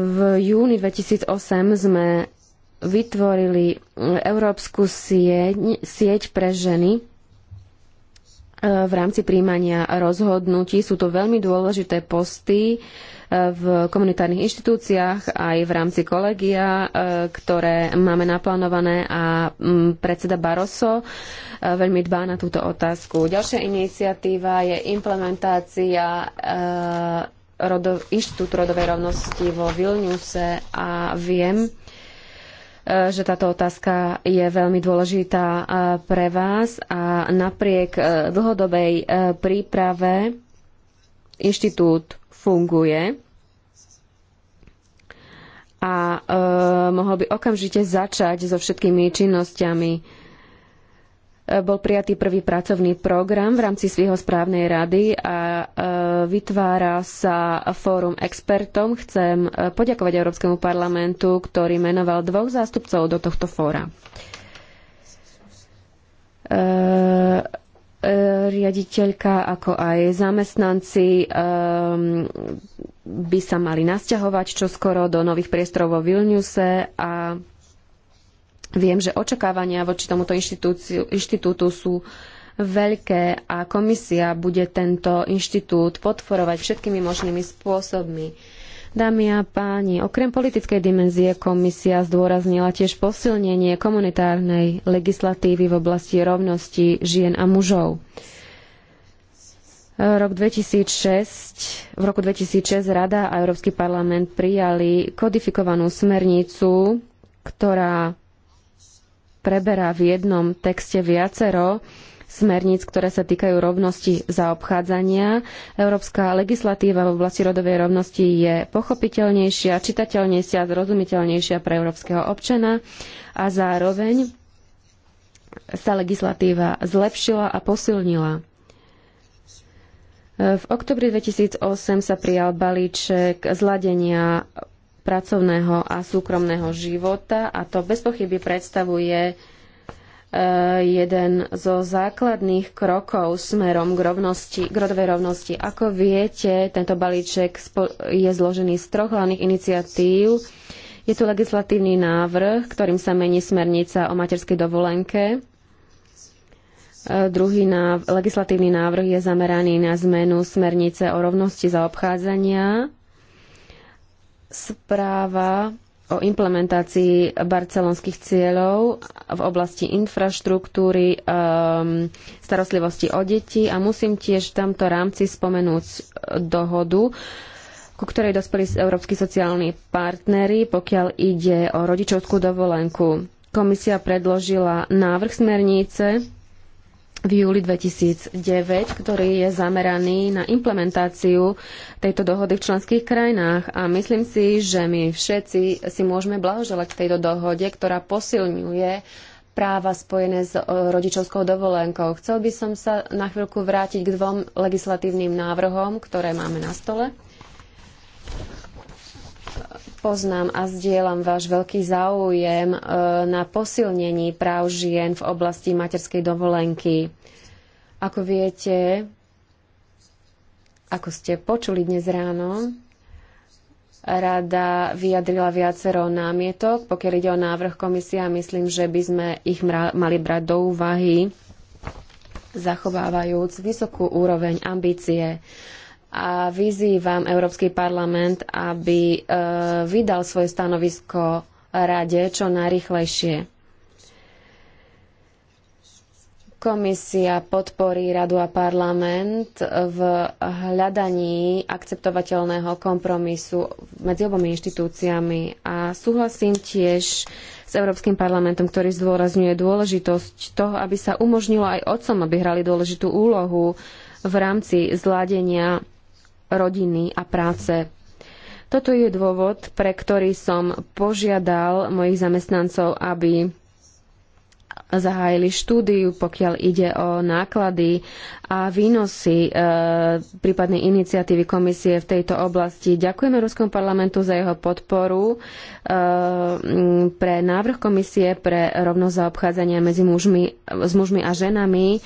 v júni 2008 sme vytvorili e, európsku sieť, sieť pre ženy e, v rámci príjmania rozhodnutí. Sú to veľmi dôležité posty, v komunitárnych inštitúciách, aj v rámci kolegia, e, ktoré máme naplánované a mm, predseda Barroso e, veľmi dbá na túto otázku. Ďalšia iniciatíva je implementácia e, Inštitútu rodovej rovnosti vo Vilniuse a viem, že táto otázka je veľmi dôležitá pre vás a napriek dlhodobej príprave inštitút funguje a e, mohol by okamžite začať so všetkými činnosťami. E, bol prijatý prvý pracovný program v rámci svojho správnej rady a e, vytvára sa fórum expertom. Chcem e, poďakovať Európskemu parlamentu, ktorý menoval dvoch zástupcov do tohto fóra e, E, riaditeľka, ako aj zamestnanci um, by sa mali nasťahovať čoskoro do nových priestorov vo Vilniuse a viem, že očakávania voči tomuto inštitútu sú veľké a komisia bude tento inštitút podporovať všetkými možnými spôsobmi. Dámy a páni, okrem politickej dimenzie komisia zdôraznila tiež posilnenie komunitárnej legislatívy v oblasti rovnosti žien a mužov. Rok 2006, v roku 2006 Rada a Európsky parlament prijali kodifikovanú smernicu, ktorá preberá v jednom texte viacero smerníc, ktoré sa týkajú rovnosti zaobchádzania. Európska legislatíva v oblasti rodovej rovnosti je pochopiteľnejšia, čitateľnejšia, zrozumiteľnejšia pre európskeho občana a zároveň sa legislatíva zlepšila a posilnila. V oktobri 2008 sa prijal balíček zladenia pracovného a súkromného života a to bez pochyby predstavuje Eh, jeden zo základných krokov smerom k, rovnosti, k rodovej rovnosti. Ako viete, tento balíček je zložený z troch hlavných iniciatív. Je tu legislatívny návrh, ktorým sa mení smernica o materskej dovolenke. Eh, druhý náv- legislatívny návrh je zameraný na zmenu smernice o rovnosti zaobchádzania. Správa o implementácii barcelonských cieľov v oblasti infraštruktúry, ehm, starostlivosti o deti a musím tiež v tomto rámci spomenúť dohodu, ku ktorej dospeli európsky sociálni partnery, pokiaľ ide o rodičovskú dovolenku. Komisia predložila návrh smernice v júli 2009, ktorý je zameraný na implementáciu tejto dohody v členských krajinách. A myslím si, že my všetci si môžeme blahoželať k tejto dohode, ktorá posilňuje práva spojené s e, rodičovskou dovolenkou. Chcel by som sa na chvíľku vrátiť k dvom legislatívnym návrhom, ktoré máme na stole poznám a zdieľam váš veľký záujem e, na posilnení práv žien v oblasti materskej dovolenky. Ako viete, ako ste počuli dnes ráno, rada vyjadrila viacero námietok. Pokiaľ ide o návrh komisia, myslím, že by sme ich mali brať do úvahy, zachovávajúc vysokú úroveň ambície a vyzývam Európsky parlament, aby e, vydal svoje stanovisko rade čo najrychlejšie. Komisia podporí radu a parlament v hľadaní akceptovateľného kompromisu medzi obomi inštitúciami a súhlasím tiež s Európskym parlamentom, ktorý zdôrazňuje dôležitosť toho, aby sa umožnilo aj otcom, aby hrali dôležitú úlohu v rámci zladenia rodiny a práce. Toto je dôvod, pre ktorý som požiadal mojich zamestnancov, aby zahájili štúdiu, pokiaľ ide o náklady a výnosy e, prípadnej iniciatívy komisie v tejto oblasti. Ďakujeme Ruskom parlamentu za jeho podporu e, pre návrh komisie pre rovnosť zaobchádzania medzi mužmi, s mužmi a ženami. E,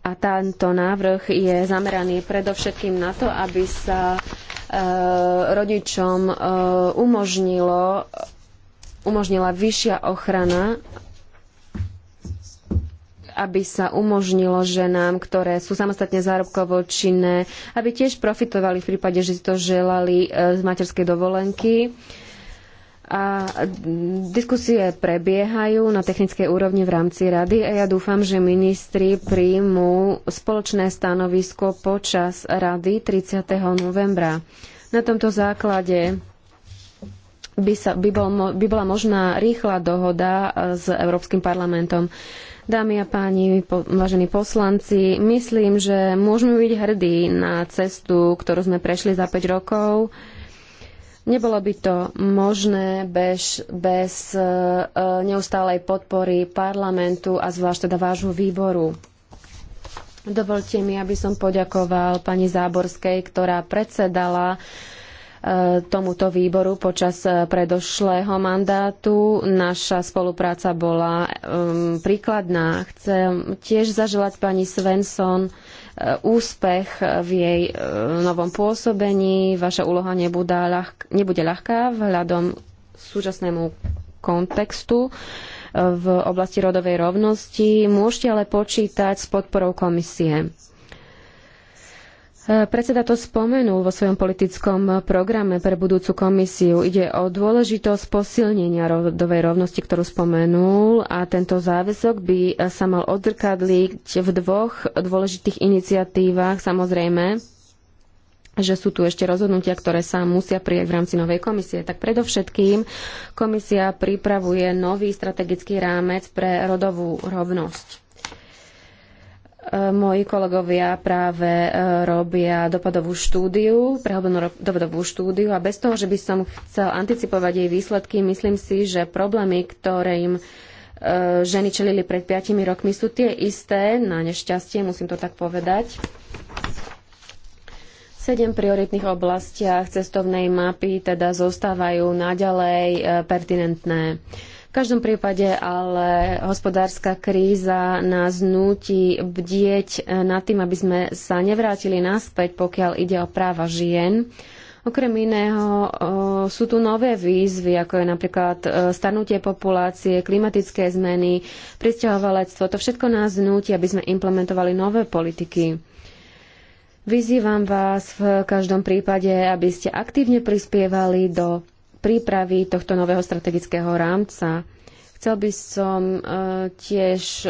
a tento návrh je zameraný predovšetkým na to, aby sa e, rodičom e, umožnilo, umožnila vyššia ochrana, aby sa umožnilo ženám, ktoré sú samostatne zárobkovo činné, aby tiež profitovali v prípade, že si to želali e, z materskej dovolenky. E, a diskusie prebiehajú na technickej úrovni v rámci rady a ja dúfam, že ministri príjmú spoločné stanovisko počas rady 30. novembra. Na tomto základe by, sa, by, bol, by bola možná rýchla dohoda e, s Európskym parlamentom. Dámy a páni, po, vážení poslanci, myslím, že môžeme byť hrdí na cestu, ktorú sme prešli za 5 rokov Nebolo by to možné bez, bez e, neustálej podpory parlamentu a zvlášť teda vášho výboru. Dovolte mi, aby som poďakoval pani Záborskej, ktorá predsedala e, tomuto výboru počas e, predošlého mandátu. Naša spolupráca bola um, príkladná. Chcem tiež zaželať pani Svensson E, úspech v jej e, novom pôsobení. Vaša úloha nebude ľahká vzhľadom súčasnému kontextu e, v oblasti rodovej rovnosti. Môžete ale počítať s podporou komisie. Predseda to spomenul vo svojom politickom programe pre budúcu komisiu. Ide o dôležitosť posilnenia rodovej rovnosti, ktorú spomenul a tento záväzok by sa mal odzrkadliť v dvoch dôležitých iniciatívach. Samozrejme, že sú tu ešte rozhodnutia, ktoré sa musia prijať v rámci novej komisie. Tak predovšetkým komisia pripravuje nový strategický rámec pre rodovú rovnosť. E, moji kolegovia práve e, robia dopadovú štúdiu, prehodnú dopadovú štúdiu a bez toho, že by som chcel anticipovať jej výsledky, myslím si, že problémy, ktorým e, ženy čelili pred 5 rokmi, sú tie isté, na nešťastie, musím to tak povedať. Sedem prioritných oblastiach cestovnej mapy teda zostávajú naďalej pertinentné. V každom prípade ale hospodárska kríza nás nutí bdieť nad tým, aby sme sa nevrátili naspäť, pokiaľ ide o práva žien. Okrem iného sú tu nové výzvy, ako je napríklad e, starnutie populácie, klimatické zmeny, pristahovalectvo. To všetko nás núti, aby sme implementovali nové politiky. Vyzývam vás v každom prípade, aby ste aktívne prispievali do prípravy tohto nového strategického rámca. Chcel by som e, tiež, e,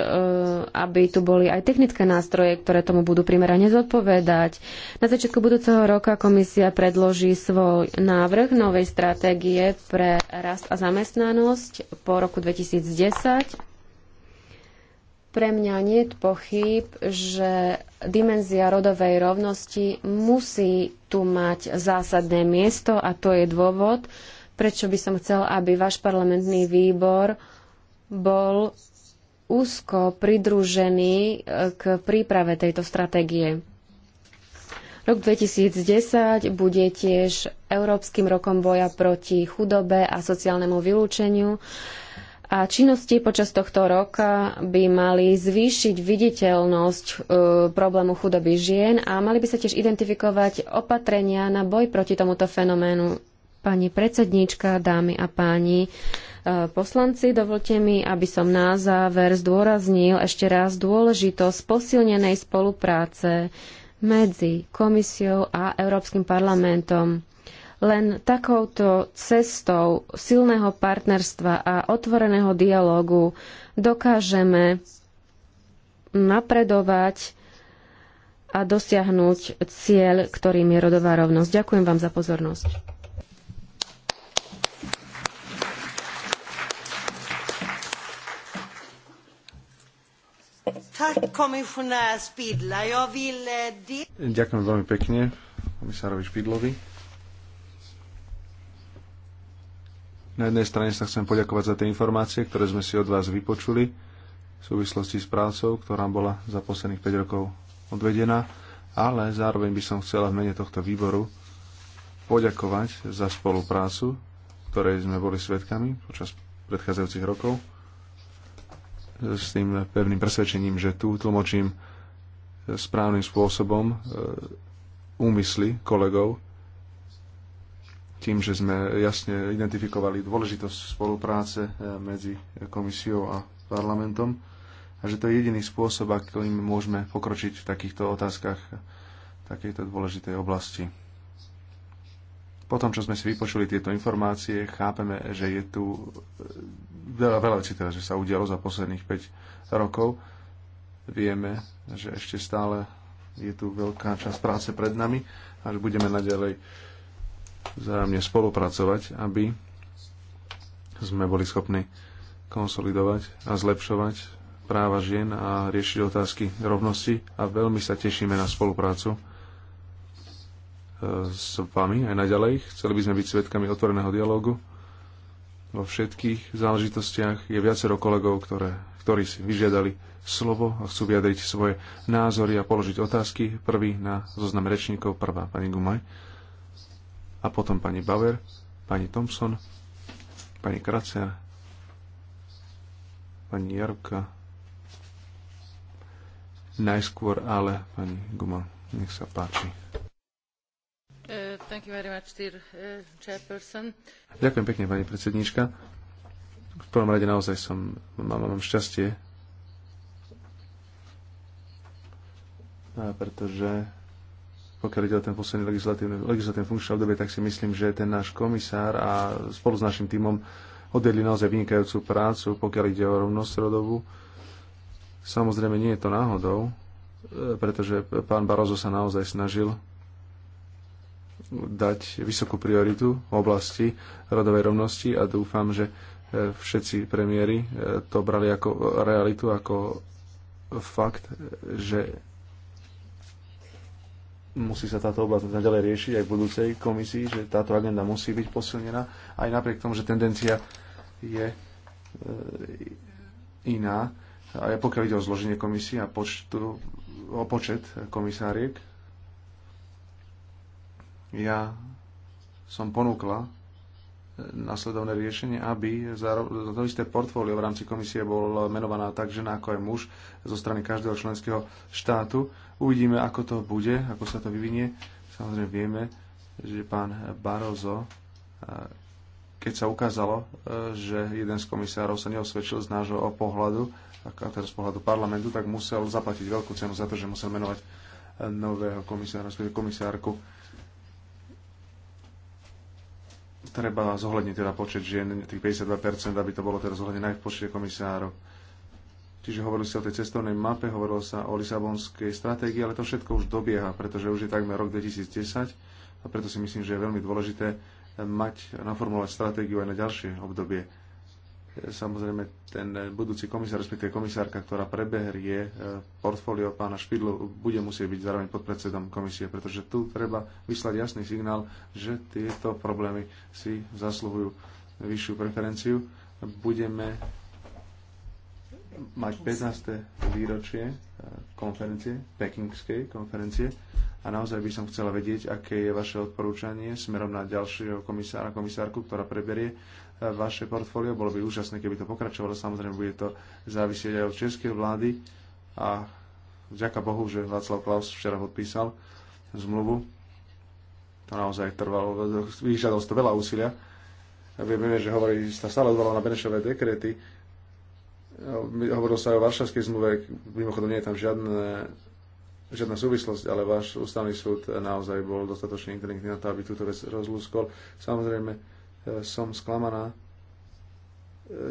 aby tu boli aj technické nástroje, ktoré tomu budú primerane zodpovedať. Na začiatku budúceho roka komisia predloží svoj návrh novej stratégie pre rast a zamestnanosť po roku 2010. Pre mňa nie je pochyb, že dimenzia rodovej rovnosti musí tu mať zásadné miesto a to je dôvod, prečo by som chcel, aby váš parlamentný výbor bol úzko pridružený e, k príprave tejto stratégie. Rok 2010 bude tiež Európskym rokom boja proti chudobe a sociálnemu vylúčeniu. A činnosti počas tohto roka by mali zvýšiť viditeľnosť e, problému chudoby žien a mali by sa tiež identifikovať opatrenia na boj proti tomuto fenoménu Pani predsedníčka, dámy a páni e, poslanci, dovolte mi, aby som na záver zdôraznil ešte raz dôležitosť posilnenej spolupráce medzi komisiou a Európskym parlamentom. Len takouto cestou silného partnerstva a otvoreného dialógu dokážeme napredovať a dosiahnuť cieľ, ktorým je rodová rovnosť. Ďakujem vám za pozornosť. Ďakujem veľmi pekne komisárovi Špidlovi. Na jednej strane sa chcem poďakovať za tie informácie, ktoré sme si od vás vypočuli v súvislosti s prácou, ktorá bola za posledných 5 rokov odvedená, ale zároveň by som chcela v mene tohto výboru poďakovať za spoluprácu, ktorej sme boli svedkami počas predchádzajúcich rokov s tým pevným presvedčením, že tu tlmočím správnym spôsobom e, úmysly kolegov, tým, že sme jasne identifikovali dôležitosť spolupráce e, medzi komisiou a parlamentom a že to je jediný spôsob, akým môžeme pokročiť v takýchto otázkach takejto dôležitej oblasti. Po tom, čo sme si vypočuli tieto informácie, chápeme, že je tu veľa, veľa vecí teda, že sa udialo za posledných 5 rokov. Vieme, že ešte stále je tu veľká časť práce pred nami a že budeme naďalej vzájomne spolupracovať, aby sme boli schopní konsolidovať a zlepšovať práva žien a riešiť otázky rovnosti a veľmi sa tešíme na spoluprácu e, s vami aj naďalej. Chceli by sme byť svetkami otvoreného dialógu vo všetkých záležitostiach. Je viacero kolegov, ktoré, ktorí si vyžiadali slovo a chcú vyjadriť svoje názory a položiť otázky. Prvý na zoznam rečníkov, prvá pani Gumaj a potom pani Bauer, pani Thompson, pani Kracer, pani Jaruka, najskôr ale pani Guma. Nech sa páči. Uh, uh, Ďakujem pekne, pani predsedníčka. V prvom rade naozaj som, mám, mám šťastie, pretože pokiaľ ide o ten posledný legislatívny, legislatívny funkčný obdobie, tak si myslím, že ten náš komisár a spolu s našim týmom odvedli naozaj vynikajúcu prácu, pokiaľ ide o rovnosť rodovú. Samozrejme nie je to náhodou, e, pretože pán Barozo sa naozaj snažil dať vysokú prioritu v oblasti rodovej rovnosti a dúfam, že e, všetci premiéry e, to brali ako realitu, ako fakt, že musí sa táto oblasť naďalej riešiť aj v budúcej komisii, že táto agenda musí byť posilnená, aj napriek tomu, že tendencia je e, iná. A pokiaľ ide o zloženie komisie a počtu, o počet komisáriek, ja som ponúkla e, nasledovné riešenie, aby za, to isté portfólio v rámci komisie bol menovaná tak žena ako aj muž zo strany každého členského štátu. Uvidíme, ako to bude, ako sa to vyvinie. Samozrejme vieme, že pán Barozo, e, keď sa ukázalo, e, že jeden z komisárov sa neosvedčil z nášho pohľadu, a teraz z pohľadu parlamentu, tak musel zaplatiť veľkú cenu za to, že musel menovať nového komisára, komisárku treba zohľadniť teda počet žien, tých 52%, aby to bolo teraz zohľadnené aj v počte komisárov. Čiže hovorilo sa o tej cestovnej mape, hovorilo sa o Lisabonskej stratégii, ale to všetko už dobieha, pretože už je takmer rok 2010 a preto si myslím, že je veľmi dôležité mať, naformulovať stratégiu aj na ďalšie obdobie. Samozrejme, ten budúci komisár, respektíve komisárka, ktorá preberie e, portfólio pána Špidlu, bude musieť byť zároveň podpredsedom komisie, pretože tu treba vyslať jasný signál, že tieto problémy si zasluhujú vyššiu preferenciu. Budeme mať 15. výročie konferencie, pekingskej konferencie. A naozaj by som chcela vedieť, aké je vaše odporúčanie smerom na ďalšieho komisára, komisárku, ktorá preberie e, vaše portfólio. Bolo by úžasné, keby to pokračovalo. Samozrejme, bude to závisieť aj od českej vlády. A vďaka Bohu, že Václav Klaus včera podpísal zmluvu. To naozaj trvalo, vyžiadalo to veľa úsilia. vieme, že hovorí, stále odvolal na Benešové dekrety hovoril sa aj o Varšavskej zmluve, mimochodom nie je tam žiadne, žiadna súvislosť, ale váš ústavný súd naozaj bol dostatočne inteligentný na to, aby túto vec rozlúskol. Samozrejme, e, som sklamaná, e,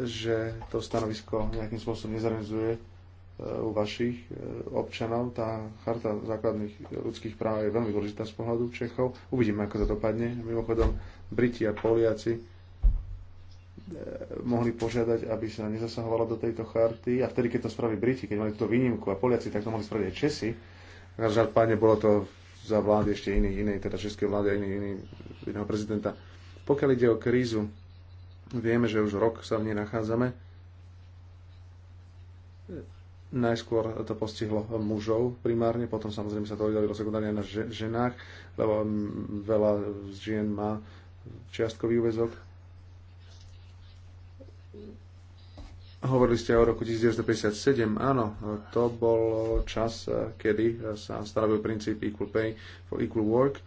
že to stanovisko nejakým spôsobom nezarenzuje e, u vašich občanov. Tá charta základných ľudských práv je veľmi dôležitá z pohľadu Čechov. Uvidíme, ako to dopadne. Mimochodom, Briti a Poliaci Eh, mohli požiadať, aby sa nezasahovalo do tejto charty. A vtedy, keď to spraví Briti, keď mali túto výnimku a Poliaci, tak to mohli spraviť aj Česi. páne, bolo to za vlády ešte iný, inej, teda českej vlády a iný, iný, iného prezidenta. Pokiaľ ide o krízu, vieme, že už rok sa v nej nachádzame. Najskôr to postihlo mužov primárne, potom samozrejme sa to oddelilo sekundárne na ženách, lebo mm, veľa žien má čiastkový úvezok Hovorili ste o roku 1957, áno, to bol čas, kedy sa stanovil princíp equal pay for equal work.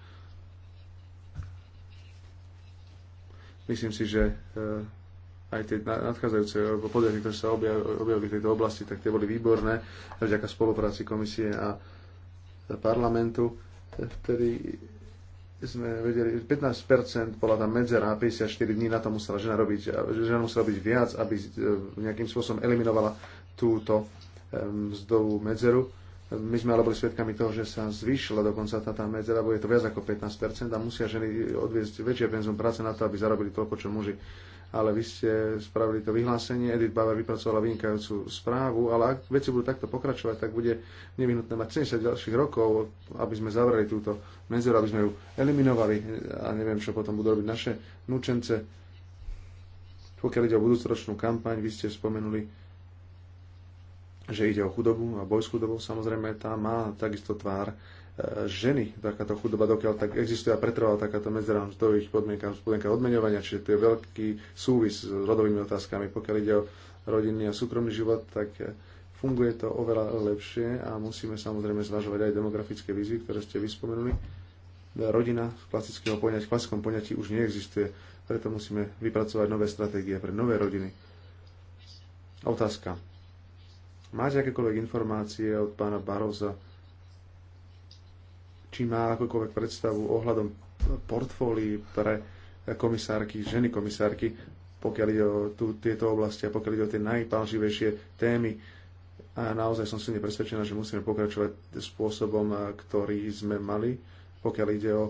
Myslím si, že eh, aj tie nadchádzajúce podľahy, ktoré sa objavili v tejto oblasti, tak tie boli výborné vďaka spolupráci komisie a parlamentu. Vtedy sme vedeli, 15% bola tam medzera 54 dní, na to musela žena robiť, žena musela robiť viac, aby e, nejakým spôsobom eliminovala túto e, mzdovú medzeru. My sme ale boli svedkami toho, že sa zvýšila dokonca tá, tá medzera, bo je to viac ako 15% a musia ženy odviezť väčšie penzum práce na to, aby zarobili toľko, čo muži ale vy ste spravili to vyhlásenie, Edith Bauer vypracovala vynikajúcu správu, ale ak veci budú takto pokračovať, tak bude nevyhnutné mať 70 ďalších rokov, aby sme zavreli túto medzeru, aby sme ju eliminovali a neviem, čo potom budú robiť naše núčence. Pokiaľ ide o budúcoročnú kampaň, vy ste spomenuli, že ide o chudobu a boj s chudobou samozrejme tá má takisto tvár E, ženy, takáto chudoba, dokiaľ tak existuje a pretrvala takáto medzera v mzdových podmienkach, podmienka odmeňovania, čiže tu je veľký súvis s rodovými otázkami. Pokiaľ ide o rodinný a súkromný život, tak e, funguje to oveľa lepšie a musíme samozrejme zvažovať aj demografické výzvy, ktoré ste vyspomenuli. E, rodina v, klasického poňať, v klasickom poňatí už neexistuje, preto musíme vypracovať nové stratégie pre nové rodiny. Otázka. Máte akékoľvek informácie od pána Baroza, či má akúkoľvek predstavu ohľadom portfólií pre komisárky, ženy komisárky, pokiaľ ide o tú, tieto oblasti a pokiaľ ide o tie najpálživejšie témy. A naozaj som si nepresvedčená, že musíme pokračovať spôsobom, ktorý sme mali. Pokiaľ ide o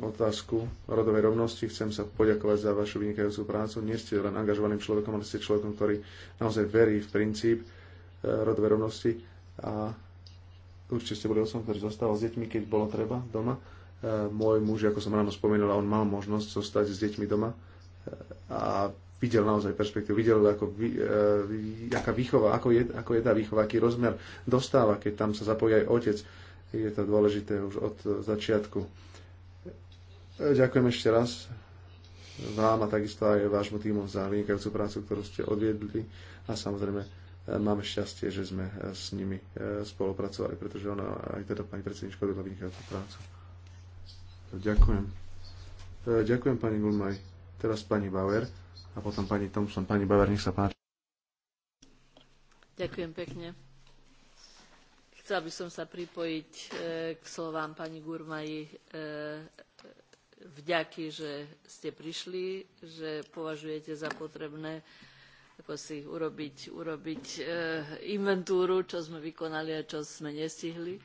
otázku rodovej rovnosti, chcem sa poďakovať za vašu vynikajúcu prácu. Nie ste len angažovaným človekom, ale ste človekom, ktorý naozaj verí v princíp eh, rodovej rovnosti a Určite ste boli osom, ktorý zostával s deťmi, keď bolo treba doma. E, môj muž, ako som ráno spomenul, on mal možnosť zostať s deťmi doma e, a videl naozaj perspektívu, videl, ako, e, aká výchova, ako je, ako je tá výchova, aký rozmer dostáva, keď tam sa zapojí aj otec. Je to dôležité už od začiatku. Ďakujem ešte raz vám a takisto aj vášmu týmu za vynikajúcu prácu, ktorú ste odviedli a samozrejme Mám šťastie, že sme e, s nimi e, spolupracovali, pretože ona aj teda pani predsednička robila vynikajúcu prácu. Ďakujem. E, ďakujem pani Gulmaj. Teraz pani Bauer a potom pani Thompson. Pani Bauer, nech sa páči. Ďakujem pekne. Chcela by som sa pripojiť k slovám pani Gurmaji vďaky, že ste prišli, že považujete za potrebné ako si urobiť, urobiť e, inventúru, čo sme vykonali a čo sme nestihli. E,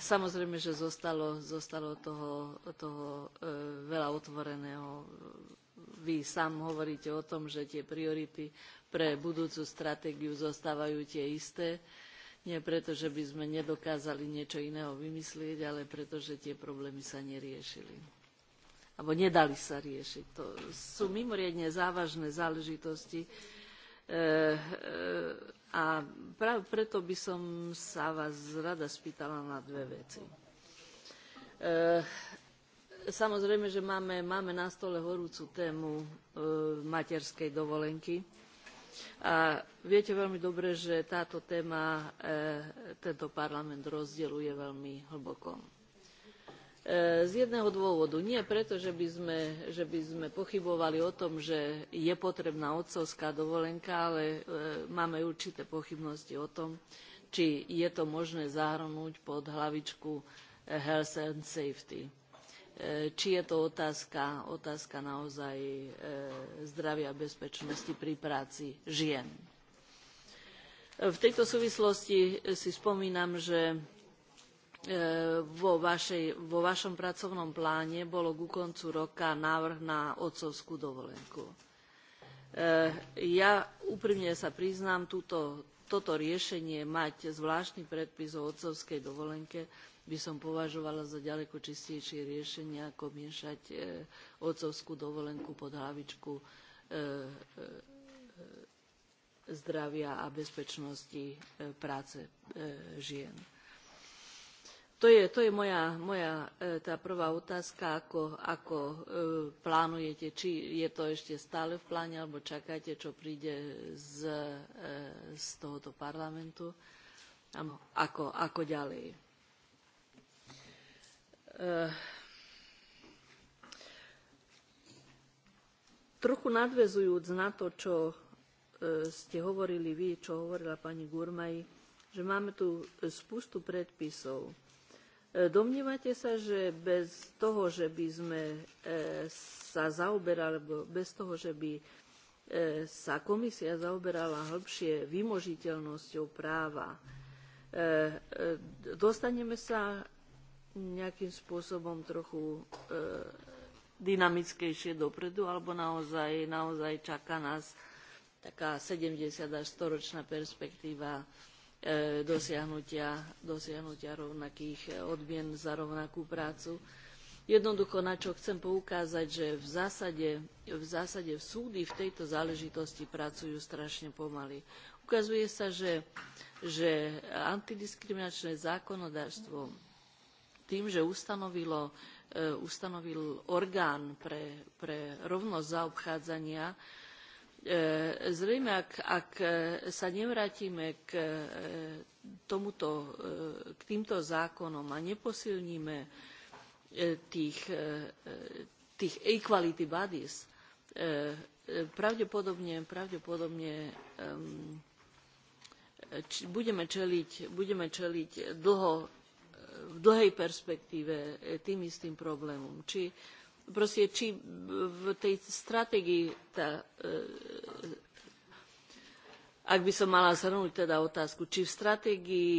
samozrejme, že zostalo, zostalo toho, toho e, veľa otvoreného. Vy sám hovoríte o tom, že tie priority pre budúcu stratégiu zostávajú tie isté. Nie preto, že by sme nedokázali niečo iného vymyslieť, ale preto, že tie problémy sa neriešili alebo nedali sa riešiť. To sú mimoriadne závažné záležitosti e, e, a práve preto by som sa vás rada spýtala na dve veci. E, samozrejme, že máme, máme na stole horúcu tému e, materskej dovolenky. A viete veľmi dobre, že táto téma e, tento parlament rozdeluje veľmi hlboko E, z jedného dôvodu nie preto že by, sme, že by sme pochybovali o tom že je potrebná otcovská dovolenka ale e, máme určité pochybnosti o tom či je to možné zahrnúť pod hlavičku e, health and safety či je to otázka, otázka naozaj zdravia a bezpečnosti pri práci žien. v tejto súvislosti si spomínam že E, vo, vašom pracovnom pláne bolo ku koncu roka návrh na otcovskú dovolenku. E, ja úprimne sa priznám, túto, toto riešenie mať zvláštny predpis o otcovskej dovolenke by som považovala za ďaleko čistejšie riešenie, ako miešať e, otcovskú dovolenku pod hlavičku zdravia a bezpečnosti práce žien to je, moja, moja e, tá prvá otázka, ako, ako e, plánujete, či je to ešte stále v pláne, alebo čakáte, čo príde z, e, z tohoto parlamentu, ako, ako ďalej. Trochu nadvezujúc na to, čo ste hovorili vy, čo hovorila pani Gurmai že máme tu spustu predpisov, E, domnívate sa, že bez toho, že by sme e, sa zaoberali, alebo bez toho, že by e, sa komisia zaoberala hĺbšie vymožiteľnosťou práva, dostaneme sa nejakým spôsobom trochu dynamickejšie dopredu, alebo naozaj, naozaj čaká nás taká 70 až 100 ročná perspektíva E, dosiahnutia, dosiahnutia rovnakých e, odmien za rovnakú prácu. Jednoducho, na čo chcem poukázať, že v zásade, v zásade v súdy v tejto záležitosti pracujú strašne pomaly. Ukazuje sa, že, že antidiskriminačné zákonodárstvo tým, že ustanovilo, e, ustanovil orgán pre, pre rovnosť zaobchádzania, E, zrejme ak, ak e, sa nevrátime k, e, tomuto, k týmto zákonom a neposilníme tých, tých equality bodies, pravdepodobne, pravdepodobne či, budeme, čeliť, budeme čeliť dlho v dlhej perspektíve tým istým problémom. Či proste či v tej stratégii tá, e, ak by som mala zhrnúť teda otázku, či v stratégii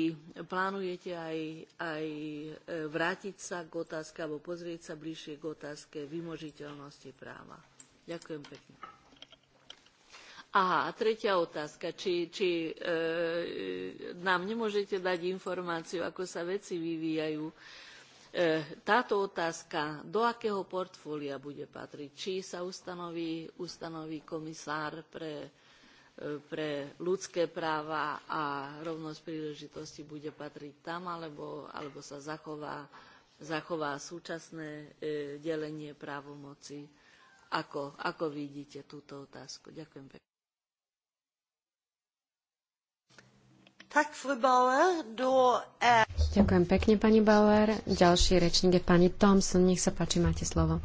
plánujete aj, aj e, vrátiť sa k otázke alebo pozrieť sa bližšie k otázke vymožiteľnosti práva. Ďakujem pekne. Aha, a tretia otázka, či, či e, nám nemôžete dať informáciu, ako sa veci vyvíjajú E, táto otázka, do akého portfólia bude patriť, či sa ustanoví, ustanoví komisár pre, e, pre, ľudské práva a rovnosť príležitosti bude patriť tam, alebo, alebo sa zachová, zachová súčasné e, delenie právomoci. Ako, ako vidíte túto otázku? Ďakujem pekne. Eh. Ďakujem pekne, pani Bauer. Ďalší rečník je pani Thompson. Nech sa páči, máte slovo.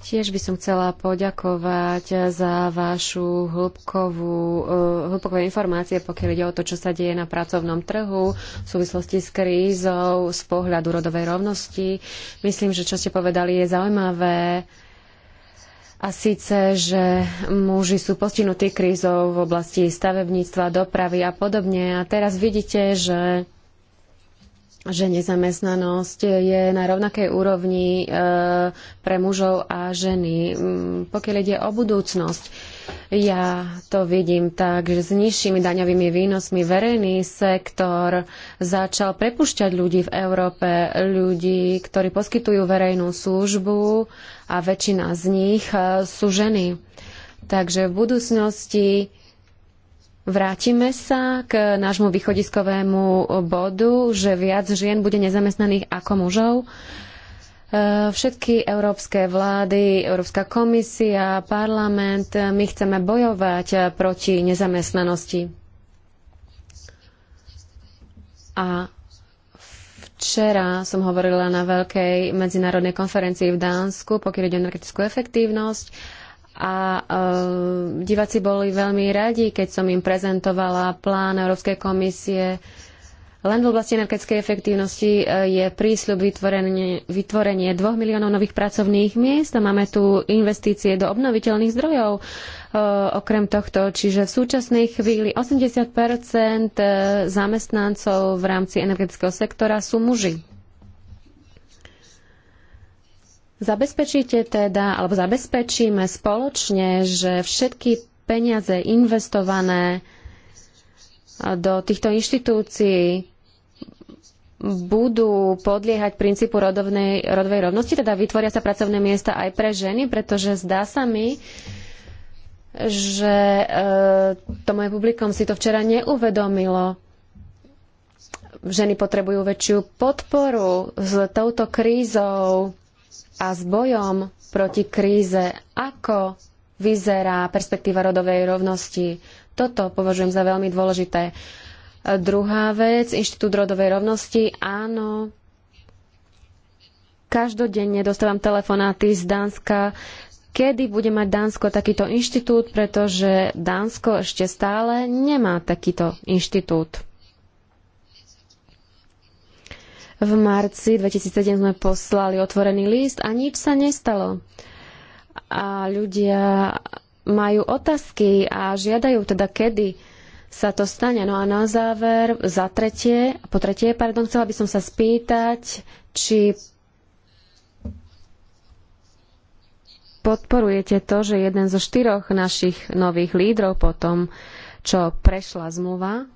Tiež by som chcela poďakovať za vašu hĺbkovú, eh, hĺbkové informácie, pokiaľ ide o to, čo sa deje na pracovnom trhu v súvislosti s krízou z pohľadu rodovej rovnosti. Myslím, že čo ste povedali je zaujímavé a síce, že muži sú postihnutí krízou v oblasti stavebníctva, dopravy a podobne. A teraz vidíte, že že nezamestnanosť je na rovnakej úrovni e, pre mužov a ženy. Pokiaľ ide o budúcnosť, ja to vidím tak, že s nižšími daňovými výnosmi verejný sektor začal prepušťať ľudí v Európe, ľudí, ktorí poskytujú verejnú službu, a väčšina z nich e, sú ženy. Takže v budúcnosti vrátime sa k nášmu východiskovému bodu, že viac žien bude nezamestnaných ako mužov. E, všetky európske vlády, Európska komisia, parlament, my chceme bojovať proti nezamestnanosti. A Včera som hovorila na veľkej medzinárodnej konferencii v Dánsku, pokiaľ ide o energetickú efektívnosť a e, diváci boli veľmi radi, keď som im prezentovala plán Európskej komisie len v oblasti energetickej efektívnosti e, je prísľub vytvorenie, vytvorenie 2 miliónov nových pracovných miest a máme tu investície do obnoviteľných zdrojov. E, okrem tohto, čiže v súčasnej chvíli 80 e, zamestnancov v rámci energetického sektora sú muži. Zabezpečíte teda, alebo zabezpečíme spoločne, že všetky peniaze investované do týchto inštitúcií budú podliehať princípu rodovnej, rodovej rovnosti, teda vytvoria sa pracovné miesta aj pre ženy, pretože zdá sa mi, že e, to moje publikum si to včera neuvedomilo. Ženy potrebujú väčšiu podporu s touto krízou a s bojom proti kríze. Ako vyzerá perspektíva rodovej rovnosti? Toto považujem za veľmi dôležité. Druhá vec, Inštitút rodovej rovnosti. Áno, každodenne dostávam telefonáty z Dánska, kedy bude mať Dánsko takýto inštitút, pretože Dánsko ešte stále nemá takýto inštitút. V marci 2007 sme poslali otvorený list a nič sa nestalo. A ľudia majú otázky a žiadajú teda, kedy sa to stane. No a na záver, za tretie, po tretie, pardon, chcela by som sa spýtať, či podporujete to, že jeden zo štyroch našich nových lídrov potom, čo prešla zmluva,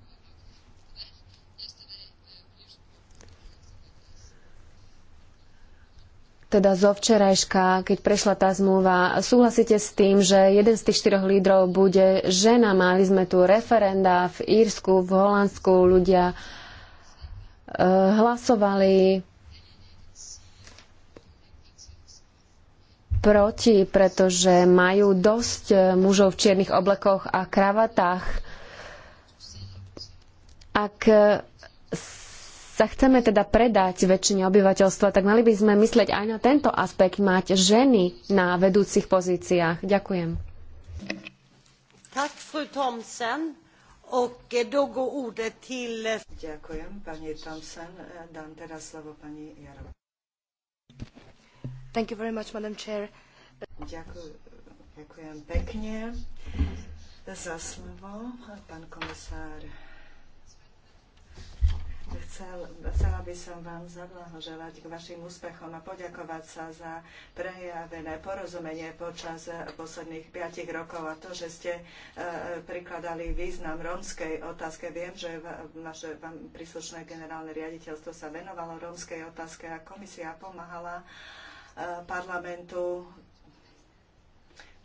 teda zo včerajška, keď prešla tá zmluva. Súhlasíte s tým, že jeden z tých štyroch lídrov bude žena? Mali sme tu referenda v Írsku, v Holandsku, ľudia e, hlasovali proti, pretože majú dosť mužov v čiernych oblekoch a kravatách. Ak sa chceme teda predať väčšine obyvateľstva, tak mali by sme myslieť aj na tento aspekt, mať ženy na vedúcich pozíciách. Ďakujem. Tak, fru Thomsen. Eh, ďakujem, pani Thompson. Eh, dám teraz slovo pani Jarova. Thank you very much, Madam Chair. Ďakujem, ďakujem pekne za slovo, pán komisár. Chcel, chcela by som vám zablahoželať k vašim úspechom a poďakovať sa za prejavené porozumenie počas posledných piatich rokov a to, že ste e, prikladali význam rómskej otázke. Viem, že vaše vám príslušné generálne riaditeľstvo sa venovalo rómskej otázke a komisia pomáhala e, parlamentu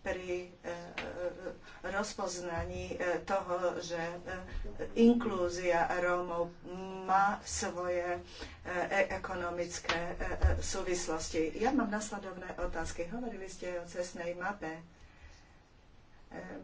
pri e, e, rozpoznaní e, toho, že inklúzia Rómov má svoje ekonomické súvislosti. Ja mám nasledovné otázky. Hovorili ste o cestnej mape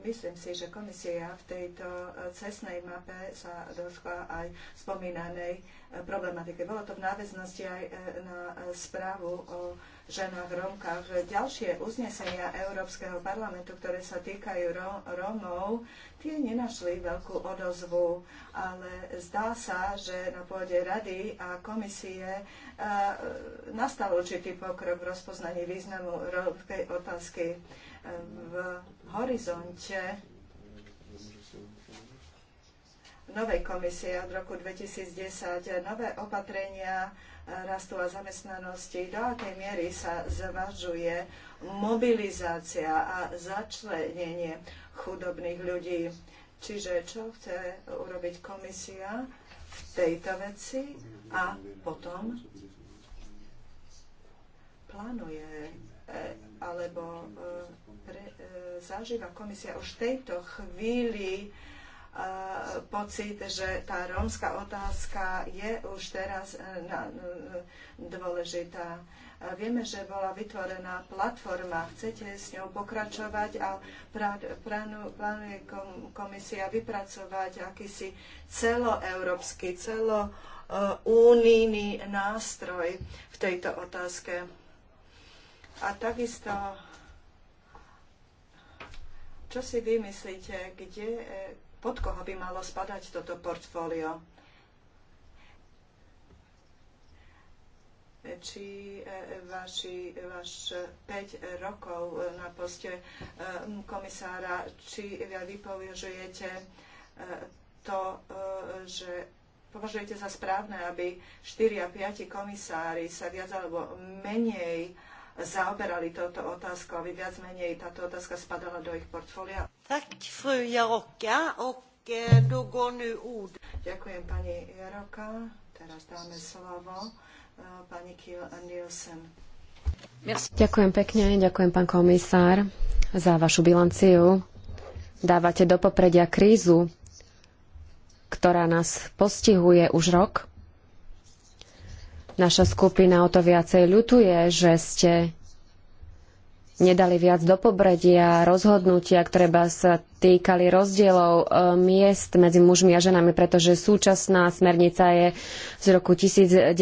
Myslím si, že komisia v tejto e, cestnej mape sa dotkla aj spomínanej e, problematiky. Bolo to v náväznosti aj e, na správu o ženách Rómkach. Ďalšie uznesenia Európskeho parlamentu, ktoré sa týkajú Rómov, tie nenašli veľkú odozvu, ale zdá sa, že na pôde rady a komisie nastal určitý pokrok v rozpoznaní významu rómskej otázky v horizonte novej komisie od roku 2010 nové opatrenia rastu a zamestnanosti, do akej miery sa zvažuje mobilizácia a začlenenie chudobných ľudí. Čiže čo chce urobiť komisia v tejto veci a potom plánuje alebo e, pre, e, zažíva komisia už v tejto chvíli e, pocit, že tá rómska otázka je už teraz dôležitá. Vieme, že bola vytvorená platforma, chcete s ňou pokračovať a plánuje komisia vypracovať akýsi celoeurópsky, celounijný nástroj v tejto otázke a takisto, čo si vymyslíte, kde, pod koho by malo spadať toto portfólio? či e, vaši, vaš 5 rokov e, na poste e, komisára, či vy považujete to, že považujete za správne, aby 4 a 5 komisári sa viac alebo menej zaoberali touto otázkou, aby viac menej táto otázka spadala do ich portfólia. Tak, fru Jaroka, ok, do Ďakujem pani Jaroka. Teraz dáme slovo eh, pani Kiel Nielsen. Ďakujem pekne, ďakujem pán komisár za vašu bilanciu. Dávate do popredia krízu, ktorá nás postihuje už rok Naša skupina o to viacej ľutuje, že ste nedali viac do pobredia rozhodnutia, ktoré by sa týkali rozdielov e, miest medzi mužmi a ženami, pretože súčasná smernica je z roku 1975,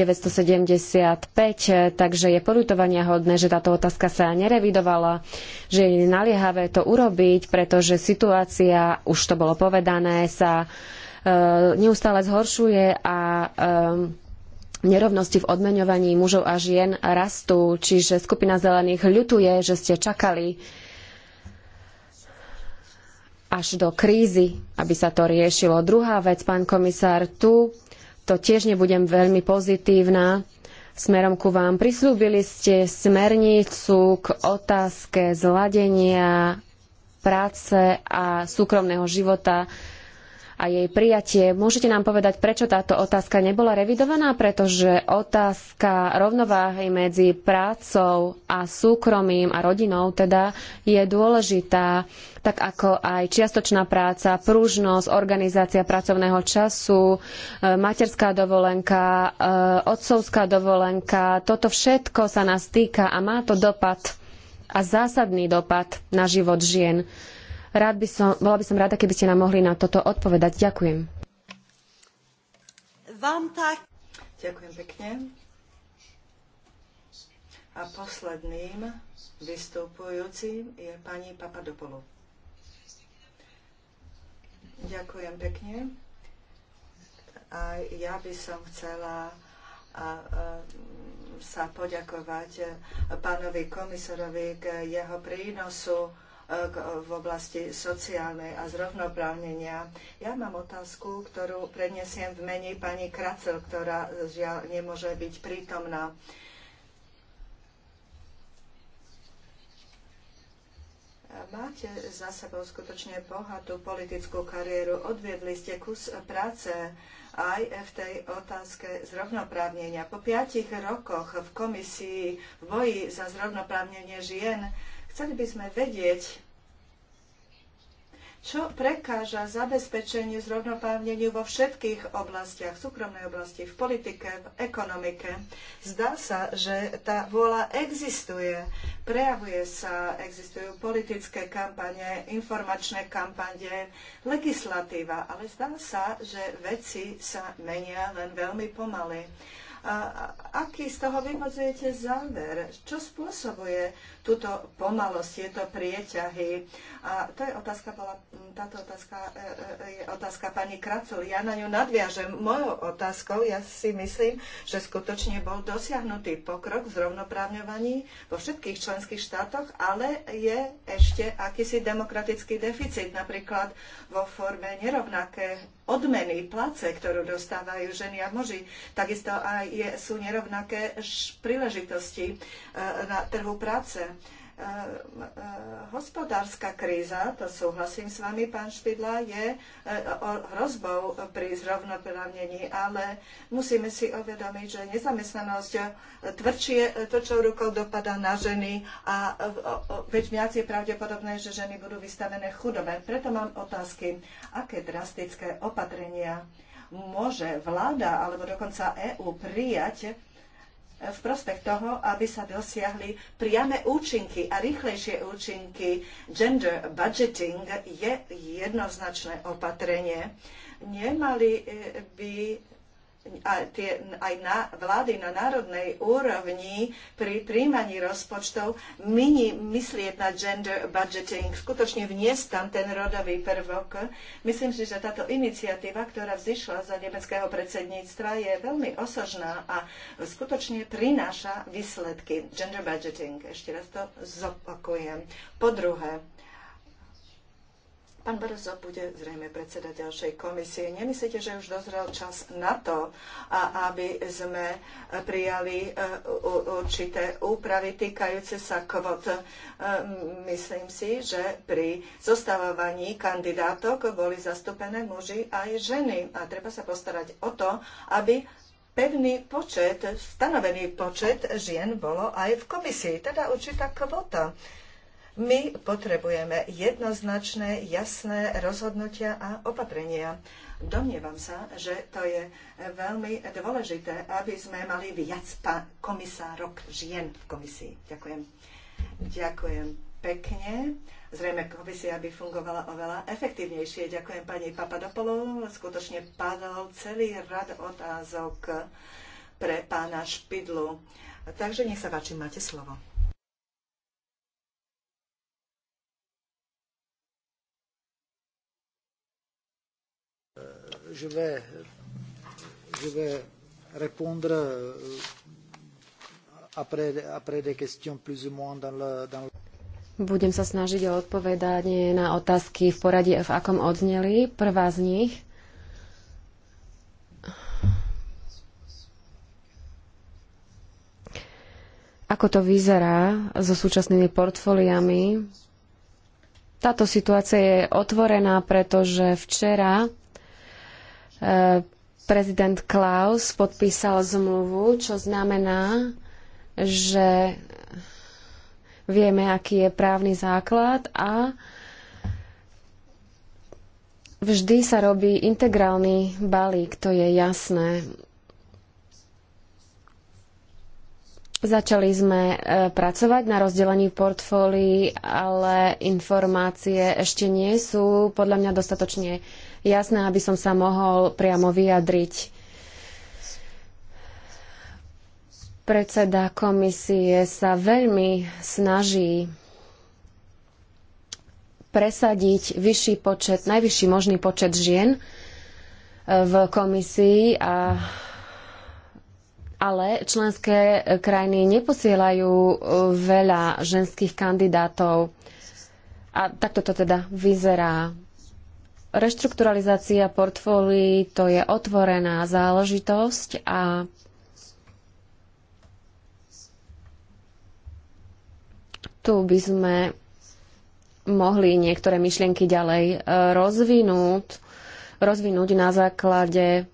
e, takže je porutovania hodné, že táto otázka sa nerevidovala, že je naliehavé to urobiť, pretože situácia, už to bolo povedané, sa e, neustále zhoršuje a nerovnosti v odmeňovaní mužov a žien rastú, čiže skupina zelených ľutuje, že ste čakali až do krízy, aby sa to riešilo. Druhá vec, pán komisár, tu to tiež nebudem veľmi pozitívna. Smerom ku vám prislúbili ste smernicu k otázke zladenia práce a súkromného života a jej prijatie. Môžete nám povedať, prečo táto otázka nebola revidovaná? Pretože otázka rovnováhy medzi prácou a súkromím a rodinou teda je dôležitá, tak ako aj čiastočná práca, pružnosť, organizácia pracovného času, e, materská dovolenka, e, otcovská dovolenka. Toto všetko sa nás týka a má to dopad a zásadný dopad na život žien. Rád by som, bola by som rada, keby ste nám mohli na toto odpovedať. Ďakujem. Vám tak. Ďakujem pekne. A posledným vystupujúcim je pani papadopolu. Ďakujem pekne. A ja by som chcela a, a, sa poďakovať e, pánovi komisorovi k jeho prínosu v oblasti sociálnej a zrovnoprávnenia. Ja mám otázku, ktorú prednesiem v mene pani Kracel, ktorá žiaľ nemôže byť prítomná. Máte za sebou skutočne bohatú politickú kariéru. Odviedli ste kus práce aj v tej otázke zrovnoprávnenia. Po piatich rokoch v komisii v boji za zrovnoprávnenie žien Chceli by sme vedieť, čo prekáža zabezpečeniu zrovnoprávneniu vo všetkých oblastiach, v súkromnej oblasti, v politike, v ekonomike. Zdá sa, že tá vôľa existuje, prejavuje sa, existujú politické kampane, informačné kampane, legislatíva, ale zdá sa, že veci sa menia len veľmi pomaly. A aký z toho vyvodzujete záver? Čo spôsobuje túto pomalosť, tieto prieťahy? A to je otázka bola, táto otázka e, e, je otázka pani Kracul. Ja na ňu nadviažem mojou otázkou. Ja si myslím, že skutočne bol dosiahnutý pokrok v zrovnoprávňovaní vo všetkých členských štátoch, ale je ešte akýsi demokratický deficit, napríklad vo forme nerovnaké odmeny, place, ktorú dostávajú ženy a muži. Takisto aj je, sú nerovnaké príležitosti e, na trhu práce. Eh, eh, hospodárska kríza, to súhlasím s vami, pán Špidla, je eh, hrozbou pri zrovnoprávnení, ale musíme si uvedomiť, že nezamestnanosť tvrdšie tvrdšou rukou dopadá na ženy a veď viac je pravdepodobné, že ženy budú vystavené chudobe. Preto mám otázky, aké drastické opatrenia môže vláda alebo dokonca EÚ prijať v prospech toho, aby sa dosiahli priame účinky a rýchlejšie účinky. Gender budgeting je jednoznačné opatrenie. Nemali eh, by a tie, aj na vlády na národnej úrovni pri príjmaní rozpočtov mini myslieť na gender budgeting, skutočne vniesť tam ten rodový prvok. Myslím si, že táto iniciatíva, ktorá vzýšla za nemeckého predsedníctva, je veľmi osožná a skutočne prináša výsledky. Gender budgeting, ešte raz to zopakujem. Po druhé, Pán Barroso bude zrejme predseda ďalšej komisie. Nemyslíte, že už dozrel čas na to, aby sme prijali e, určité úpravy týkajúce sa kvot? E, myslím si, že pri zostavovaní kandidátok boli zastúpené muži aj ženy. A treba sa postarať o to, aby pevný počet, stanovený počet žien bolo aj v komisii, teda určitá kvota my potrebujeme jednoznačné, jasné rozhodnutia a opatrenia. Domnievam sa, že to je veľmi dôležité, aby sme mali viac komisárok žien v komisii. Ďakujem. Ďakujem pekne. Zrejme komisia by fungovala oveľa efektívnejšie. Ďakujem pani Papadopolu. Skutočne padol celý rad otázok pre pána Špidlu. Takže nech sa páči, máte slovo. je vais, je vais répondre euh, après, après des questions plus ou moins dans le, dans le... Budem sa snažiť o odpovedanie na otázky v poradí, v akom odzneli. Prvá z nich. Ako to vyzerá so súčasnými portfóliami? Táto situácia je otvorená, pretože včera prezident Klaus podpísal zmluvu, čo znamená, že vieme, aký je právny základ a vždy sa robí integrálny balík, to je jasné. Začali sme e, pracovať na rozdelení portfólií, ale informácie ešte nie sú podľa mňa dostatočne jasné, aby som sa mohol priamo vyjadriť. Predseda komisie sa veľmi snaží presadiť vyšší počet, najvyšší možný počet žien eh, v komisii a ale členské krajiny neposielajú eh, veľa ženských kandidátov. A takto to teda vyzerá. Reštrukturalizácia portfólií to je otvorená záležitosť a tu by sme mohli niektoré myšlienky ďalej e, rozvinúť, rozvinúť na základe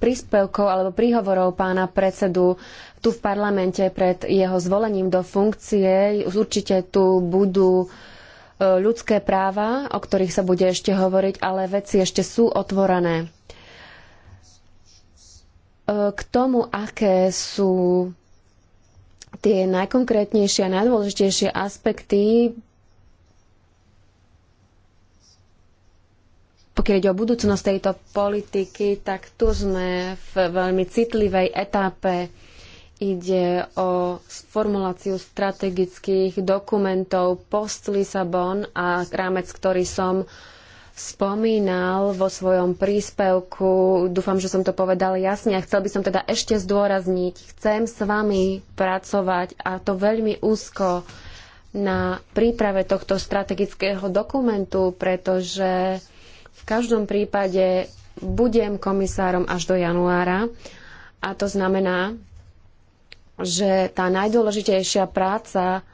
príspevkov alebo príhovorov pána predsedu tu v parlamente pred jeho zvolením do funkcie. Určite tu budú e, ľudské práva, o ktorých sa bude ešte hovoriť, ale veci ešte sú otvorené. E, k tomu, aké sú tie najkonkrétnejšie a najdôležitejšie aspekty, pokiaľ ide o budúcnosť tejto politiky, tak tu sme v veľmi citlivej etape Ide o formuláciu strategických dokumentov post-Lisabon a rámec, ktorý som spomínal vo svojom príspevku. Dúfam, že som to povedal jasne a chcel by som teda ešte zdôrazniť. Chcem s vami pracovať a to veľmi úzko na príprave tohto strategického dokumentu, pretože v každom prípade budem komisárom až do januára a to znamená, že tá najdôležitejšia práca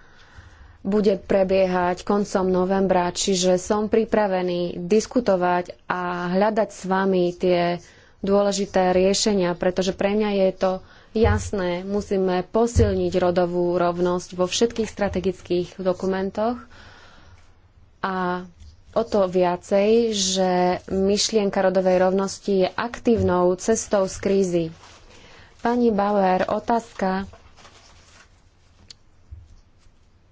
bude prebiehať koncom novembra, čiže som pripravený diskutovať a hľadať s vami tie dôležité riešenia, pretože pre mňa je to jasné, musíme posilniť rodovú rovnosť vo všetkých strategických dokumentoch a o to viacej, že myšlienka rodovej rovnosti je aktívnou cestou z krízy. Pani Bauer, otázka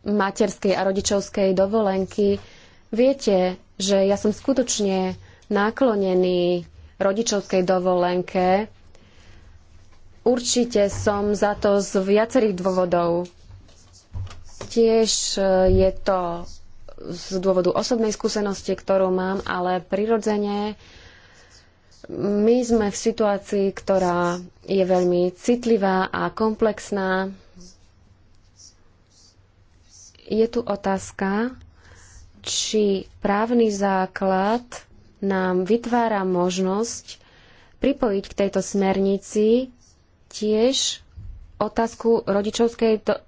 materskej a rodičovskej dovolenky. Viete, že ja som skutočne naklonený rodičovskej dovolenke. Určite som za to z viacerých dôvodov. Tiež e, je to z dôvodu osobnej skúsenosti, ktorú mám, ale prirodzene my sme v situácii, ktorá je veľmi citlivá a komplexná. Je tu otázka, či právny základ nám vytvára možnosť pripojiť k tejto smernici tiež otázku rodičovskej do...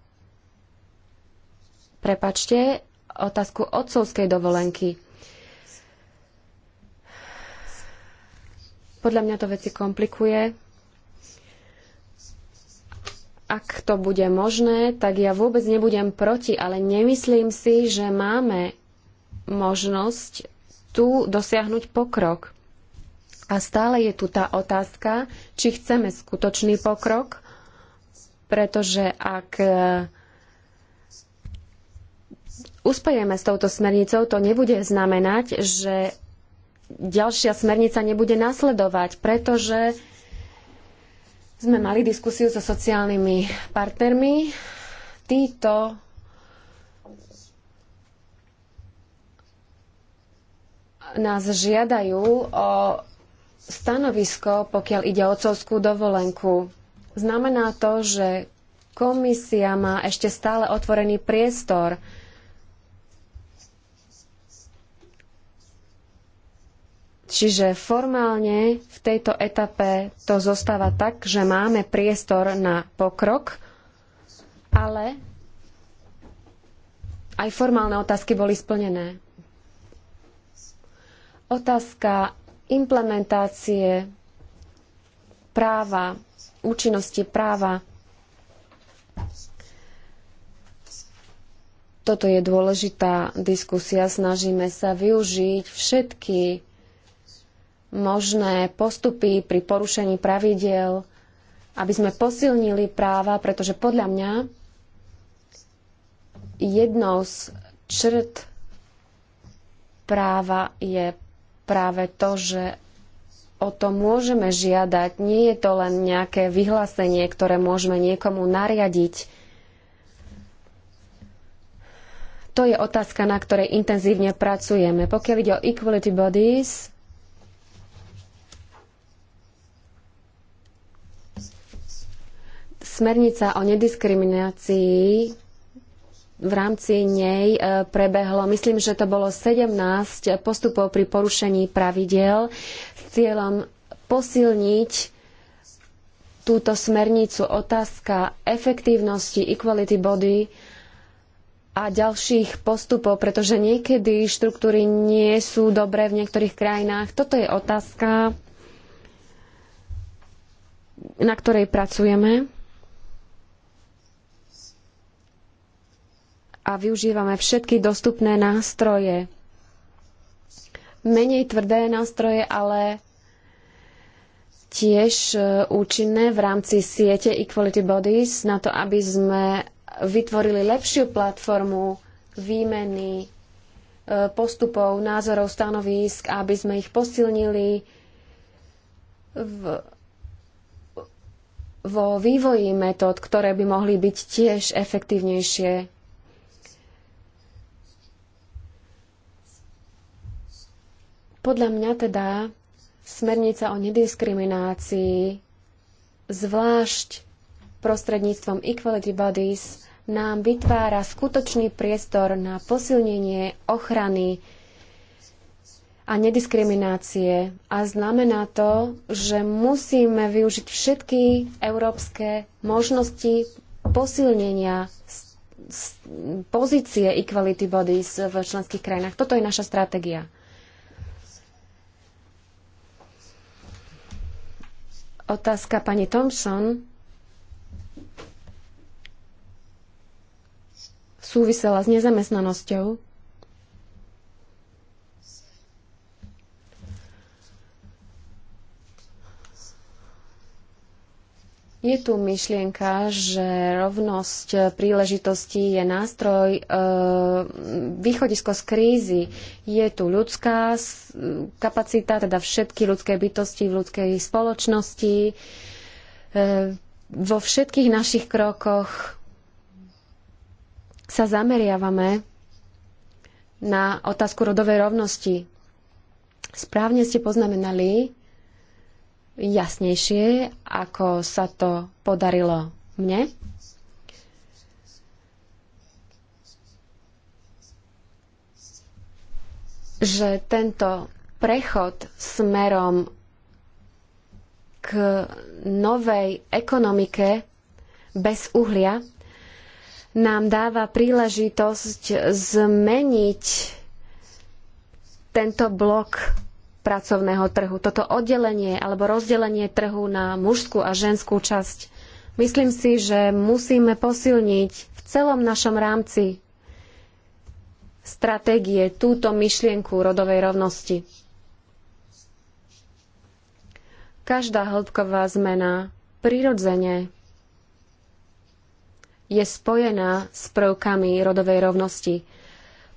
prepačte, otázku otcovskej dovolenky. Podľa mňa to veci komplikuje. Ak to bude možné, tak ja vôbec nebudem proti, ale nemyslím si, že máme možnosť tu dosiahnuť pokrok. A stále je tu tá otázka, či chceme skutočný pokrok, pretože ak e, uspejeme s touto smernicou, to nebude znamenať, že ďalšia smernica nebude nasledovať, pretože sme mali diskusiu so sociálnymi partnermi. Títo nás žiadajú o stanovisko, pokiaľ ide o otcovskú dovolenku. Znamená to, že komisia má ešte stále otvorený priestor Čiže formálne v tejto etape to zostáva tak, že máme priestor na pokrok, ale aj formálne otázky boli splnené. Otázka implementácie práva, účinnosti práva. Toto je dôležitá diskusia. Snažíme sa využiť všetky možné postupy pri porušení pravidiel, aby sme posilnili práva, pretože podľa mňa jednou z črt práva je práve to, že o to môžeme žiadať. Nie je to len nejaké vyhlásenie, ktoré môžeme niekomu nariadiť. To je otázka, na ktorej intenzívne pracujeme. Pokiaľ ide o Equality Bodies, Smernica o nediskriminácii v rámci nej e, prebehlo, myslím, že to bolo 17 postupov pri porušení pravidel s cieľom posilniť túto smernicu otázka efektívnosti equality body a ďalších postupov, pretože niekedy štruktúry nie sú dobré v niektorých krajinách. Toto je otázka, na ktorej pracujeme. a využívame všetky dostupné nástroje. Menej tvrdé nástroje, ale tiež e, účinné v rámci siete Equality Bodies na to, aby sme vytvorili lepšiu platformu výmeny e, postupov, názorov, stanovísk, aby sme ich posilnili v, vo vývoji metód, ktoré by mohli byť tiež efektívnejšie Podľa mňa teda smernica o nediskriminácii zvlášť prostredníctvom Equality Bodies nám vytvára skutočný priestor na posilnenie ochrany a nediskriminácie. A znamená to, že musíme využiť všetky európske možnosti posilnenia pozície Equality Bodies v členských krajinách. Toto je naša stratégia. Otázka pani Thompson súvisela s nezamestnanosťou. Je tu myšlienka, že rovnosť príležitostí je nástroj, e, východisko z krízy. Je tu ľudská kapacita, teda všetky ľudské bytosti v ľudskej spoločnosti. E, vo všetkých našich krokoch sa zameriavame na otázku rodovej rovnosti. Správne ste poznamenali, jasnejšie, ako sa to podarilo mne. že tento prechod smerom k novej ekonomike bez uhlia nám dáva príležitosť zmeniť tento blok pracovného trhu. Toto oddelenie alebo rozdelenie trhu na mužskú a ženskú časť. Myslím si, že musíme posilniť v celom našom rámci stratégie túto myšlienku rodovej rovnosti. Každá hĺbková zmena prirodzene je spojená s prvkami rodovej rovnosti,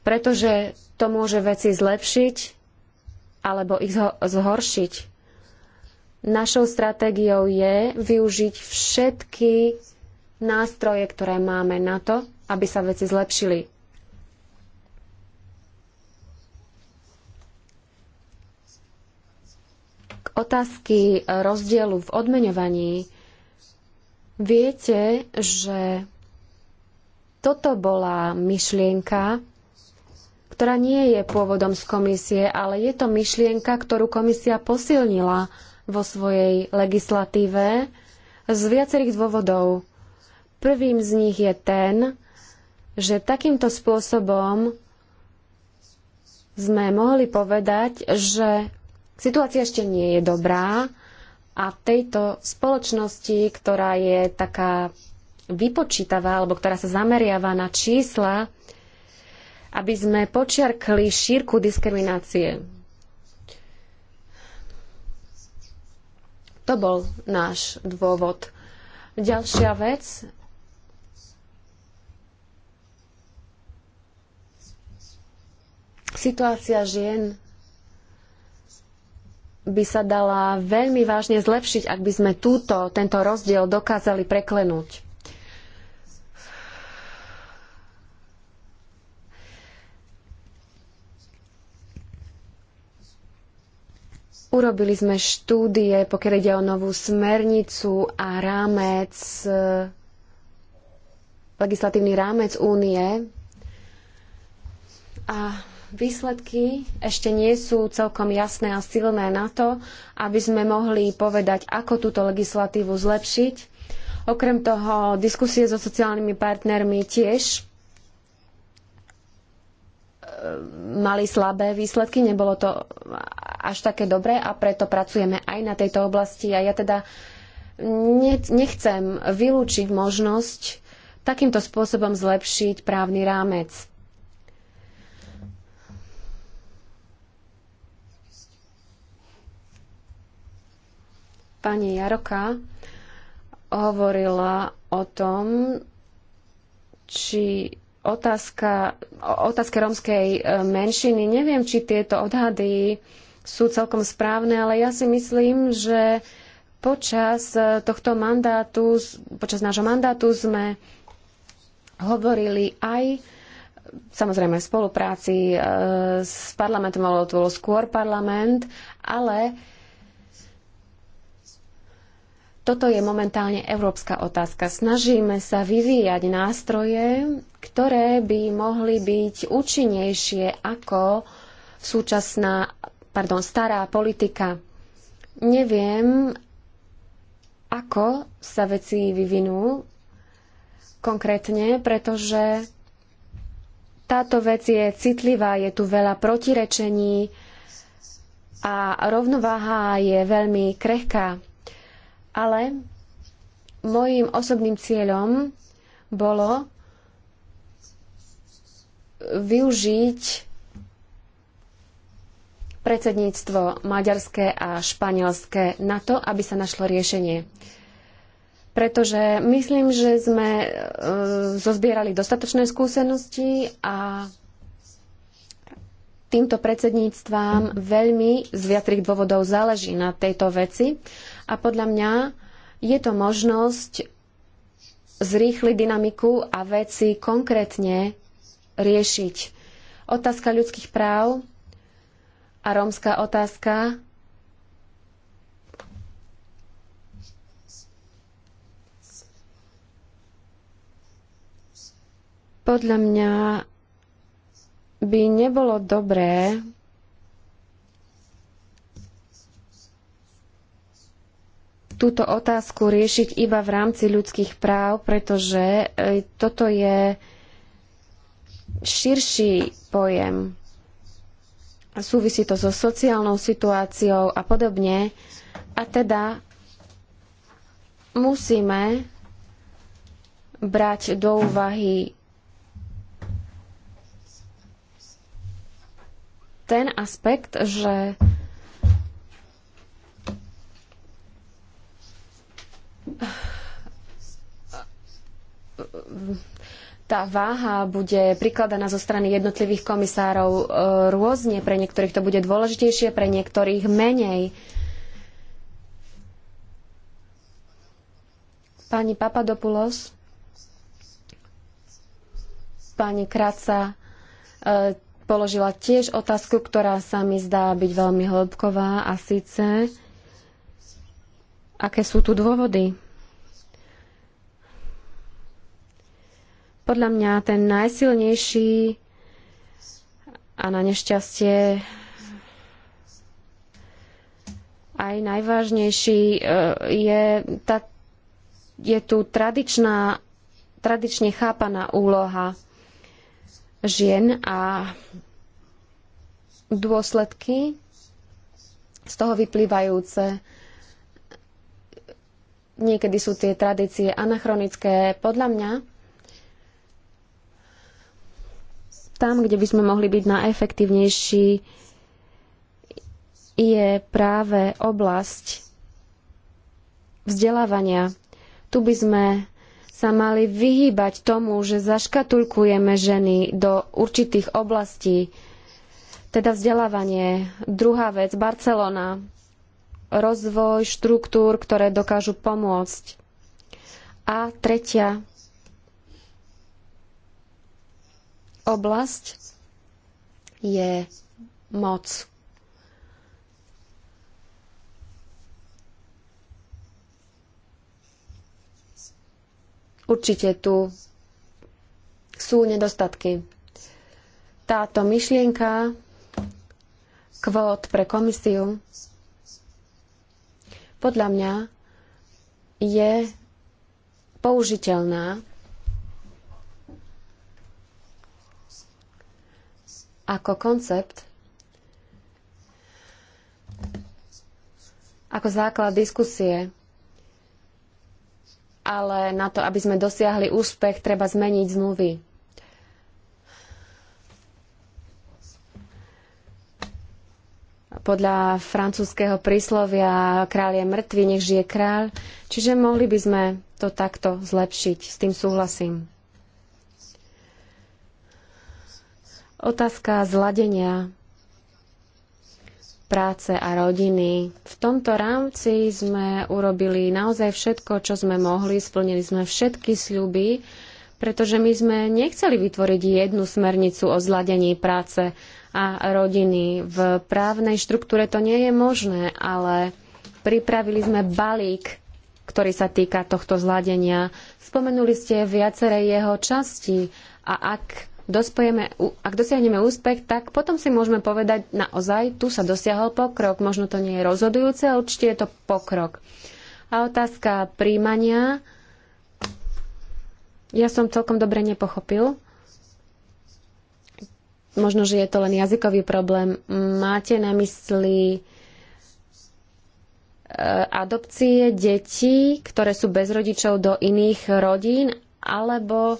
pretože to môže veci zlepšiť, alebo ich zhoršiť. Našou stratégiou je využiť všetky nástroje, ktoré máme na to, aby sa veci zlepšili. K otázky rozdielu v odmeňovaní viete, že toto bola myšlienka, ktorá nie je pôvodom z komisie, ale je to myšlienka, ktorú komisia posilnila vo svojej legislatíve z viacerých dôvodov. Prvým z nich je ten, že takýmto spôsobom sme mohli povedať, že situácia ešte nie je dobrá a v tejto spoločnosti, ktorá je taká vypočítavá alebo ktorá sa zameriava na čísla, aby sme počiarkli šírku diskriminácie. To bol náš dôvod. Ďalšia vec, situácia žien by sa dala veľmi vážne zlepšiť, ak by sme túto, tento rozdiel dokázali preklenúť. Urobili sme štúdie, pokiaľ ide o novú smernicu a rámec, eh, legislatívny rámec únie. A výsledky ešte nie sú celkom jasné a silné na to, aby sme mohli povedať, ako túto legislatívu zlepšiť. Okrem toho, diskusie so sociálnymi partnermi tiež mali slabé výsledky, nebolo to až také dobré a preto pracujeme aj na tejto oblasti. A ja teda nechcem vylúčiť možnosť takýmto spôsobom zlepšiť právny rámec. Pani Jaroka hovorila o tom, či otázka, otázke rómskej e, menšiny. Neviem, či tieto odhady sú celkom správne, ale ja si myslím, že počas e, tohto mandátu, počas nášho mandátu sme hovorili aj samozrejme v spolupráci e, s parlamentom, alebo to bolo skôr parlament, ale toto je momentálne európska otázka. Snažíme sa vyvíjať nástroje, ktoré by mohli byť účinnejšie ako súčasná, pardon, stará politika. Neviem, ako sa veci vyvinú konkrétne, pretože táto vec je citlivá, je tu veľa protirečení a rovnováha je veľmi krehká ale mojím osobným cieľom bolo využiť predsedníctvo maďarské a španielské na to, aby sa našlo riešenie. Pretože myslím, že sme e, zozbierali dostatočné skúsenosti a týmto predsedníctvám veľmi z viacerých dôvodov záleží na tejto veci a podľa mňa je to možnosť zrýchliť dynamiku a veci konkrétne riešiť. Otázka ľudských práv a rómska otázka podľa mňa by nebolo dobré túto otázku riešiť iba v rámci ľudských práv, pretože e, toto je širší pojem. Súvisí to so sociálnou situáciou a podobne. A teda musíme brať do úvahy ten aspekt, že tá váha bude prikladaná zo strany jednotlivých komisárov e, rôzne. Pre niektorých to bude dôležitejšie, pre niektorých menej. Pani Papadopoulos, pani Kraca e, položila tiež otázku, ktorá sa mi zdá byť veľmi hĺbková a síce Aké sú tu dôvody? Podľa mňa ten najsilnejší a na nešťastie aj najvážnejší e, je, tá, je tu tradičná, tradične chápaná úloha žien a dôsledky z toho vyplývajúce. Niekedy sú tie tradície anachronické. Podľa mňa tam, kde by sme mohli byť najefektívnejší, je práve oblasť vzdelávania. Tu by sme sa mali vyhýbať tomu, že zaškatulkujeme ženy do určitých oblastí, teda vzdelávanie. Druhá vec, Barcelona rozvoj štruktúr, ktoré dokážu pomôcť. A tretia oblasť je moc. Určite tu sú nedostatky. Táto myšlienka kvót pre komisiu podľa mňa je použiteľná ako koncept, ako základ diskusie. Ale na to, aby sme dosiahli úspech, treba zmeniť zmluvy. Podľa francúzského príslovia kráľ je mŕtvy, nech žije kráľ. Čiže mohli by sme to takto zlepšiť. S tým súhlasím. Otázka zladenia práce a rodiny. V tomto rámci sme urobili naozaj všetko, čo sme mohli, splnili sme všetky sľuby, pretože my sme nechceli vytvoriť jednu smernicu o zladení práce a rodiny. V právnej štruktúre to nie je možné, ale pripravili sme balík, ktorý sa týka tohto zladenia. Spomenuli ste viaceré jeho časti a ak dospojeme, ak dosiahneme úspech, tak potom si môžeme povedať, naozaj tu sa dosiahol pokrok. Možno to nie je rozhodujúce, ale určite je to pokrok. A otázka príjmania. Ja som celkom dobre nepochopil. Možno, že je to len jazykový problém. Máte na mysli eh, adopcie detí, ktoré sú bez rodičov do iných rodín, alebo eh,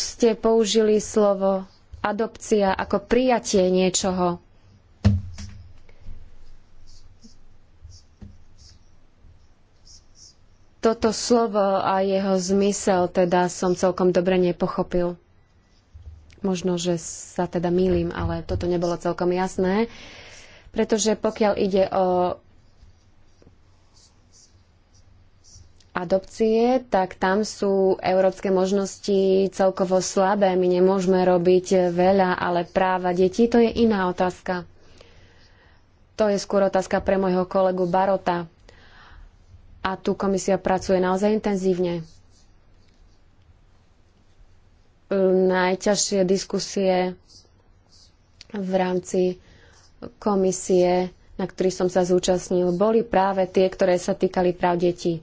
ste použili slovo adopcia ako prijatie niečoho? Toto slovo a jeho zmysel teda som celkom dobre nepochopil. Možno, že sa teda mýlim, ale toto nebolo celkom jasné, pretože pokiaľ ide o adopcie, tak tam sú európske možnosti celkovo slabé. My nemôžeme robiť veľa, ale práva detí to je iná otázka. To je skôr otázka pre môjho kolegu Barota. A tu komisia pracuje naozaj intenzívne najťažšie diskusie v rámci komisie, na ktorých som sa zúčastnil, boli práve tie, ktoré sa týkali práv detí.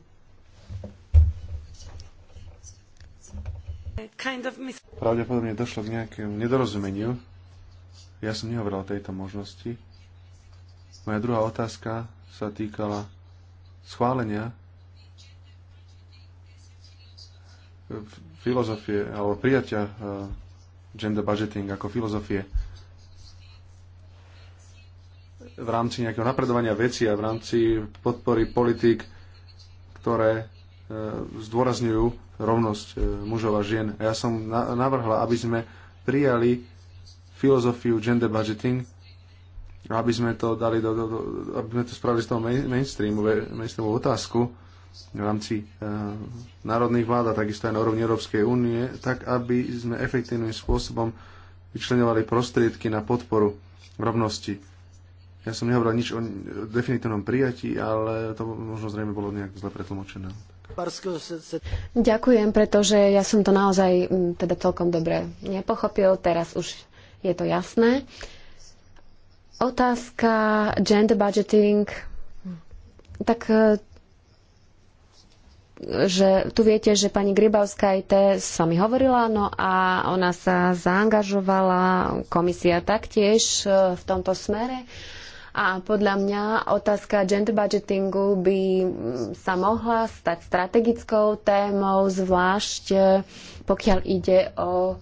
Pravdepodobne došlo k nejakému nedorozumeniu. Ja som nehovoril o tejto možnosti. Moja druhá otázka sa týkala schválenia filozofie alebo prijatia e, gender budgeting ako filozofie v rámci nejakého napredovania veci a v rámci podpory politík, ktoré e, zdôrazňujú rovnosť e, mužov a žien. A ja som navrhla, aby sme prijali filozofiu gender budgeting, aby sme to dali do, do, do aby sme to spravili z toho mainstreamu, mainstreamovú otázku, v rámci e, národných vlád a takisto aj na úrovni Európskej únie, tak aby sme efektívnym spôsobom vyčlenovali prostriedky na podporu rovnosti. Ja som nehovoril nič o definitívnom prijatí, ale to možno zrejme bolo nejak zle pretlmočené. Ďakujem, pretože ja som to naozaj mm, teda celkom dobre nepochopil. Teraz už je to jasné. Otázka gender budgeting. Tak e, že tu viete, že pani IT s vami hovorila, no a ona sa zaangažovala, komisia taktiež e, v tomto smere. A podľa mňa otázka gender budgetingu by sa mohla stať strategickou témou, zvlášť e, pokiaľ ide o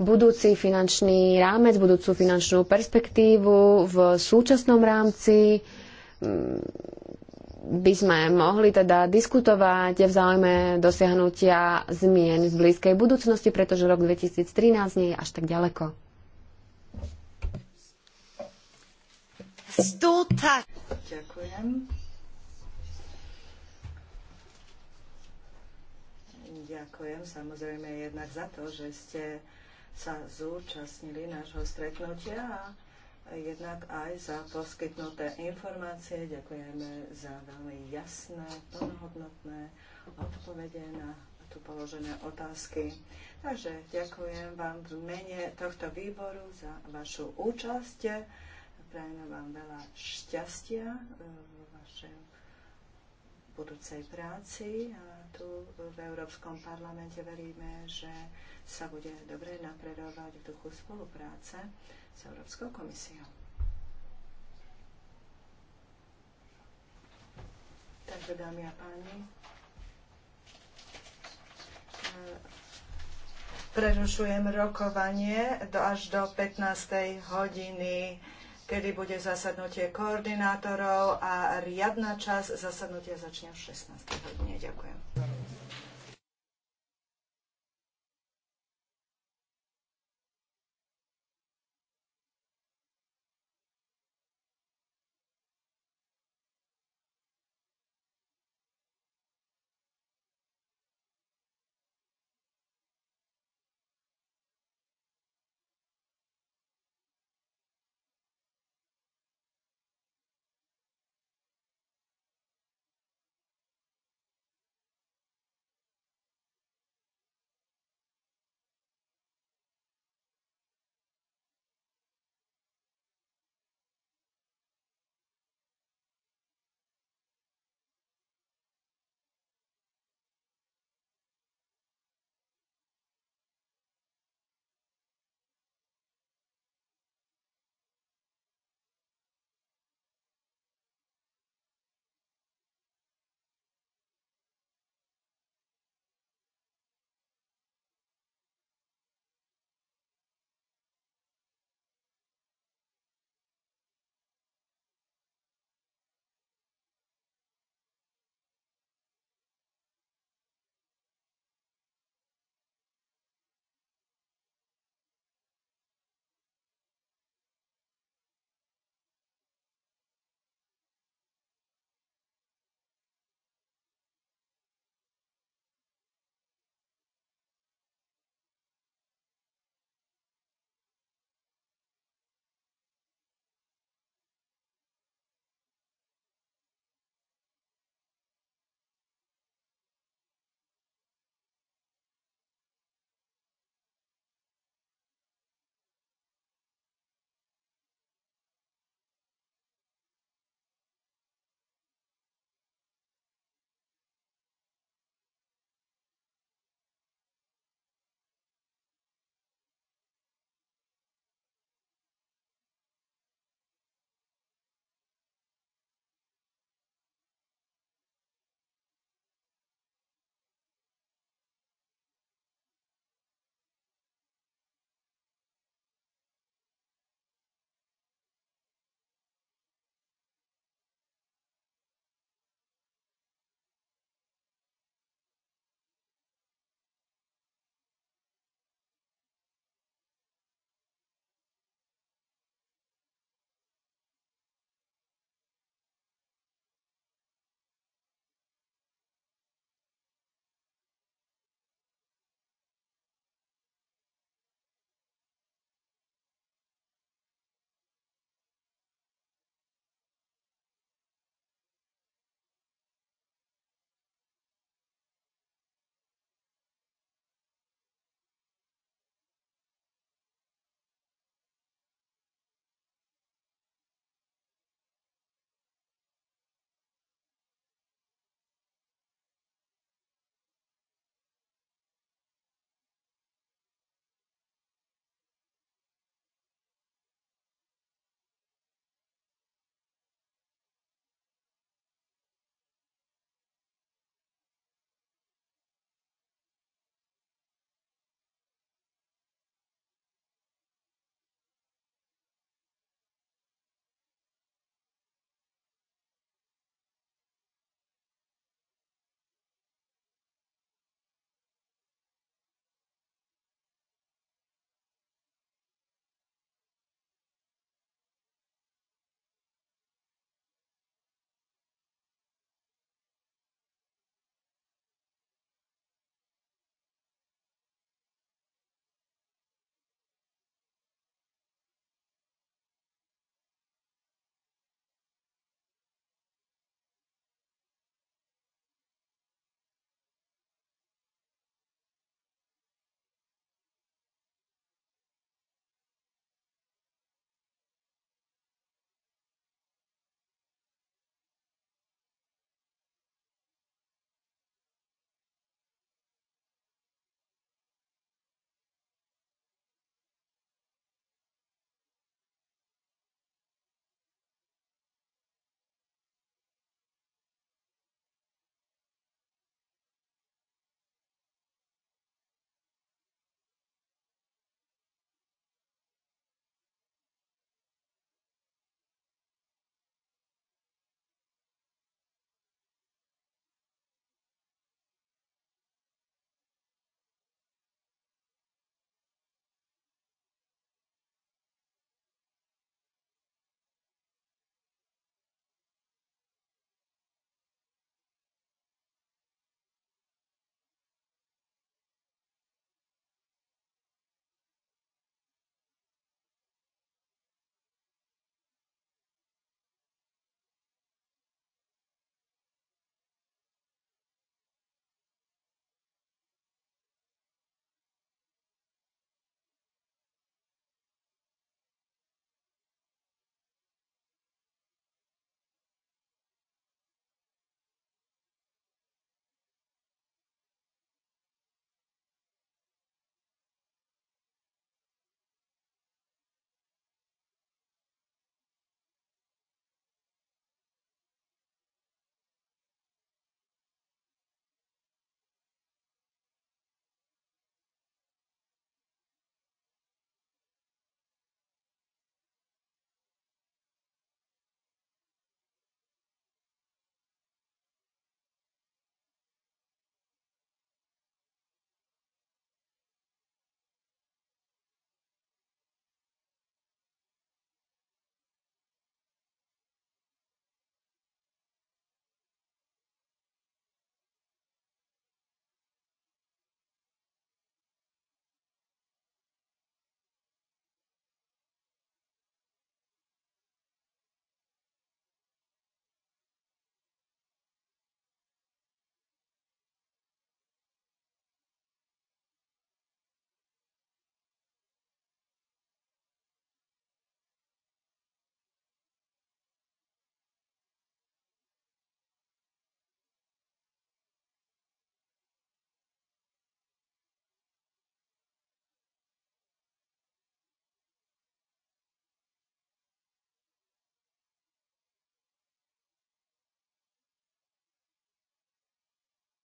budúci finančný rámec, budúcu finančnú perspektívu v súčasnom rámci by sme mohli teda diskutovať v záujme dosiahnutia zmien v blízkej budúcnosti, pretože rok 2013 nie je až tak ďaleko. Ďakujem. Ďakujem samozrejme jednak za to, že ste sa zúčastnili nášho stretnutia a jednak aj za poskytnuté informácie. Ďakujeme za veľmi jasné, plnohodnotné odpovede na tu položené otázky. Takže ďakujem vám v mene tohto výboru za vašu účasť. Prajem vám veľa šťastia eh, v vašej budúcej práci a tu v Európskom parlamente veríme, že sa bude dobre napredovať v duchu spolupráce s Európskou komisiou. Takže, dámy a páni, e, prerušujem rokovanie do až do 15. hodiny kedy bude zasadnutie koordinátorov a riadna časť zasadnutia začne v 16. hodine. Ďakujem.